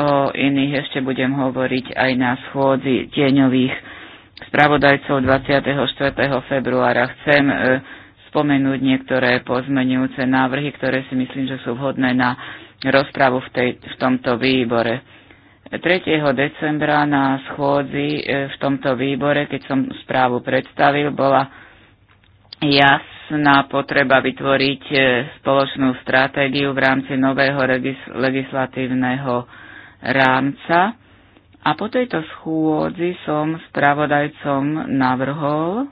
o iných ešte budem hovoriť aj na schôdzi tieňových spravodajcov 24. februára. Chcem e, spomenúť niektoré pozmenujúce návrhy, ktoré si myslím, že sú vhodné na rozpravu v, tej, v tomto výbore. 3. decembra na schôdzi e, v tomto výbore, keď som správu predstavil, bola jasná potreba vytvoriť e, spoločnú stratégiu v rámci nového legislatívneho rámca. A po tejto schôdzi som spravodajcom navrhol,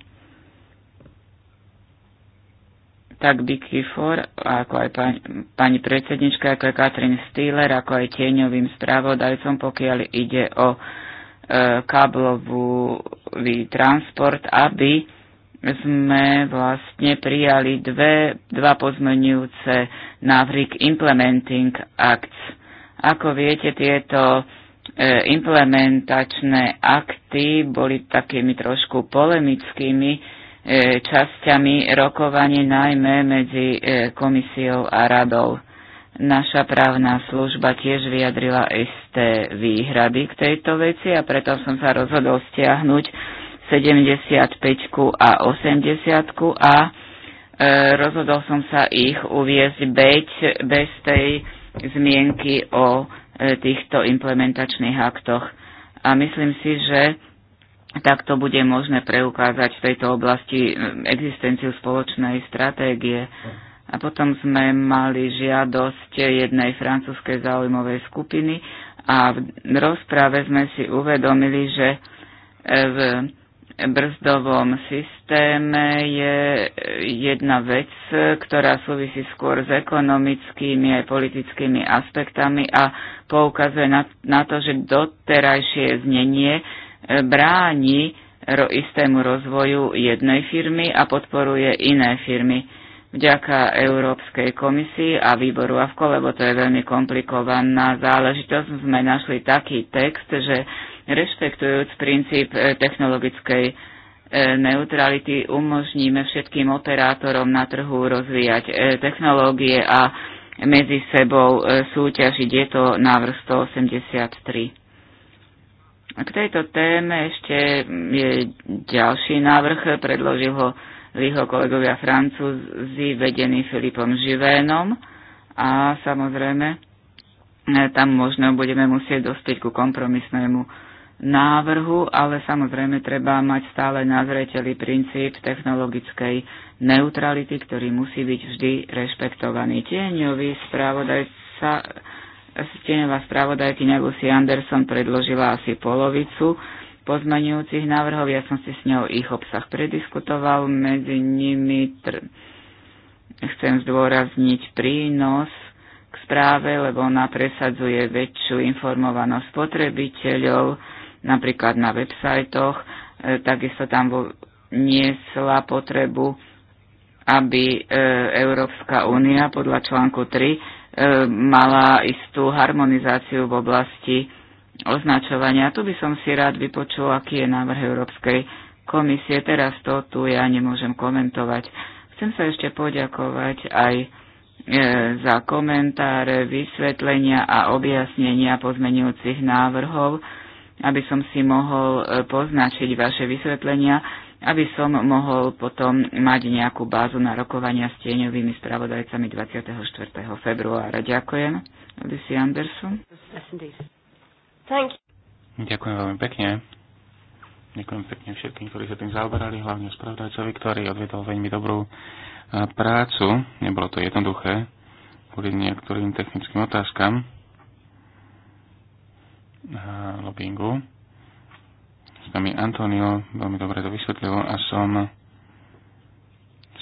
tak Bicky Ford, ako aj pani, pani predsednička, ako aj Katrin Stýler, ako aj tieňovým správodajcom, pokiaľ ide o e, káblový transport, aby sme vlastne prijali dve, dva pozmenujúce návrhy k Implementing Acts. Ako viete, tieto e, implementačné akty boli takými trošku polemickými, E, časťami rokovaní najmä medzi e, komisiou a radou. Naša právna služba tiež vyjadrila isté výhrady k tejto veci a preto som sa rozhodol stiahnuť 75 a 80 a e, rozhodol som sa ich uviezť beď bez tej zmienky o týchto implementačných aktoch. A myslím si, že tak to bude možné preukázať v tejto oblasti eh, existenciu spoločnej stratégie. A potom sme mali žiadosť jednej francúzskej záujmovej skupiny a v rozprave sme si uvedomili, že eh, v brzdovom systéme je eh, jedna vec, ktorá súvisí skôr s ekonomickými aj politickými aspektami a poukazuje na, na to, že doterajšie znenie bráni istému rozvoju jednej firmy a podporuje iné firmy. Vďaka Európskej komisii a výboru AVKO, lebo to je veľmi komplikovaná záležitosť, sme našli taký text, že rešpektujúc princíp e, technologickej e, neutrality umožníme všetkým operátorom na trhu rozvíjať e, technológie a medzi sebou súťažiť. Je to návrh 183. K tejto téme ešte je ďalší návrh, predložil ho jeho kolegovia Francúzi, vedení Filipom Živénom a samozrejme e, tam možno budeme musieť dospieť ku kompromisnému návrhu, ale samozrejme treba mať stále na zreteli princíp technologickej neutrality, ktorý musí byť vždy rešpektovaný. Tieňový spravodajca. Stenová spravodajkyňa Lucy Anderson predložila asi polovicu pozmenujúcich návrhov. Ja som si s ňou ich obsah prediskutoval. Medzi nimi tr- chcem zdôrazniť prínos k správe, lebo ona presadzuje väčšiu informovanosť spotrebiteľov, napríklad na websajtoch. E, takisto tam niesla potrebu, aby e, Európska únia podľa článku 3 E, mala istú harmonizáciu v oblasti označovania. Tu by som si rád vypočul, aký je návrh Európskej komisie. Teraz to tu ja nemôžem komentovať. Chcem sa ešte poďakovať aj e, za komentáre, vysvetlenia a objasnenia pozmenujúcich návrhov, aby som si mohol e, poznačiť vaše vysvetlenia aby som mohol potom mať nejakú bázu na rokovania s tieňovými spravodajcami 24. februára. Ďakujem, Lucy Anderson. Ďakujem veľmi pekne. Ďakujem pekne všetkým, ktorí sa tým zaoberali, hlavne spravodajcovi, ktorý odvedol veľmi dobrú prácu. Nebolo to jednoduché kvôli niektorým technickým otázkam lobbyingu mi Antonio veľmi dobre to vysvetlil a som,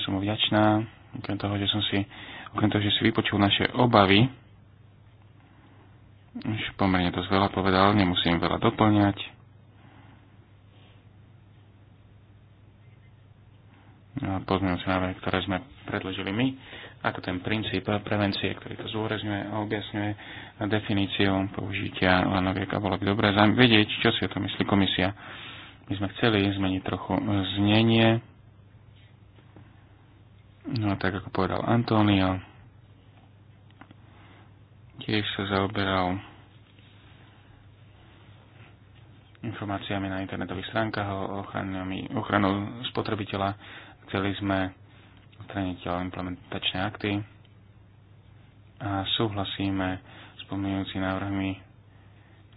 som mu vďačná, okrem toho, že som si, okrem toho, že si vypočul naše obavy, už pomerne dosť veľa povedal, nemusím veľa doplňať. si no návrhy, ktoré sme predložili my, ako ten princíp prevencie, ktorý to zúrezňuje a objasňuje definíciou použitia lanoviek a bolo by dobré vedieť, čo si o to myslí komisia. My sme chceli zmeniť trochu e, znenie, no tak ako povedal Antonio, tiež sa zaoberal informáciami na internetových stránkach o ochranu spotrebiteľa. Chceli sme opatreniť implementačné akty a súhlasíme s pomenujúcimi návrhmi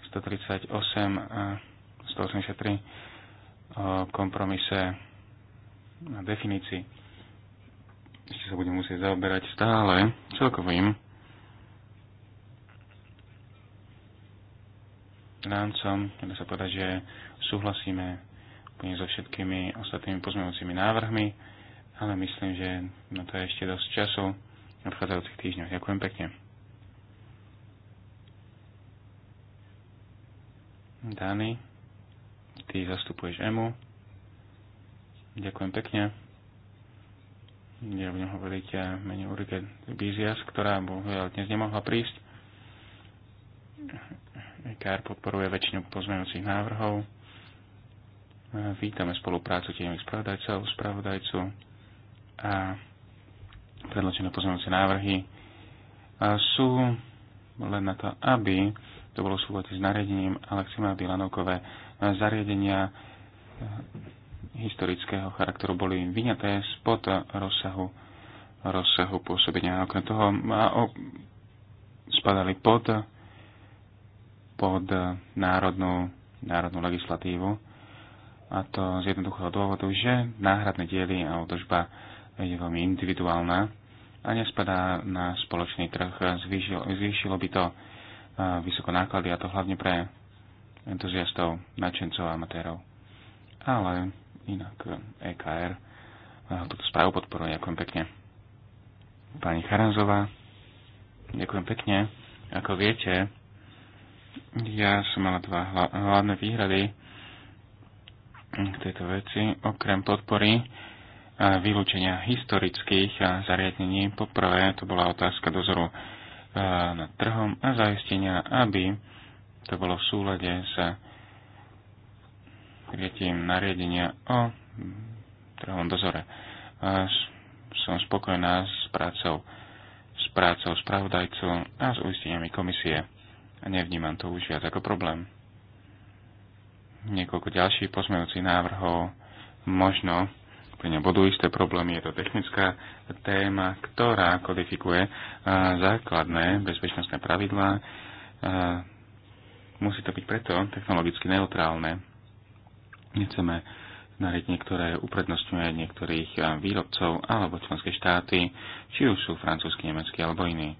138 a 183 o kompromise na definícii. Ešte sa budem musieť zaoberať stále celkovým rámcom, kde sa povedať, že súhlasíme úplne so všetkými ostatnými pozmeňujúcimi návrhmi ale myslím, že na to je ešte dosť času v odchádzajúcich týždňoch. Ďakujem pekne. Dani, ty zastupuješ EMU. Ďakujem pekne. Ja ňom hovoriť ja menej Urike Bizias, ktorá bohužiaľ dnes nemohla prísť. EKR podporuje väčšinu pozmeňujúcich návrhov. Vítame spoluprácu tieňových spravodajcov, spravodajcu a predložené pozornosti návrhy sú len na to, aby to bolo súvody s nariadením, ale chceme, aby lanovkové zariadenia e, historického charakteru boli vyňaté spod rozsahu, rozsahu pôsobenia. Okrem toho spadali pod, pod národnú, národnú legislatívu a to z jednoduchého dôvodu, že náhradné diely a údržba je veľmi individuálna a nespadá na spoločný trh. Zvýšilo, zvýšilo by to vysoko náklady a to hlavne pre entuziastov, nadšencov a amatérov. Ale inak EKR e túto správu podporuje. Ďakujem pekne. Pani Charanzová, ďakujem pekne. Ako viete, ja som mala dva hlavné výhrady k tejto veci, okrem podpory vylúčenia historických zariadení. Poprvé to bola otázka dozoru nad trhom a zaistenia, aby to bolo v súlade s prijatím nariadenia o trhovom dozore. Som spokojná s prácou, s prácou spravodajcu a s uisteniami komisie. A nevnímam to už viac ako problém. Niekoľko ďalších pozmejúcich návrhov možno skupine budú isté problémy. Je to technická téma, ktorá kodifikuje základné bezpečnostné pravidlá. Musí to byť preto technologicky neutrálne. Nechceme nariť niektoré uprednostňuje niektorých výrobcov alebo členské štáty, či už sú francúzsky, nemecký alebo iní.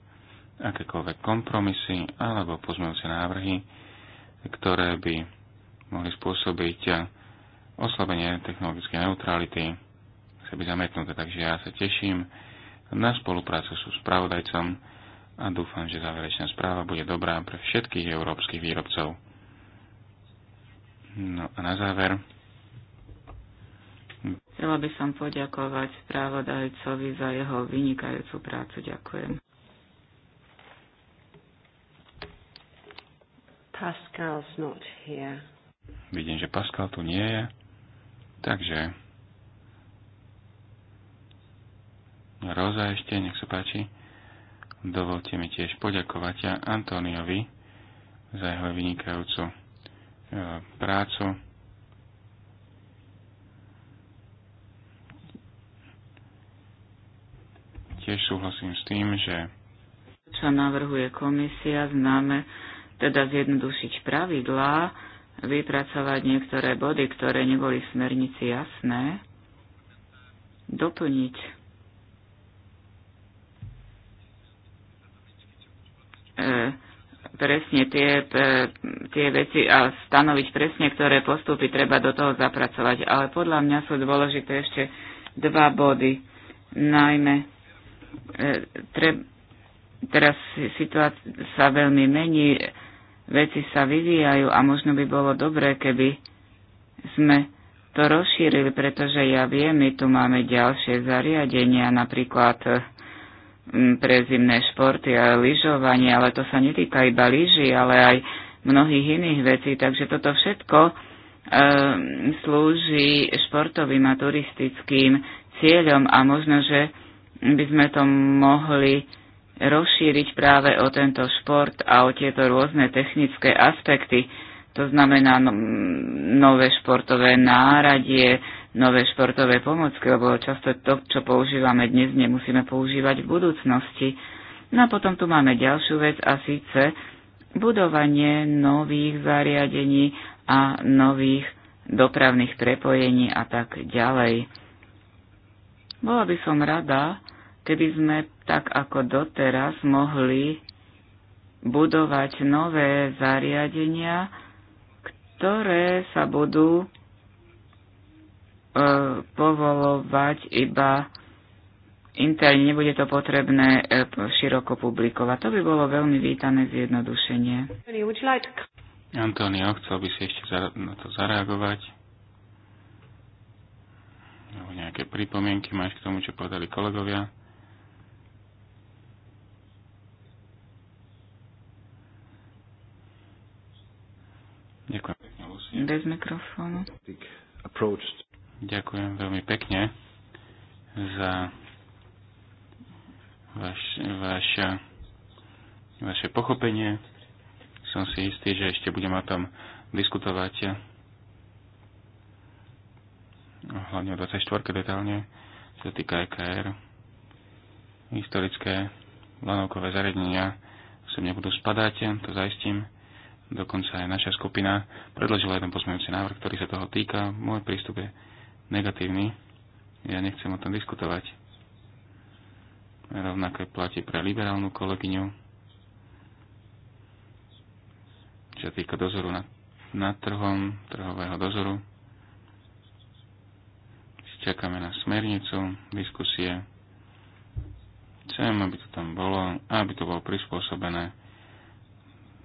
Akékoľvek kompromisy alebo pozmejúce návrhy, ktoré by mohli spôsobiť oslabenie technologickej neutrality chce byť zametnuté. Takže ja sa teším na spoluprácu s spravodajcom a dúfam, že záverečná správa bude dobrá pre všetkých európskych výrobcov. No a na záver. Chcela by som poďakovať správodajcovi za jeho vynikajúcu prácu. Ďakujem. Pascal's not here. Vidím, že Pascal tu nie je. Takže Roza ešte, nech sa páči. Dovolte mi tiež poďakovať Antoniovi za jeho vynikajúcu e, prácu. Tiež súhlasím s tým, že čo navrhuje komisia, známe teda zjednodušiť pravidlá, vypracovať niektoré body, ktoré neboli v smernici jasné, doplniť E, presne tie, e, tie veci a stanoviť presne, ktoré postupy treba do toho zapracovať. Ale podľa mňa sú dôležité ešte dva body. Najmä e, tre, teraz situácia sa veľmi mení, veci sa vyvíjajú a možno by bolo dobré, keby sme to rozšírili, pretože ja viem, my tu máme ďalšie zariadenia, napríklad pre zimné športy a lyžovanie, ale to sa netýka iba lyží, ale aj mnohých iných vecí. Takže toto všetko e, slúži športovým a turistickým cieľom a možno, že by sme to mohli rozšíriť práve o tento šport a o tieto rôzne technické aspekty. To znamená no, nové športové náradie, nové športové pomocky, lebo často to, čo používame dnes, nemusíme používať v budúcnosti. No a potom tu máme ďalšiu vec a síce budovanie nových zariadení a nových dopravných prepojení a tak ďalej. Bola by som rada, keby sme tak ako doteraz mohli budovať nové zariadenia, ktoré sa budú E, povolovať iba interne, nebude to potrebné e, široko publikovať. To by bolo veľmi vítané zjednodušenie. Antonio, chcel by si ešte na to zareagovať? Alebo nejaké pripomienky máš k tomu, čo povedali kolegovia? Ďakujem Bez mikrofónu. Ďakujem veľmi pekne za vaš, vaša, vaše pochopenie. Som si istý, že ešte budeme o tom diskutovať hlavne o 24 detálne, čo sa týka EKR. Historické lanovkové zariadenia sa nebudú spadať, to zaistím. Dokonca aj naša skupina predložila jeden pozmeňujúci návrh, ktorý sa toho týka. Môj prístup je negatívny, ja nechcem o tom diskutovať. Rovnako platí pre liberálnu kolegyňu, čo sa týka dozoru nad, nad trhom, trhového dozoru. Čakáme na smernicu, diskusie. Chcem, aby to tam bolo, aby to bolo prispôsobené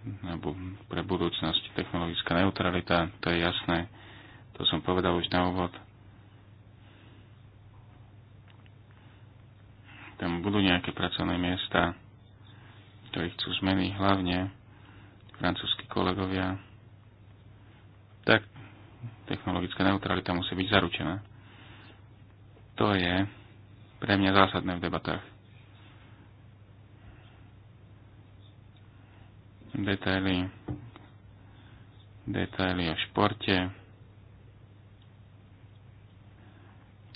alebo pre budúcnosť technologická neutralita, to je jasné. To som povedal už na úvod. tam budú nejaké pracovné miesta, ktoré chcú zmeny, hlavne francúzskí kolegovia, tak technologická neutralita musí byť zaručená. To je pre mňa zásadné v debatách. Detaily, detaily o športe,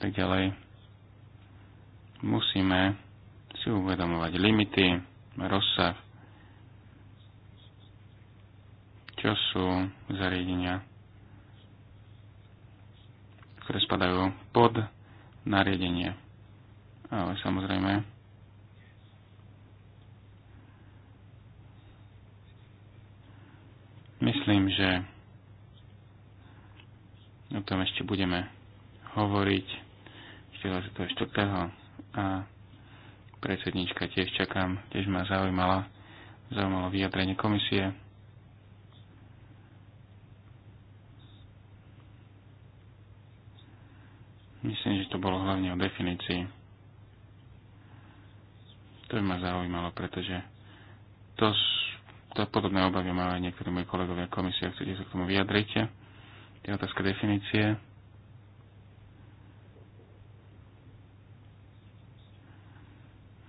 tak ďalej musíme si uvedomovať limity, rozsah, čo sú zariadenia, ktoré spadajú pod nariadenie. Ale samozrejme, myslím, že o tom ešte budeme hovoriť 24 a predsednička tiež čakám, tiež ma zaujímala, zaujímalo vyjadrenie komisie. Myslím, že to bolo hlavne o definícii. To by ma zaujímalo, pretože to, to podobné obavy majú aj niektorí moji kolegovia komisia. Chcete sa k tomu vyjadriť? Je otázka definície.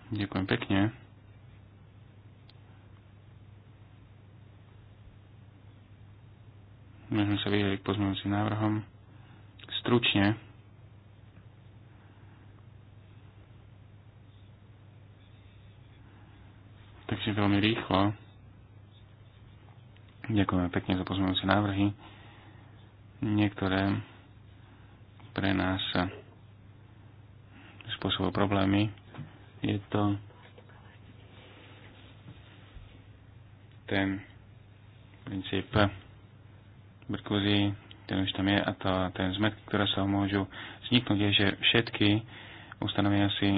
Ďakujem pekne. My sme sa vyjeli k pozmeňujúcim návrhom. Stručne Takže veľmi rýchlo. Ďakujeme pekne za pozmeňujúce návrhy. Niektoré pre nás spôsobujú problémy. Je to ten princíp Merkúrii, ten už tam je, a to, ten zmet, ktoré sa môžu vzniknúť, je, že všetky ustanovenia si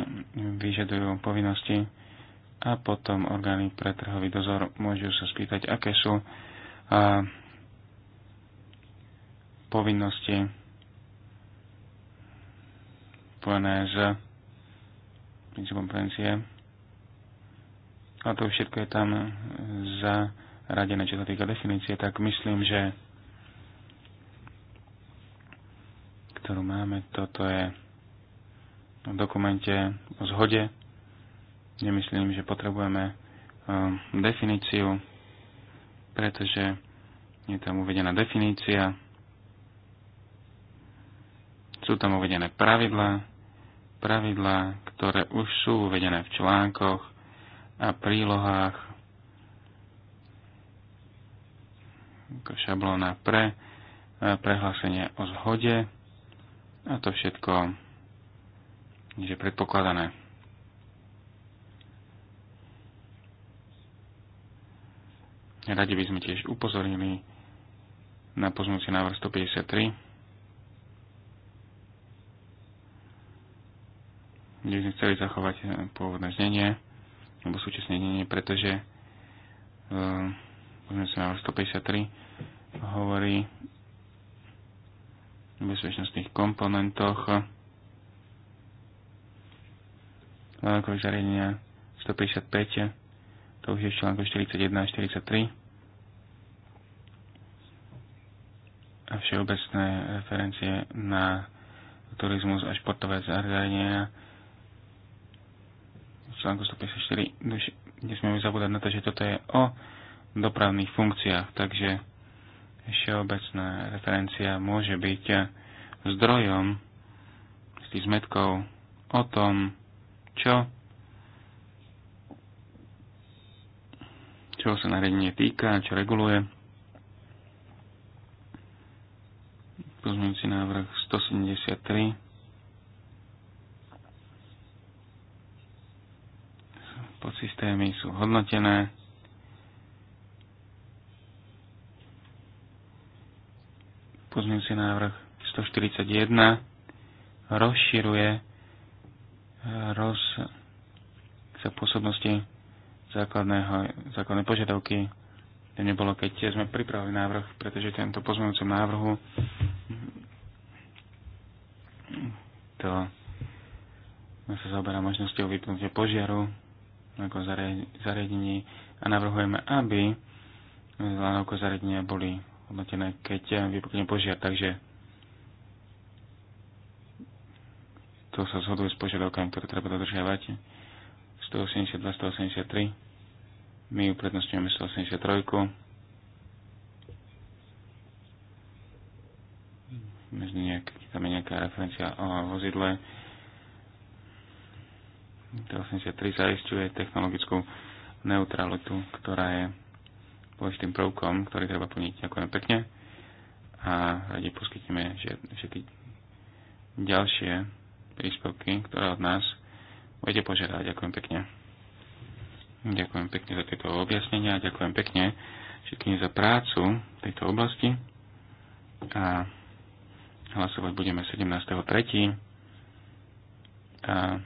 vyžadujú povinnosti a potom orgány pre trhový dozor môžu sa spýtať, aké sú a, povinnosti spojené s princípom prevencie. A to všetko je tam zaradené, čo sa týka definície, tak myslím, že ktorú máme, toto je v dokumente o zhode. Nemyslím, že potrebujeme um, definíciu, pretože je tam uvedená definícia, sú tam uvedené pravidlá, pravidlá, ktoré už sú uvedené v článkoch a prílohách ako šablóna pre e, prehlásenie o zhode a to všetko je predpokladané. Radi by sme tiež upozornili na pozmúci návrh 153 kde sme chceli zachovať eh, pôvodné znenie, alebo súčasné znenie, pretože um, sa 153 hovorí o bezpečnostných komponentoch článkoch zariadenia 155, to už je v článku 41 a 43 a všeobecné referencie na turizmus a športové zariadenia článku 154 nesmieme zabúdať na to, že toto je o dopravných funkciách, takže všeobecná referencia môže byť zdrojom s tých zmetkov o tom, čo čo sa nariadenie týka, čo reguluje. Pozmeňujúci návrh 173 Podsystémy sú hodnotené. Pozmienci návrh 141 rozširuje eh, roz sa pôsobnosti základnej požiadavky to nebolo, keď sme pripravili návrh, pretože tento pozmeňujúcom návrhu to sa zaoberá možnosťou vypnutia požiaru ako zariadení a navrhujeme, aby lanovko zariadenia boli hodnotené, keď vypukne požiar. Takže to sa zhoduje s požiadavkami, ktoré treba dodržiavať. 182, 183. My uprednostňujeme 183. Možno nejak, tam je nejaká referencia o vozidle. 83 zaisťuje technologickú neutralitu, ktorá je dôležitým prvkom, ktorý treba plniť. Ďakujem pekne a radi poskytneme všetky ďalšie príspevky, ktoré od nás budete požiadať. Ďakujem pekne. Ďakujem pekne za tieto objasnenia a ďakujem pekne všetkým za prácu v tejto oblasti a hlasovať budeme 17.3. A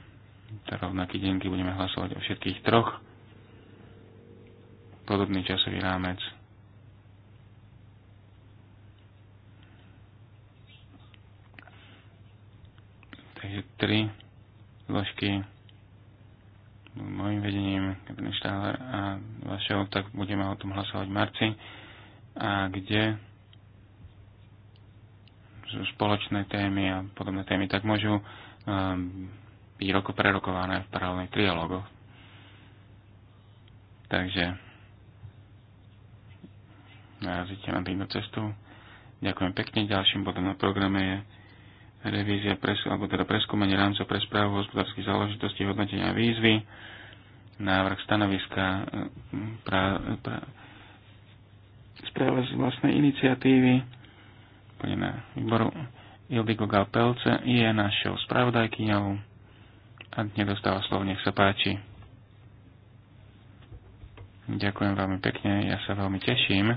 rovnaký deň, keď budeme hlasovať o všetkých troch. Podobný časový rámec. Takže tri zložky môjim vedením, Katrin Štáler a vašou, tak budeme o tom hlasovať v marci. A kde sú spoločné témy a podobné témy, tak môžu um, roko prerokované v paralelných trialógoch. Takže narazíte no na týmto cestu. Ďakujem pekne. Ďalším bodom na programe je revízia, pres, alebo teda preskúmenie rámca pre správu hospodárskych záležitostí, hodnotenia výzvy, návrh stanoviska eh, pra, pra, správa z vlastnej iniciatívy, pôjdeme na výboru Ildiko Galpelce, je našou spravodajkyňou. Ak nedostáva slov, nech sa páči. Ďakujem veľmi pekne, ja sa veľmi teším,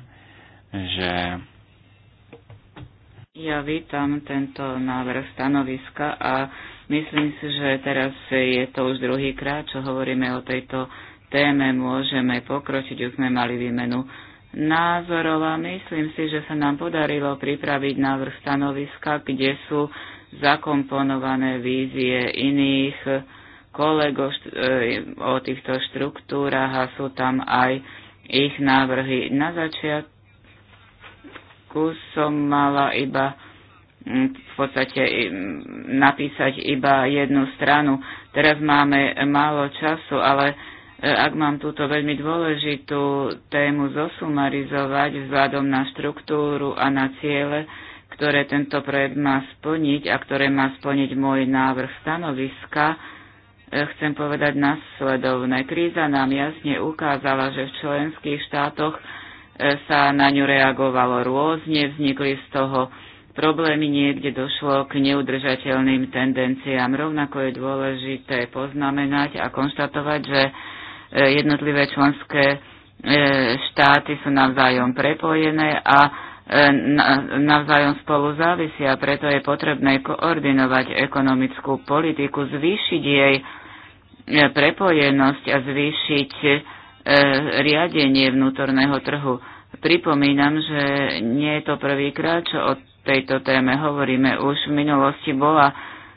že... Ja vítam tento návrh stanoviska a myslím si, že teraz je to už druhý krát, čo hovoríme o tejto téme, môžeme pokročiť, už sme mali výmenu názorov a myslím si, že sa nám podarilo pripraviť návrh stanoviska, kde sú zakomponované vízie iných kolegov e, o týchto štruktúrach a sú tam aj ich návrhy. Na začiatku som mala iba mm, v podstate napísať iba jednu stranu. Teraz máme málo času, ale e, ak mám túto veľmi dôležitú tému zosumarizovať vzhľadom na štruktúru a na ciele, ktoré tento projekt má splniť a ktoré má splniť môj návrh stanoviska, e, chcem povedať nasledovné. Kríza nám jasne ukázala, že v členských štátoch e, sa na ňu reagovalo rôzne, vznikli z toho problémy, niekde došlo k neudržateľným tendenciám. Rovnako je dôležité poznamenať a konštatovať, že e, jednotlivé členské štáty sú navzájom prepojené a E, navzájom spolu závisia, preto je potrebné koordinovať ekonomickú politiku, zvýšiť jej e, prepojenosť a zvýšiť e, riadenie vnútorného trhu. Pripomínam, že nie je to prvýkrát, čo o tejto téme hovoríme. Už v minulosti bola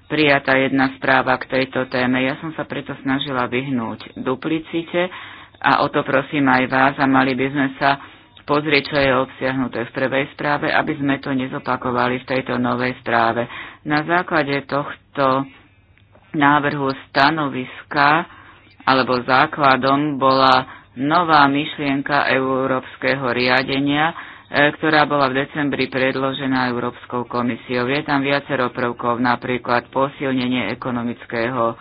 prijatá jedna správa k tejto téme. Ja som sa preto snažila vyhnúť duplicite a o to prosím aj vás a mali by sme sa pozrieť, čo je obsiahnuté v prvej správe, aby sme to nezopakovali v tejto novej správe. Na základe tohto návrhu stanoviska alebo základom bola nová myšlienka európskeho riadenia, e, ktorá bola v decembri predložená Európskou komisiou. Je tam viacero prvkov, napríklad posilnenie ekonomického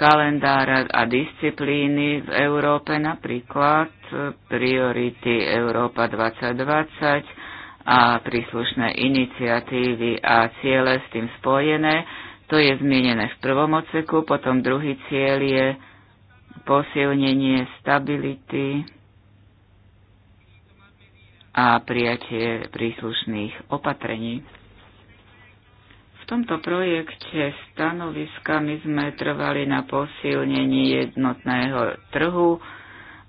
kalendára a disciplíny v Európe, napríklad e, priority Európa 2020 a príslušné iniciatívy a ciele s tým spojené. To je zmienené v prvom oceku, potom druhý cieľ je posilnenie stability a prijatie príslušných opatrení tomto projekte stanoviska my sme trvali na posilnení jednotného trhu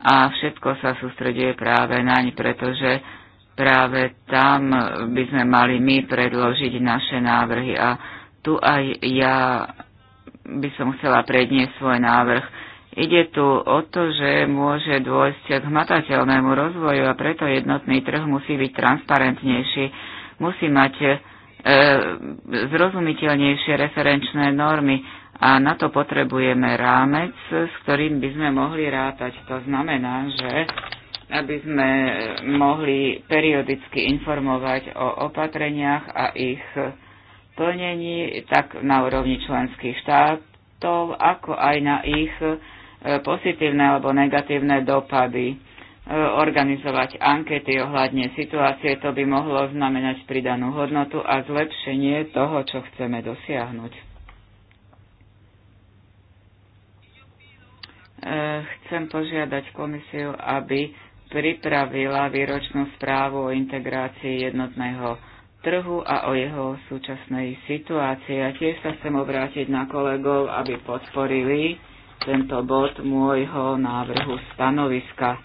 a všetko sa sústreduje práve naň, pretože práve tam by sme mali my predložiť naše návrhy a tu aj ja by som chcela predniesť svoj návrh. Ide tu o to, že môže dôjsť k hmatateľnému rozvoju a preto jednotný trh musí byť transparentnejší, musí mať E, zrozumiteľnejšie referenčné normy a na to potrebujeme rámec, s ktorým by sme mohli rátať. To znamená, že aby sme mohli periodicky informovať o opatreniach a ich plnení, tak na úrovni členských štátov, ako aj na ich e, pozitívne alebo negatívne dopady organizovať ankety ohľadne situácie, to by mohlo znamenať pridanú hodnotu a zlepšenie toho, čo chceme dosiahnuť. E, chcem požiadať komisiu, aby pripravila výročnú správu o integrácii jednotného trhu a o jeho súčasnej situácii. Ja tiež sa chcem obrátiť na kolegov, aby podporili tento bod môjho návrhu stanoviska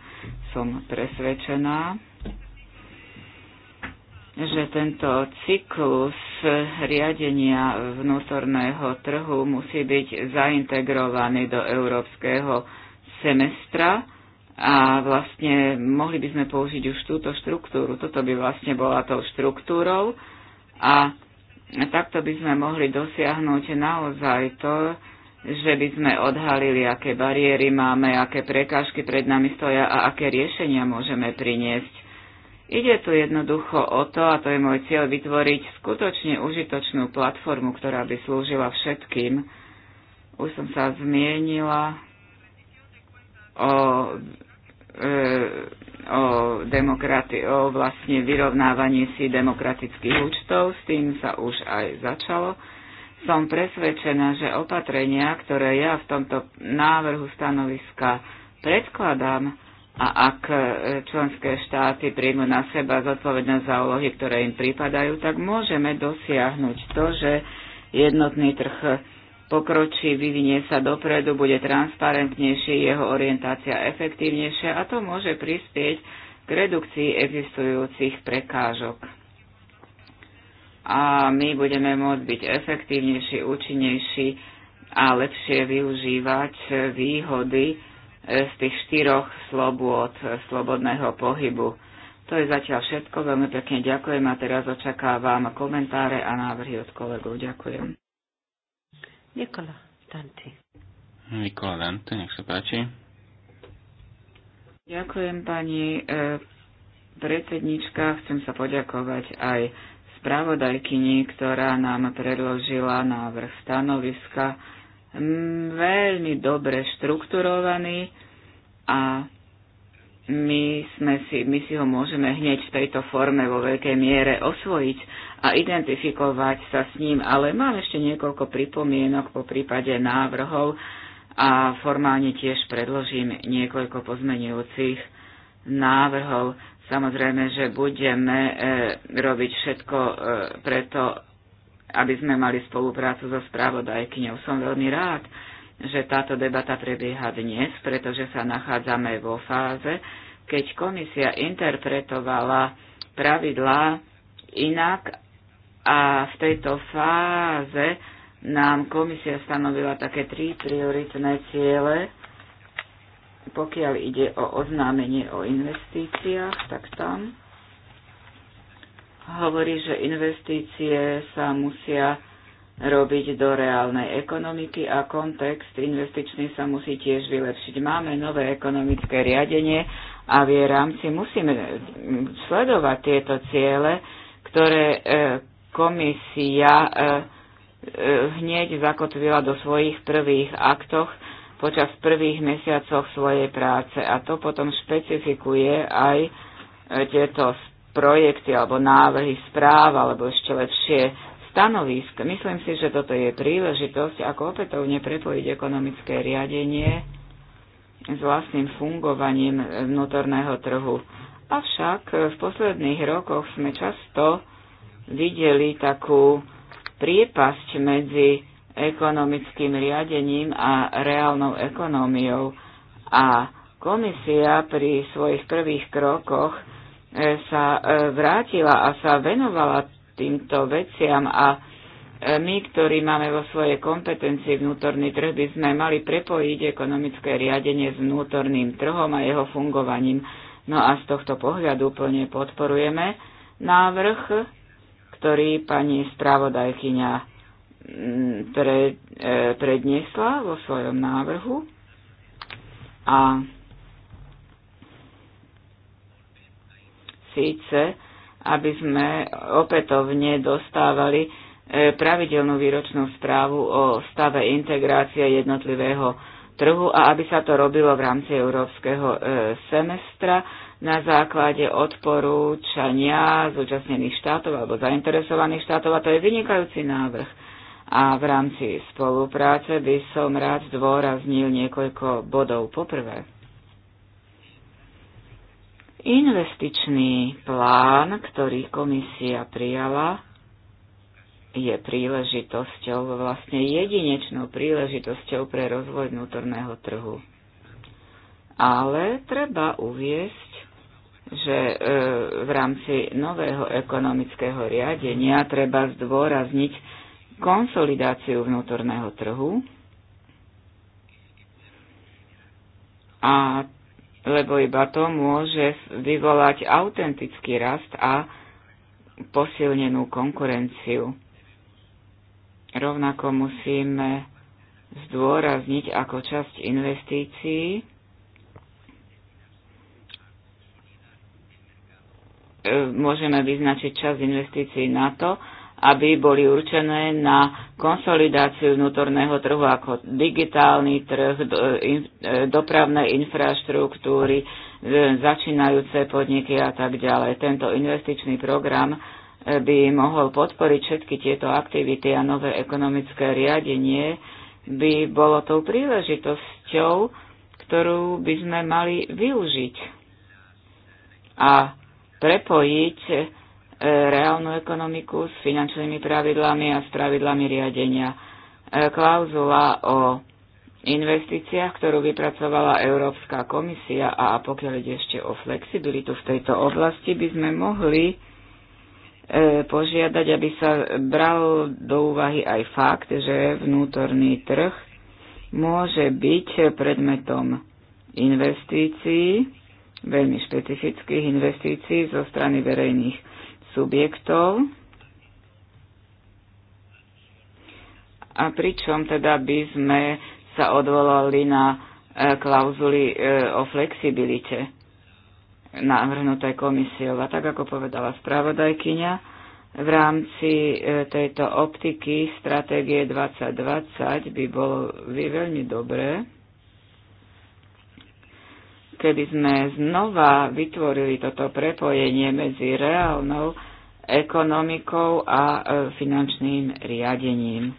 som presvedčená, že tento cyklus riadenia vnútorného trhu musí byť zaintegrovaný do európskeho semestra a vlastne mohli by sme použiť už túto štruktúru. Toto by vlastne bola tou štruktúrou a takto by sme mohli dosiahnuť naozaj to, že by sme odhalili, aké bariéry máme, aké prekážky pred nami stoja a aké riešenia môžeme priniesť. Ide tu jednoducho o to, a to je môj cieľ, vytvoriť skutočne užitočnú platformu, ktorá by slúžila všetkým. Už som sa zmienila o, e, o, demokrati- o vlastne vyrovnávaní si demokratických účtov, s tým sa už aj začalo. Som presvedčená, že opatrenia, ktoré ja v tomto návrhu stanoviska predkladám, a ak e, členské štáty príjmu na seba zodpovednosť za úlohy, ktoré im pripadajú, tak môžeme dosiahnuť to, že jednotný trh pokročí, vyvinie sa dopredu, bude transparentnejší, jeho orientácia efektívnejšia a to môže prispieť k redukcii existujúcich prekážok a my budeme môcť byť efektívnejší, účinnejší a lepšie využívať výhody e, z tých štyroch slobôd e, slobodného pohybu. To je zatiaľ všetko. Veľmi pekne ďakujem a teraz očakávam komentáre a návrhy od kolegov. Ďakujem. Nikola Dante. Nikola Dante, nech sa páči. Ďakujem pani e, predsednička. Chcem sa poďakovať aj spravodajkyni, ktorá nám predložila návrh stanoviska, veľmi dobre štrukturovaný a my, sme si, my si ho môžeme hneď v tejto forme vo veľkej miere osvojiť a identifikovať sa s ním, ale mám ešte niekoľko pripomienok po prípade návrhov a formálne tiež predložím niekoľko pozmenujúcich návrhov. Samozrejme, že budeme e, robiť všetko e, preto, aby sme mali spoluprácu so správodajkyňou. Som veľmi rád, že táto debata prebieha dnes, pretože sa nachádzame vo fáze, keď komisia interpretovala pravidlá inak a v tejto fáze nám komisia stanovila také tri prioritné ciele pokiaľ ide o oznámenie o investíciách, tak tam hovorí, že investície sa musia robiť do reálnej ekonomiky a kontext investičný sa musí tiež vylepšiť. Máme nové ekonomické riadenie a v jej rámci musíme sledovať tieto ciele, ktoré e, komisia e, e, hneď zakotvila do svojich prvých aktoch počas prvých mesiacoch svojej práce a to potom špecifikuje aj e, tieto projekty alebo návrhy správ alebo ešte lepšie stanovisk. Myslím si, že toto je príležitosť, ako opätovne prepojiť ekonomické riadenie s vlastným fungovaním vnútorného trhu. Avšak e, v posledných rokoch sme často videli takú priepasť medzi ekonomickým riadením a reálnou ekonómiou. A komisia pri svojich prvých krokoch e, sa e, vrátila a sa venovala týmto veciam a e, my, ktorí máme vo svojej kompetencii vnútorný trh, by sme mali prepojiť ekonomické riadenie s vnútorným trhom a jeho fungovaním. No a z tohto pohľadu plne podporujeme návrh, ktorý pani správodajkyňa Mm, pre, e, predniesla vo svojom návrhu a síce, aby sme opätovne dostávali e, pravidelnú výročnú správu o stave integrácie jednotlivého trhu a aby sa to robilo v rámci európskeho e, semestra na základe odporúčania zúčastnených štátov alebo zainteresovaných štátov a to je vynikajúci návrh a v rámci spolupráce by som rád zdôraznil niekoľko bodov. Poprvé, investičný plán, ktorý komisia prijala, je príležitosťou, vlastne jedinečnou príležitosťou pre rozvoj vnútorného trhu. Ale treba uviesť, že e, v rámci nového ekonomického riadenia treba zdôrazniť konsolidáciu vnútorného trhu a lebo iba to môže vyvolať autentický rast a posilnenú konkurenciu. Rovnako musíme zdôrazniť ako časť investícií e, môžeme vyznačiť časť investícií na to, aby boli určené na konsolidáciu vnútorného trhu ako digitálny trh, eh, eh, dopravné infraštruktúry, eh, začínajúce podniky a tak ďalej. Tento investičný program by mohol podporiť všetky tieto aktivity a nové ekonomické riadenie by bolo tou príležitosťou, ktorú by sme mali využiť a prepojiť E, reálnu ekonomiku s finančnými pravidlami a s pravidlami riadenia. E, klauzula o investíciách, ktorú vypracovala Európska komisia a pokiaľ ide ešte o flexibilitu v tejto oblasti, by sme mohli e, požiadať, aby sa bral do úvahy aj fakt, že vnútorný trh môže byť predmetom investícií, veľmi špecifických investícií zo strany verejných subjektov. A pričom teda by sme sa odvolali na e, klauzuly e, o flexibilite navrhnuté komisiou. A tak, ako povedala spravodajkyňa, v rámci e, tejto optiky stratégie 2020 by bolo by veľmi dobré, keby sme znova vytvorili toto prepojenie medzi reálnou ekonomikou a e, finančným riadením.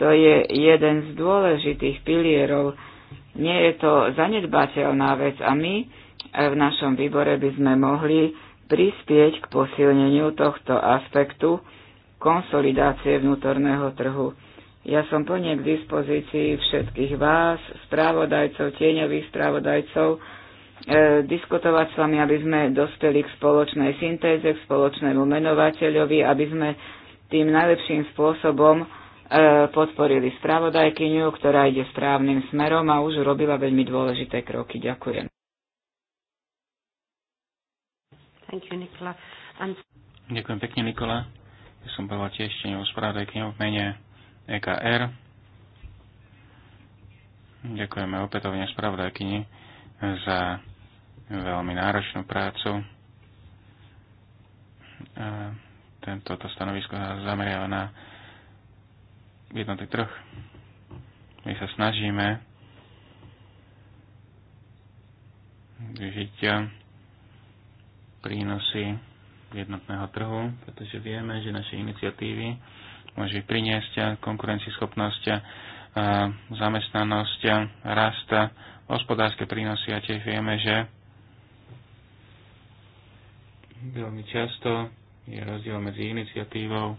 To je jeden z dôležitých pilierov. Nie je to zanedbateľná vec a my e, v našom výbore by sme mohli prispieť k posilneniu tohto aspektu konsolidácie vnútorného trhu. Ja som plne k dispozícii všetkých vás, správodajcov, tieňových správodajcov, E, diskutovať s vami, aby sme dospeli k spoločnej syntéze, k spoločnému menovateľovi, aby sme tým najlepším spôsobom e, podporili spravodajkyňu, ktorá ide správnym smerom a už robila veľmi dôležité kroky. Ďakujem. Thank you, Nikola. And... Ďakujem pekne, Nikola. Ja som bola tiež teňou spravodajkyňou v mene EKR. Ďakujeme opätovne spravodajkyni za veľmi náročnú prácu. A tento stanovisko sa zameriava na jednotný trh. My sa snažíme vyžiť prínosy jednotného trhu, pretože vieme, že naše iniciatívy môže priniesť konkurencieschopnosť, zamestnanosť, rast, hospodárske prínosy a tiež vieme, že Veľmi často je rozdiel medzi iniciatívou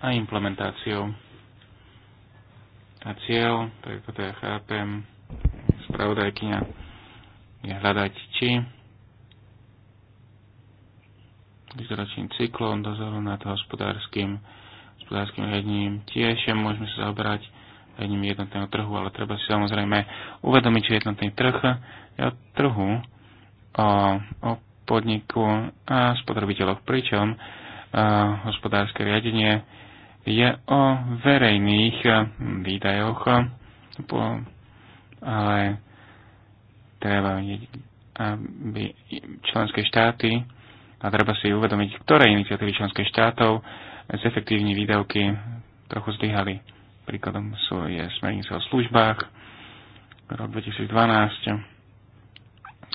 a implementáciou. A cieľ, tak ako to ja chápem, spravodajkynia, je hľadať, či výzročným cyklom dozoru nad hospodárskym, hospodárským riadením tiež môžeme sa zaoberať riadením jednotného trhu, ale treba si samozrejme uvedomiť, že jednotný trh je o trhu, o, o podniku a spotrebiteľoch, pričom e, hospodárske riadenie je o verejných e, výdajoch, ale treba aby členské štáty a treba si uvedomiť, ktoré iniciatívy členských štátov efektívne výdavky trochu zlyhali. Príkladom sú je smernice o službách, rok 2012.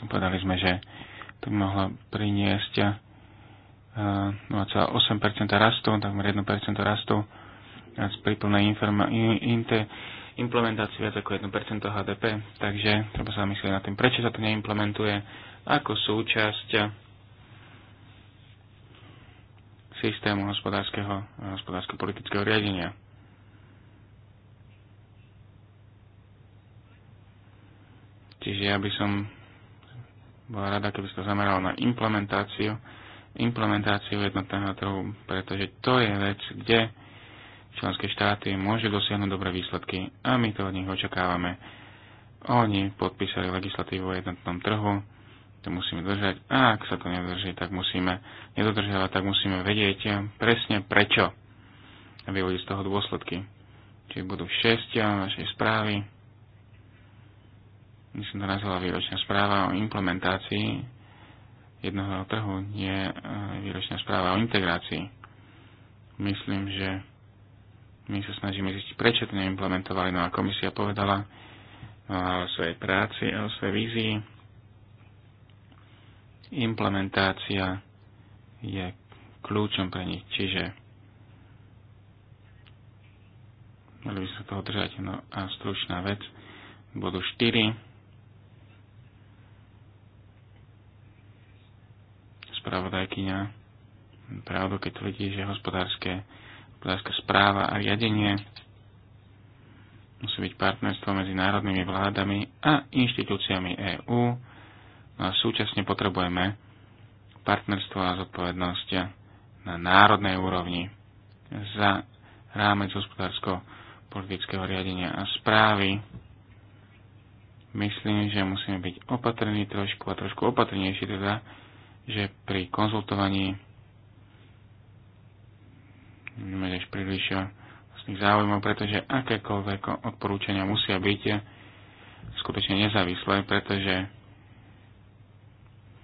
Povedali sme, že to mohla priniesť 0,8% eh, rastu, takmer 1% rastu z príplnej implementácii viac ako 1% HDP. Takže treba sa myslieť nad tým, prečo sa to neimplementuje ako súčasť systému hospodárskeho, hospodársko-politického riadenia. Čiže ja by som bola rada, keby sa zamerala na implementáciu, implementáciu jednotného trhu, pretože to je vec, kde členské štáty môžu dosiahnuť dobré výsledky a my to od nich očakávame. Oni podpísali legislatívu o jednotnom trhu, to musíme držať a ak sa to nedrží, tak musíme nedodržiavať, tak musíme vedieť presne prečo a vyvodiť z toho dôsledky. Či budú 6 našej správy, Myslím som to nazvala výročná správa o implementácii jednoho trhu, nie e, výročná správa o integrácii. Myslím, že my sa snažíme zistiť, prečo to neimplementovali. No a komisia povedala no o svojej práci a o svojej vízii. Implementácia je kľúčom pre nich, čiže mali by sa toho držať. No a stručná vec bodu 4 spravodajkyňa pravdu, keď tvrdí, že hospodárske, hospodárska správa a riadenie musí byť partnerstvo medzi národnými vládami a inštitúciami EÚ no a súčasne potrebujeme partnerstvo a zodpovednosť na národnej úrovni za rámec hospodársko-politického riadenia a správy. Myslím, že musíme byť opatrní trošku a trošku opatrnejší teda že pri konzultovaní až príliš eh, vlastných záujmov, pretože akékoľvek odporúčania musia byť eh, skutočne nezávislé, pretože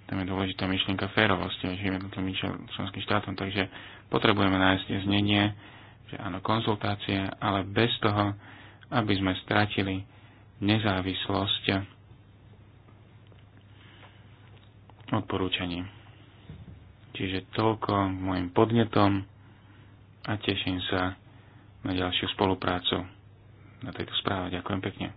tam je dôležitá myšlienka férovosti voči jednotlivým členským štátom, takže potrebujeme nájsť znenie, že áno, konzultácie, ale bez toho, aby sme stratili nezávislosť odporúčaním. Čiže toľko môjim podnetom a teším sa na ďalšiu spoluprácu na tejto správe. Ďakujem pekne.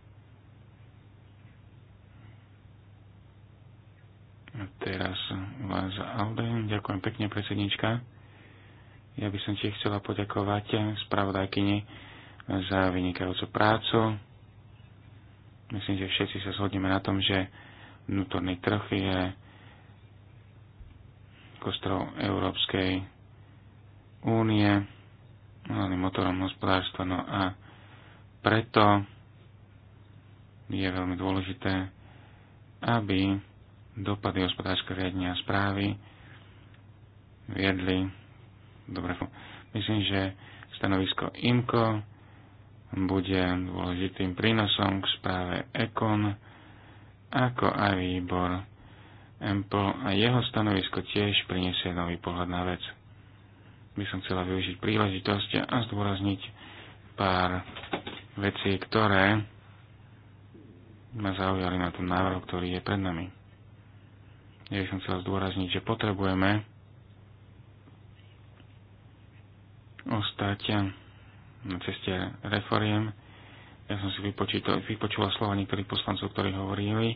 A teraz vás Alden. Ďakujem pekne, predsednička. Ja by som tiež chcela poďakovať spravodajkyni za vynikajúcu prácu. Myslím, že všetci sa zhodneme na tom, že vnútorný trh je kostrov Európskej únie, hlavným motorom hospodárstva. No a preto je veľmi dôležité, aby dopady hospodárskeho riadenia a správy viedli dobre. Myslím, že stanovisko IMCO bude dôležitým prínosom k správe EKON, ako aj výbor Ample a jeho stanovisko tiež priniesie nový pohľad na vec. By som chcela využiť príležitosť a zdôrazniť pár vecí, ktoré ma zaujali na tom návrhu, ktorý je pred nami. Ja by som chcel zdôrazniť, že potrebujeme ostať na ceste reforiem. Ja som si vypočula slova niektorých poslancov, ktorí hovorili,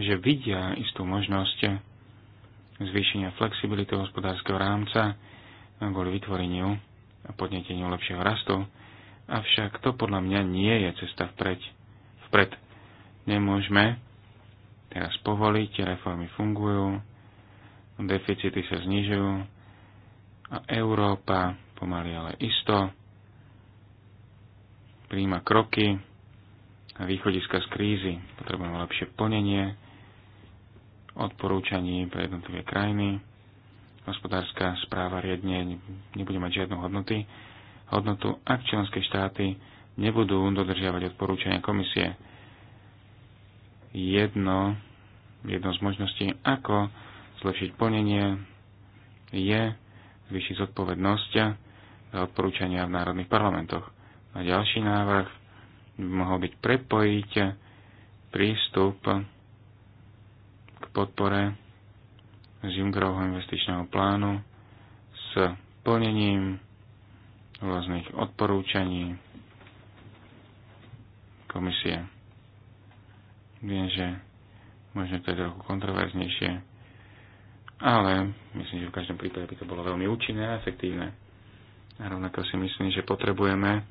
že vidia istú možnosť zvýšenia flexibility hospodárskeho rámca kvôli vytvoreniu a podneteniu lepšieho rastu, avšak to podľa mňa nie je cesta vpred. vpred. Nemôžeme teraz povoliť, reformy fungujú, deficity sa znižujú a Európa pomaly ale isto príjma kroky a východiska z krízy. Potrebujeme lepšie plnenie odporúčaní pre jednotlivé krajiny. Hospodárska správa riadne nebude mať žiadnu hodnoty, hodnotu, ak členské štáty nebudú dodržiavať odporúčania komisie. Jedno, jedno z možností, ako zlepšiť plnenie, je zvýšiť zodpovednosť za odporúčania v národných parlamentoch. A ďalší návrh by mohol byť prepojiť prístup podpore z Junckerovho investičného plánu s plnením rôznych odporúčaní komisie. Viem, že možno to je trochu kontroverznejšie, ale myslím, že v každom prípade by to bolo veľmi účinné a efektívne. A rovnako si myslím, že potrebujeme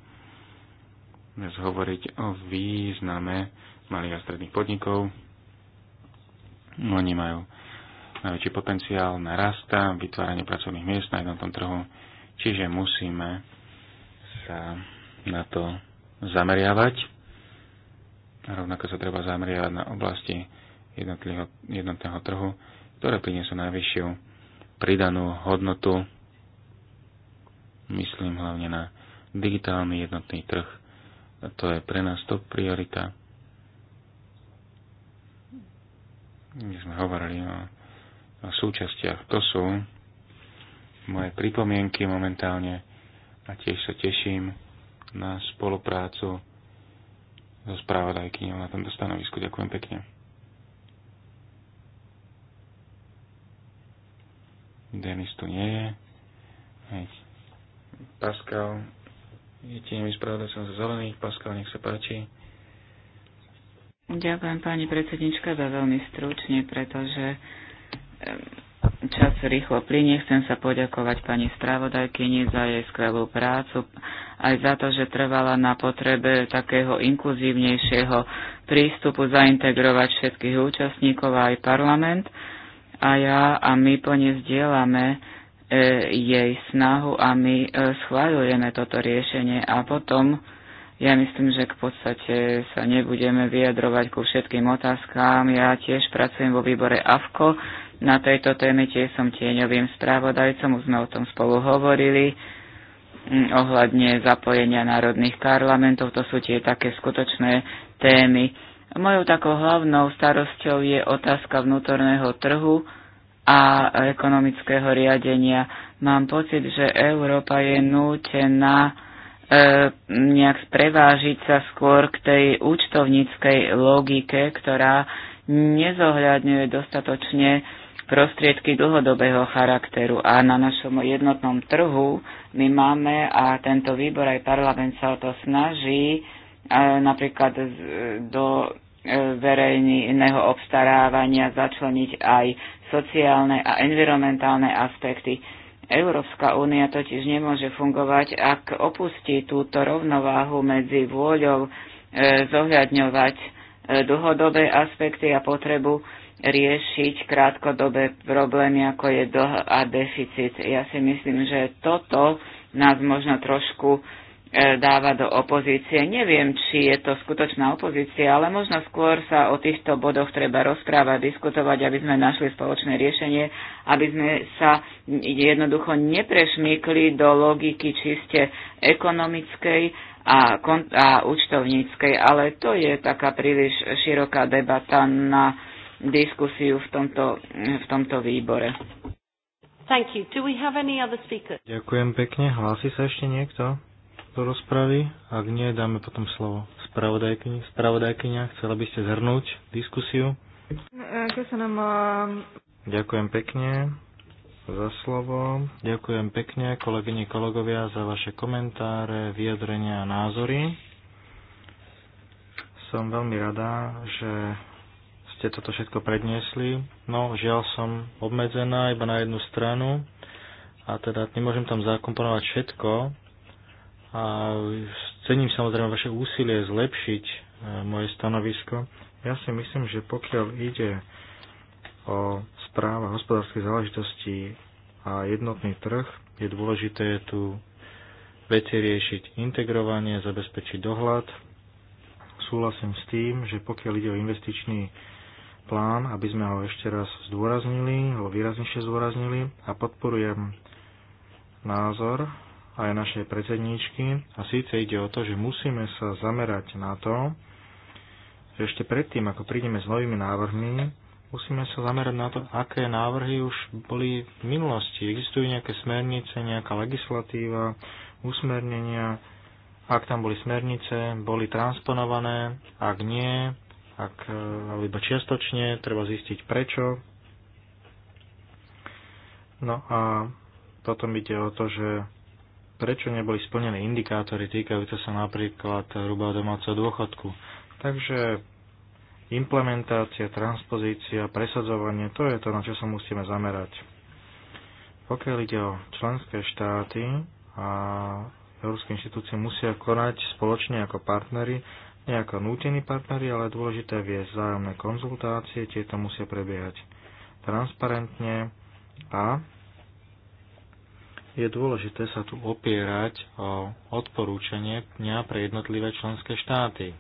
dnes hovoriť o význame malých a stredných podnikov, No, oni majú najväčší potenciál na rasta, vytváranie pracovných miest na jednotnom trhu, čiže musíme sa na to zameriavať. A rovnako sa treba zameriavať na oblasti jednotného trhu, ktoré prinesú najvyššiu pridanú hodnotu. Myslím hlavne na digitálny jednotný trh. A to je pre nás top priorita. kde sme hovorili o, o súčastiach. To sú moje pripomienky momentálne a tiež sa teším na spoluprácu so správodajkyňou na tomto stanovisku. Ďakujem pekne. Denis tu nie je. Hej. Pascal je tieňový spravodajcom za zelených. Pascal, nech sa páči. Ďakujem pani predsednička za veľmi stručne, pretože čas rýchlo plinie. Chcem sa poďakovať pani spravodajkyni za jej skvelú prácu, aj za to, že trvala na potrebe takého inkluzívnejšieho prístupu zaintegrovať všetkých účastníkov aj parlament. A ja a my plne zdieľame e, jej snahu a my e, schváľujeme toto riešenie a potom ja myslím, že k podstate sa nebudeme vyjadrovať ku všetkým otázkám. Ja tiež pracujem vo výbore AFKO. Na tejto téme tiež som tieňovým správodajcom, už sme o tom spolu hovorili mm, ohľadne zapojenia národných parlamentov, to sú tie také skutočné témy. Mojou takou hlavnou starosťou je otázka vnútorného trhu a ekonomického riadenia. Mám pocit, že Európa je nútená E, nejak sprevážiť sa skôr k tej účtovníckej logike, ktorá nezohľadňuje dostatočne prostriedky dlhodobého charakteru. A na našom jednotnom trhu my máme, a tento výbor aj parlament sa o to snaží, e, napríklad do e, verejného obstarávania začleniť aj sociálne a environmentálne aspekty Európska únia totiž nemôže fungovať, ak opustí túto rovnováhu medzi vôľou e, zohľadňovať e, dlhodobé aspekty a potrebu riešiť krátkodobé problémy, ako je dlh a deficit. Ja si myslím, že toto nás možno trošku E, dáva do opozície. Neviem, či je to skutočná opozícia, ale možno skôr sa o týchto bodoch treba rozprávať, diskutovať, aby sme našli spoločné riešenie, aby sme sa jednoducho neprešmykli do logiky čiste ekonomickej a, kon- a účtovníckej, ale to je taká príliš široká debata na diskusiu v tomto, v tomto výbore. Thank you. Do we have any other Ďakujem pekne. Hlási sa ešte niekto? do rozpravy? Ak nie, dáme potom slovo spravodajkyni. Spravodajkynia, chcela by ste zhrnúť diskusiu? Ďakujem pekne za slovo. Ďakujem pekne kolegyne, kolegovia za vaše komentáre, vyjadrenia a názory. Som veľmi rada, že ste toto všetko predniesli. No, žiaľ som obmedzená iba na jednu stranu a teda nemôžem tam zakomponovať všetko, a cením samozrejme vaše úsilie zlepšiť e, moje stanovisko. Ja si myslím, že pokiaľ ide o správa hospodárskej záležitosti a jednotný trh, je dôležité tu veci riešiť integrovanie, zabezpečiť dohľad. Súhlasím s tým, že pokiaľ ide o investičný plán, aby sme ho ešte raz zdôraznili, alebo výraznejšie zdôraznili a podporujem názor aj našej predsedníčky. A síce ide o to, že musíme sa zamerať na to, že ešte predtým, ako prídeme s novými návrhmi, musíme sa zamerať na to, aké návrhy už boli v minulosti. Existujú nejaké smernice, nejaká legislatíva, usmernenia. Ak tam boli smernice, boli transponované, ak nie, ak, e, alebo iba čiastočne, treba zistiť prečo. No a potom ide o to, že prečo neboli splnené indikátory týkajúce sa napríklad hrubého domáceho dôchodku. Takže implementácia, transpozícia, presadzovanie, to je to, na čo sa musíme zamerať. Pokiaľ ide o členské štáty a európske inštitúcie musia konať spoločne ako partnery, nie ako nútení partnery, ale dôležité viesť vzájomné konzultácie, tieto musia prebiehať transparentne a je dôležité sa tu opierať o odporúčanie dňa pre jednotlivé členské štáty.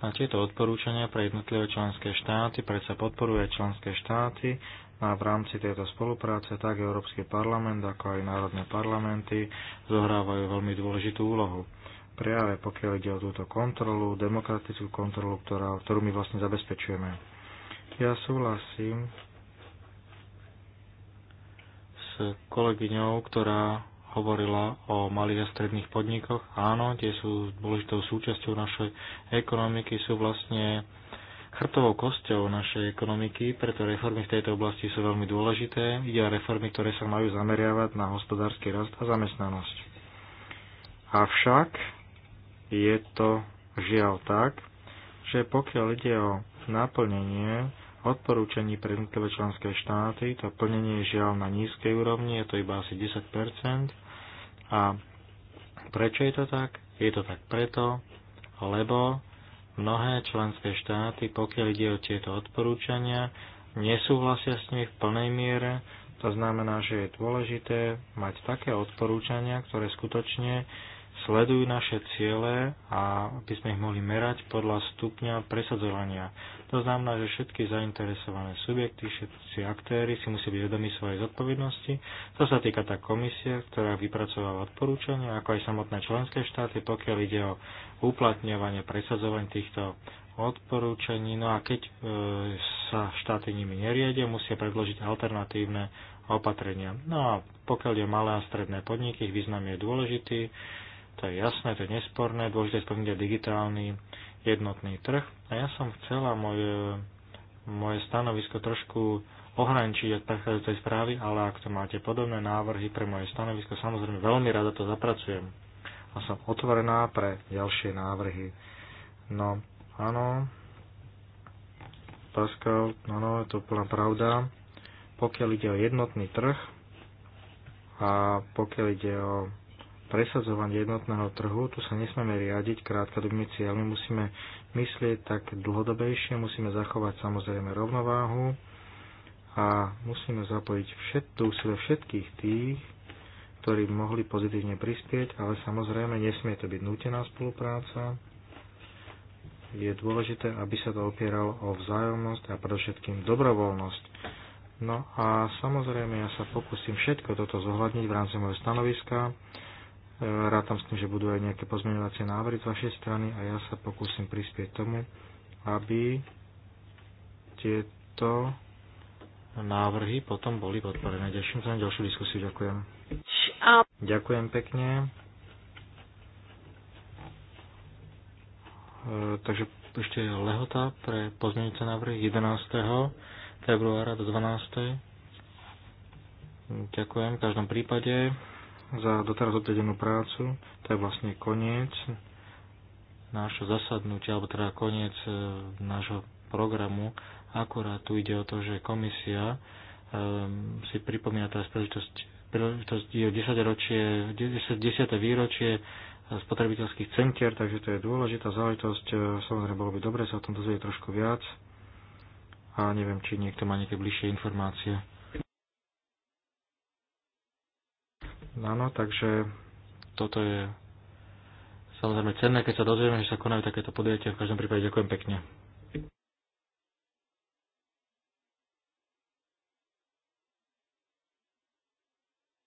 Na tieto odporúčania pre jednotlivé členské štáty predsa podporuje členské štáty a v rámci tejto spolupráce tak Európsky parlament ako aj národné parlamenty zohrávajú veľmi dôležitú úlohu. Prejave, pokiaľ ide o túto kontrolu, demokratickú kontrolu, ktorá, ktorú my vlastne zabezpečujeme. Ja súhlasím s kolegyňou, ktorá hovorila o malých a stredných podnikoch. Áno, tie sú dôležitou súčasťou našej ekonomiky, sú vlastne chrtovou kosťou našej ekonomiky, preto reformy v tejto oblasti sú veľmi dôležité. Ide o reformy, ktoré sa majú zameriavať na hospodársky rast a zamestnanosť. Avšak je to žiaľ tak, že pokiaľ ide o naplnenie odporúčaní pre jednotlivé členské štáty. To plnenie je žiaľ na nízkej úrovni, je to iba asi 10 A prečo je to tak? Je to tak preto, lebo mnohé členské štáty, pokiaľ ide o tieto odporúčania, nesúhlasia s nimi v plnej miere. To znamená, že je dôležité mať také odporúčania, ktoré skutočne sledujú naše ciele a aby sme ich mohli merať podľa stupňa presadzovania. To znamená, že všetky zainteresované subjekty, všetci aktéry si musí byť vedomi svojej zodpovednosti. To sa týka tá komisia, ktorá vypracovala odporúčania, ako aj samotné členské štáty, pokiaľ ide o uplatňovanie, presadzovanie týchto odporúčaní. No a keď e, sa štáty nimi neriadia, musia predložiť alternatívne opatrenia. No a pokiaľ je malé a stredné podniky, ich význam je dôležitý. To je jasné, to je nesporné, dôležité spomínať digitálny jednotný trh. A ja som chcela moje, moje stanovisko trošku ohraničiť od prechádzajúcej správy, ale ak to máte podobné návrhy pre moje stanovisko, samozrejme veľmi rada to zapracujem. A som otvorená pre ďalšie návrhy. No, áno, Pascal, no, je no, to plná pravda. Pokiaľ ide o jednotný trh a pokiaľ ide o presadzovanie jednotného trhu, tu sa nesmieme riadiť krátkodobými cieľmi, musíme myslieť tak dlhodobejšie, musíme zachovať samozrejme rovnováhu a musíme zapojiť všetku úsilie všetkých tých, ktorí mohli pozitívne prispieť, ale samozrejme nesmie to byť nutená spolupráca. Je dôležité, aby sa to opieralo o vzájomnosť a predovšetkým dobrovoľnosť. No a samozrejme ja sa pokúsim všetko toto zohľadniť v rámci mojho stanoviska Rátam s tým, že budú aj nejaké pozmeňovacie návrhy z vašej strany a ja sa pokúsim prispieť tomu, aby tieto návrhy potom boli podporené. Ďakujem sa na ďalšiu diskusiu. Ďakujem. Ďakujem pekne. E, takže ešte je lehota pre pozmeňujúce návrhy 11. februára do 12. Ďakujem v každom prípade za doteraz odvedenú prácu. To je vlastne koniec nášho zasadnutia, alebo teda koniec e, nášho programu. Akurát tu ide o to, že komisia um, si pripomína teraz príležitosť, príležitosť je 10 ročie, 10, 10. výročie e, spotrebiteľských centier, takže to je dôležitá záležitosť. Samozrejme, bolo by dobre sa o tom dozvedieť trošku viac. A neviem, či niekto má nejaké bližšie informácie. Áno, takže toto je samozrejme cenné, keď sa dozvieme, že sa konajú takéto podujatia. V každom prípade ďakujem pekne.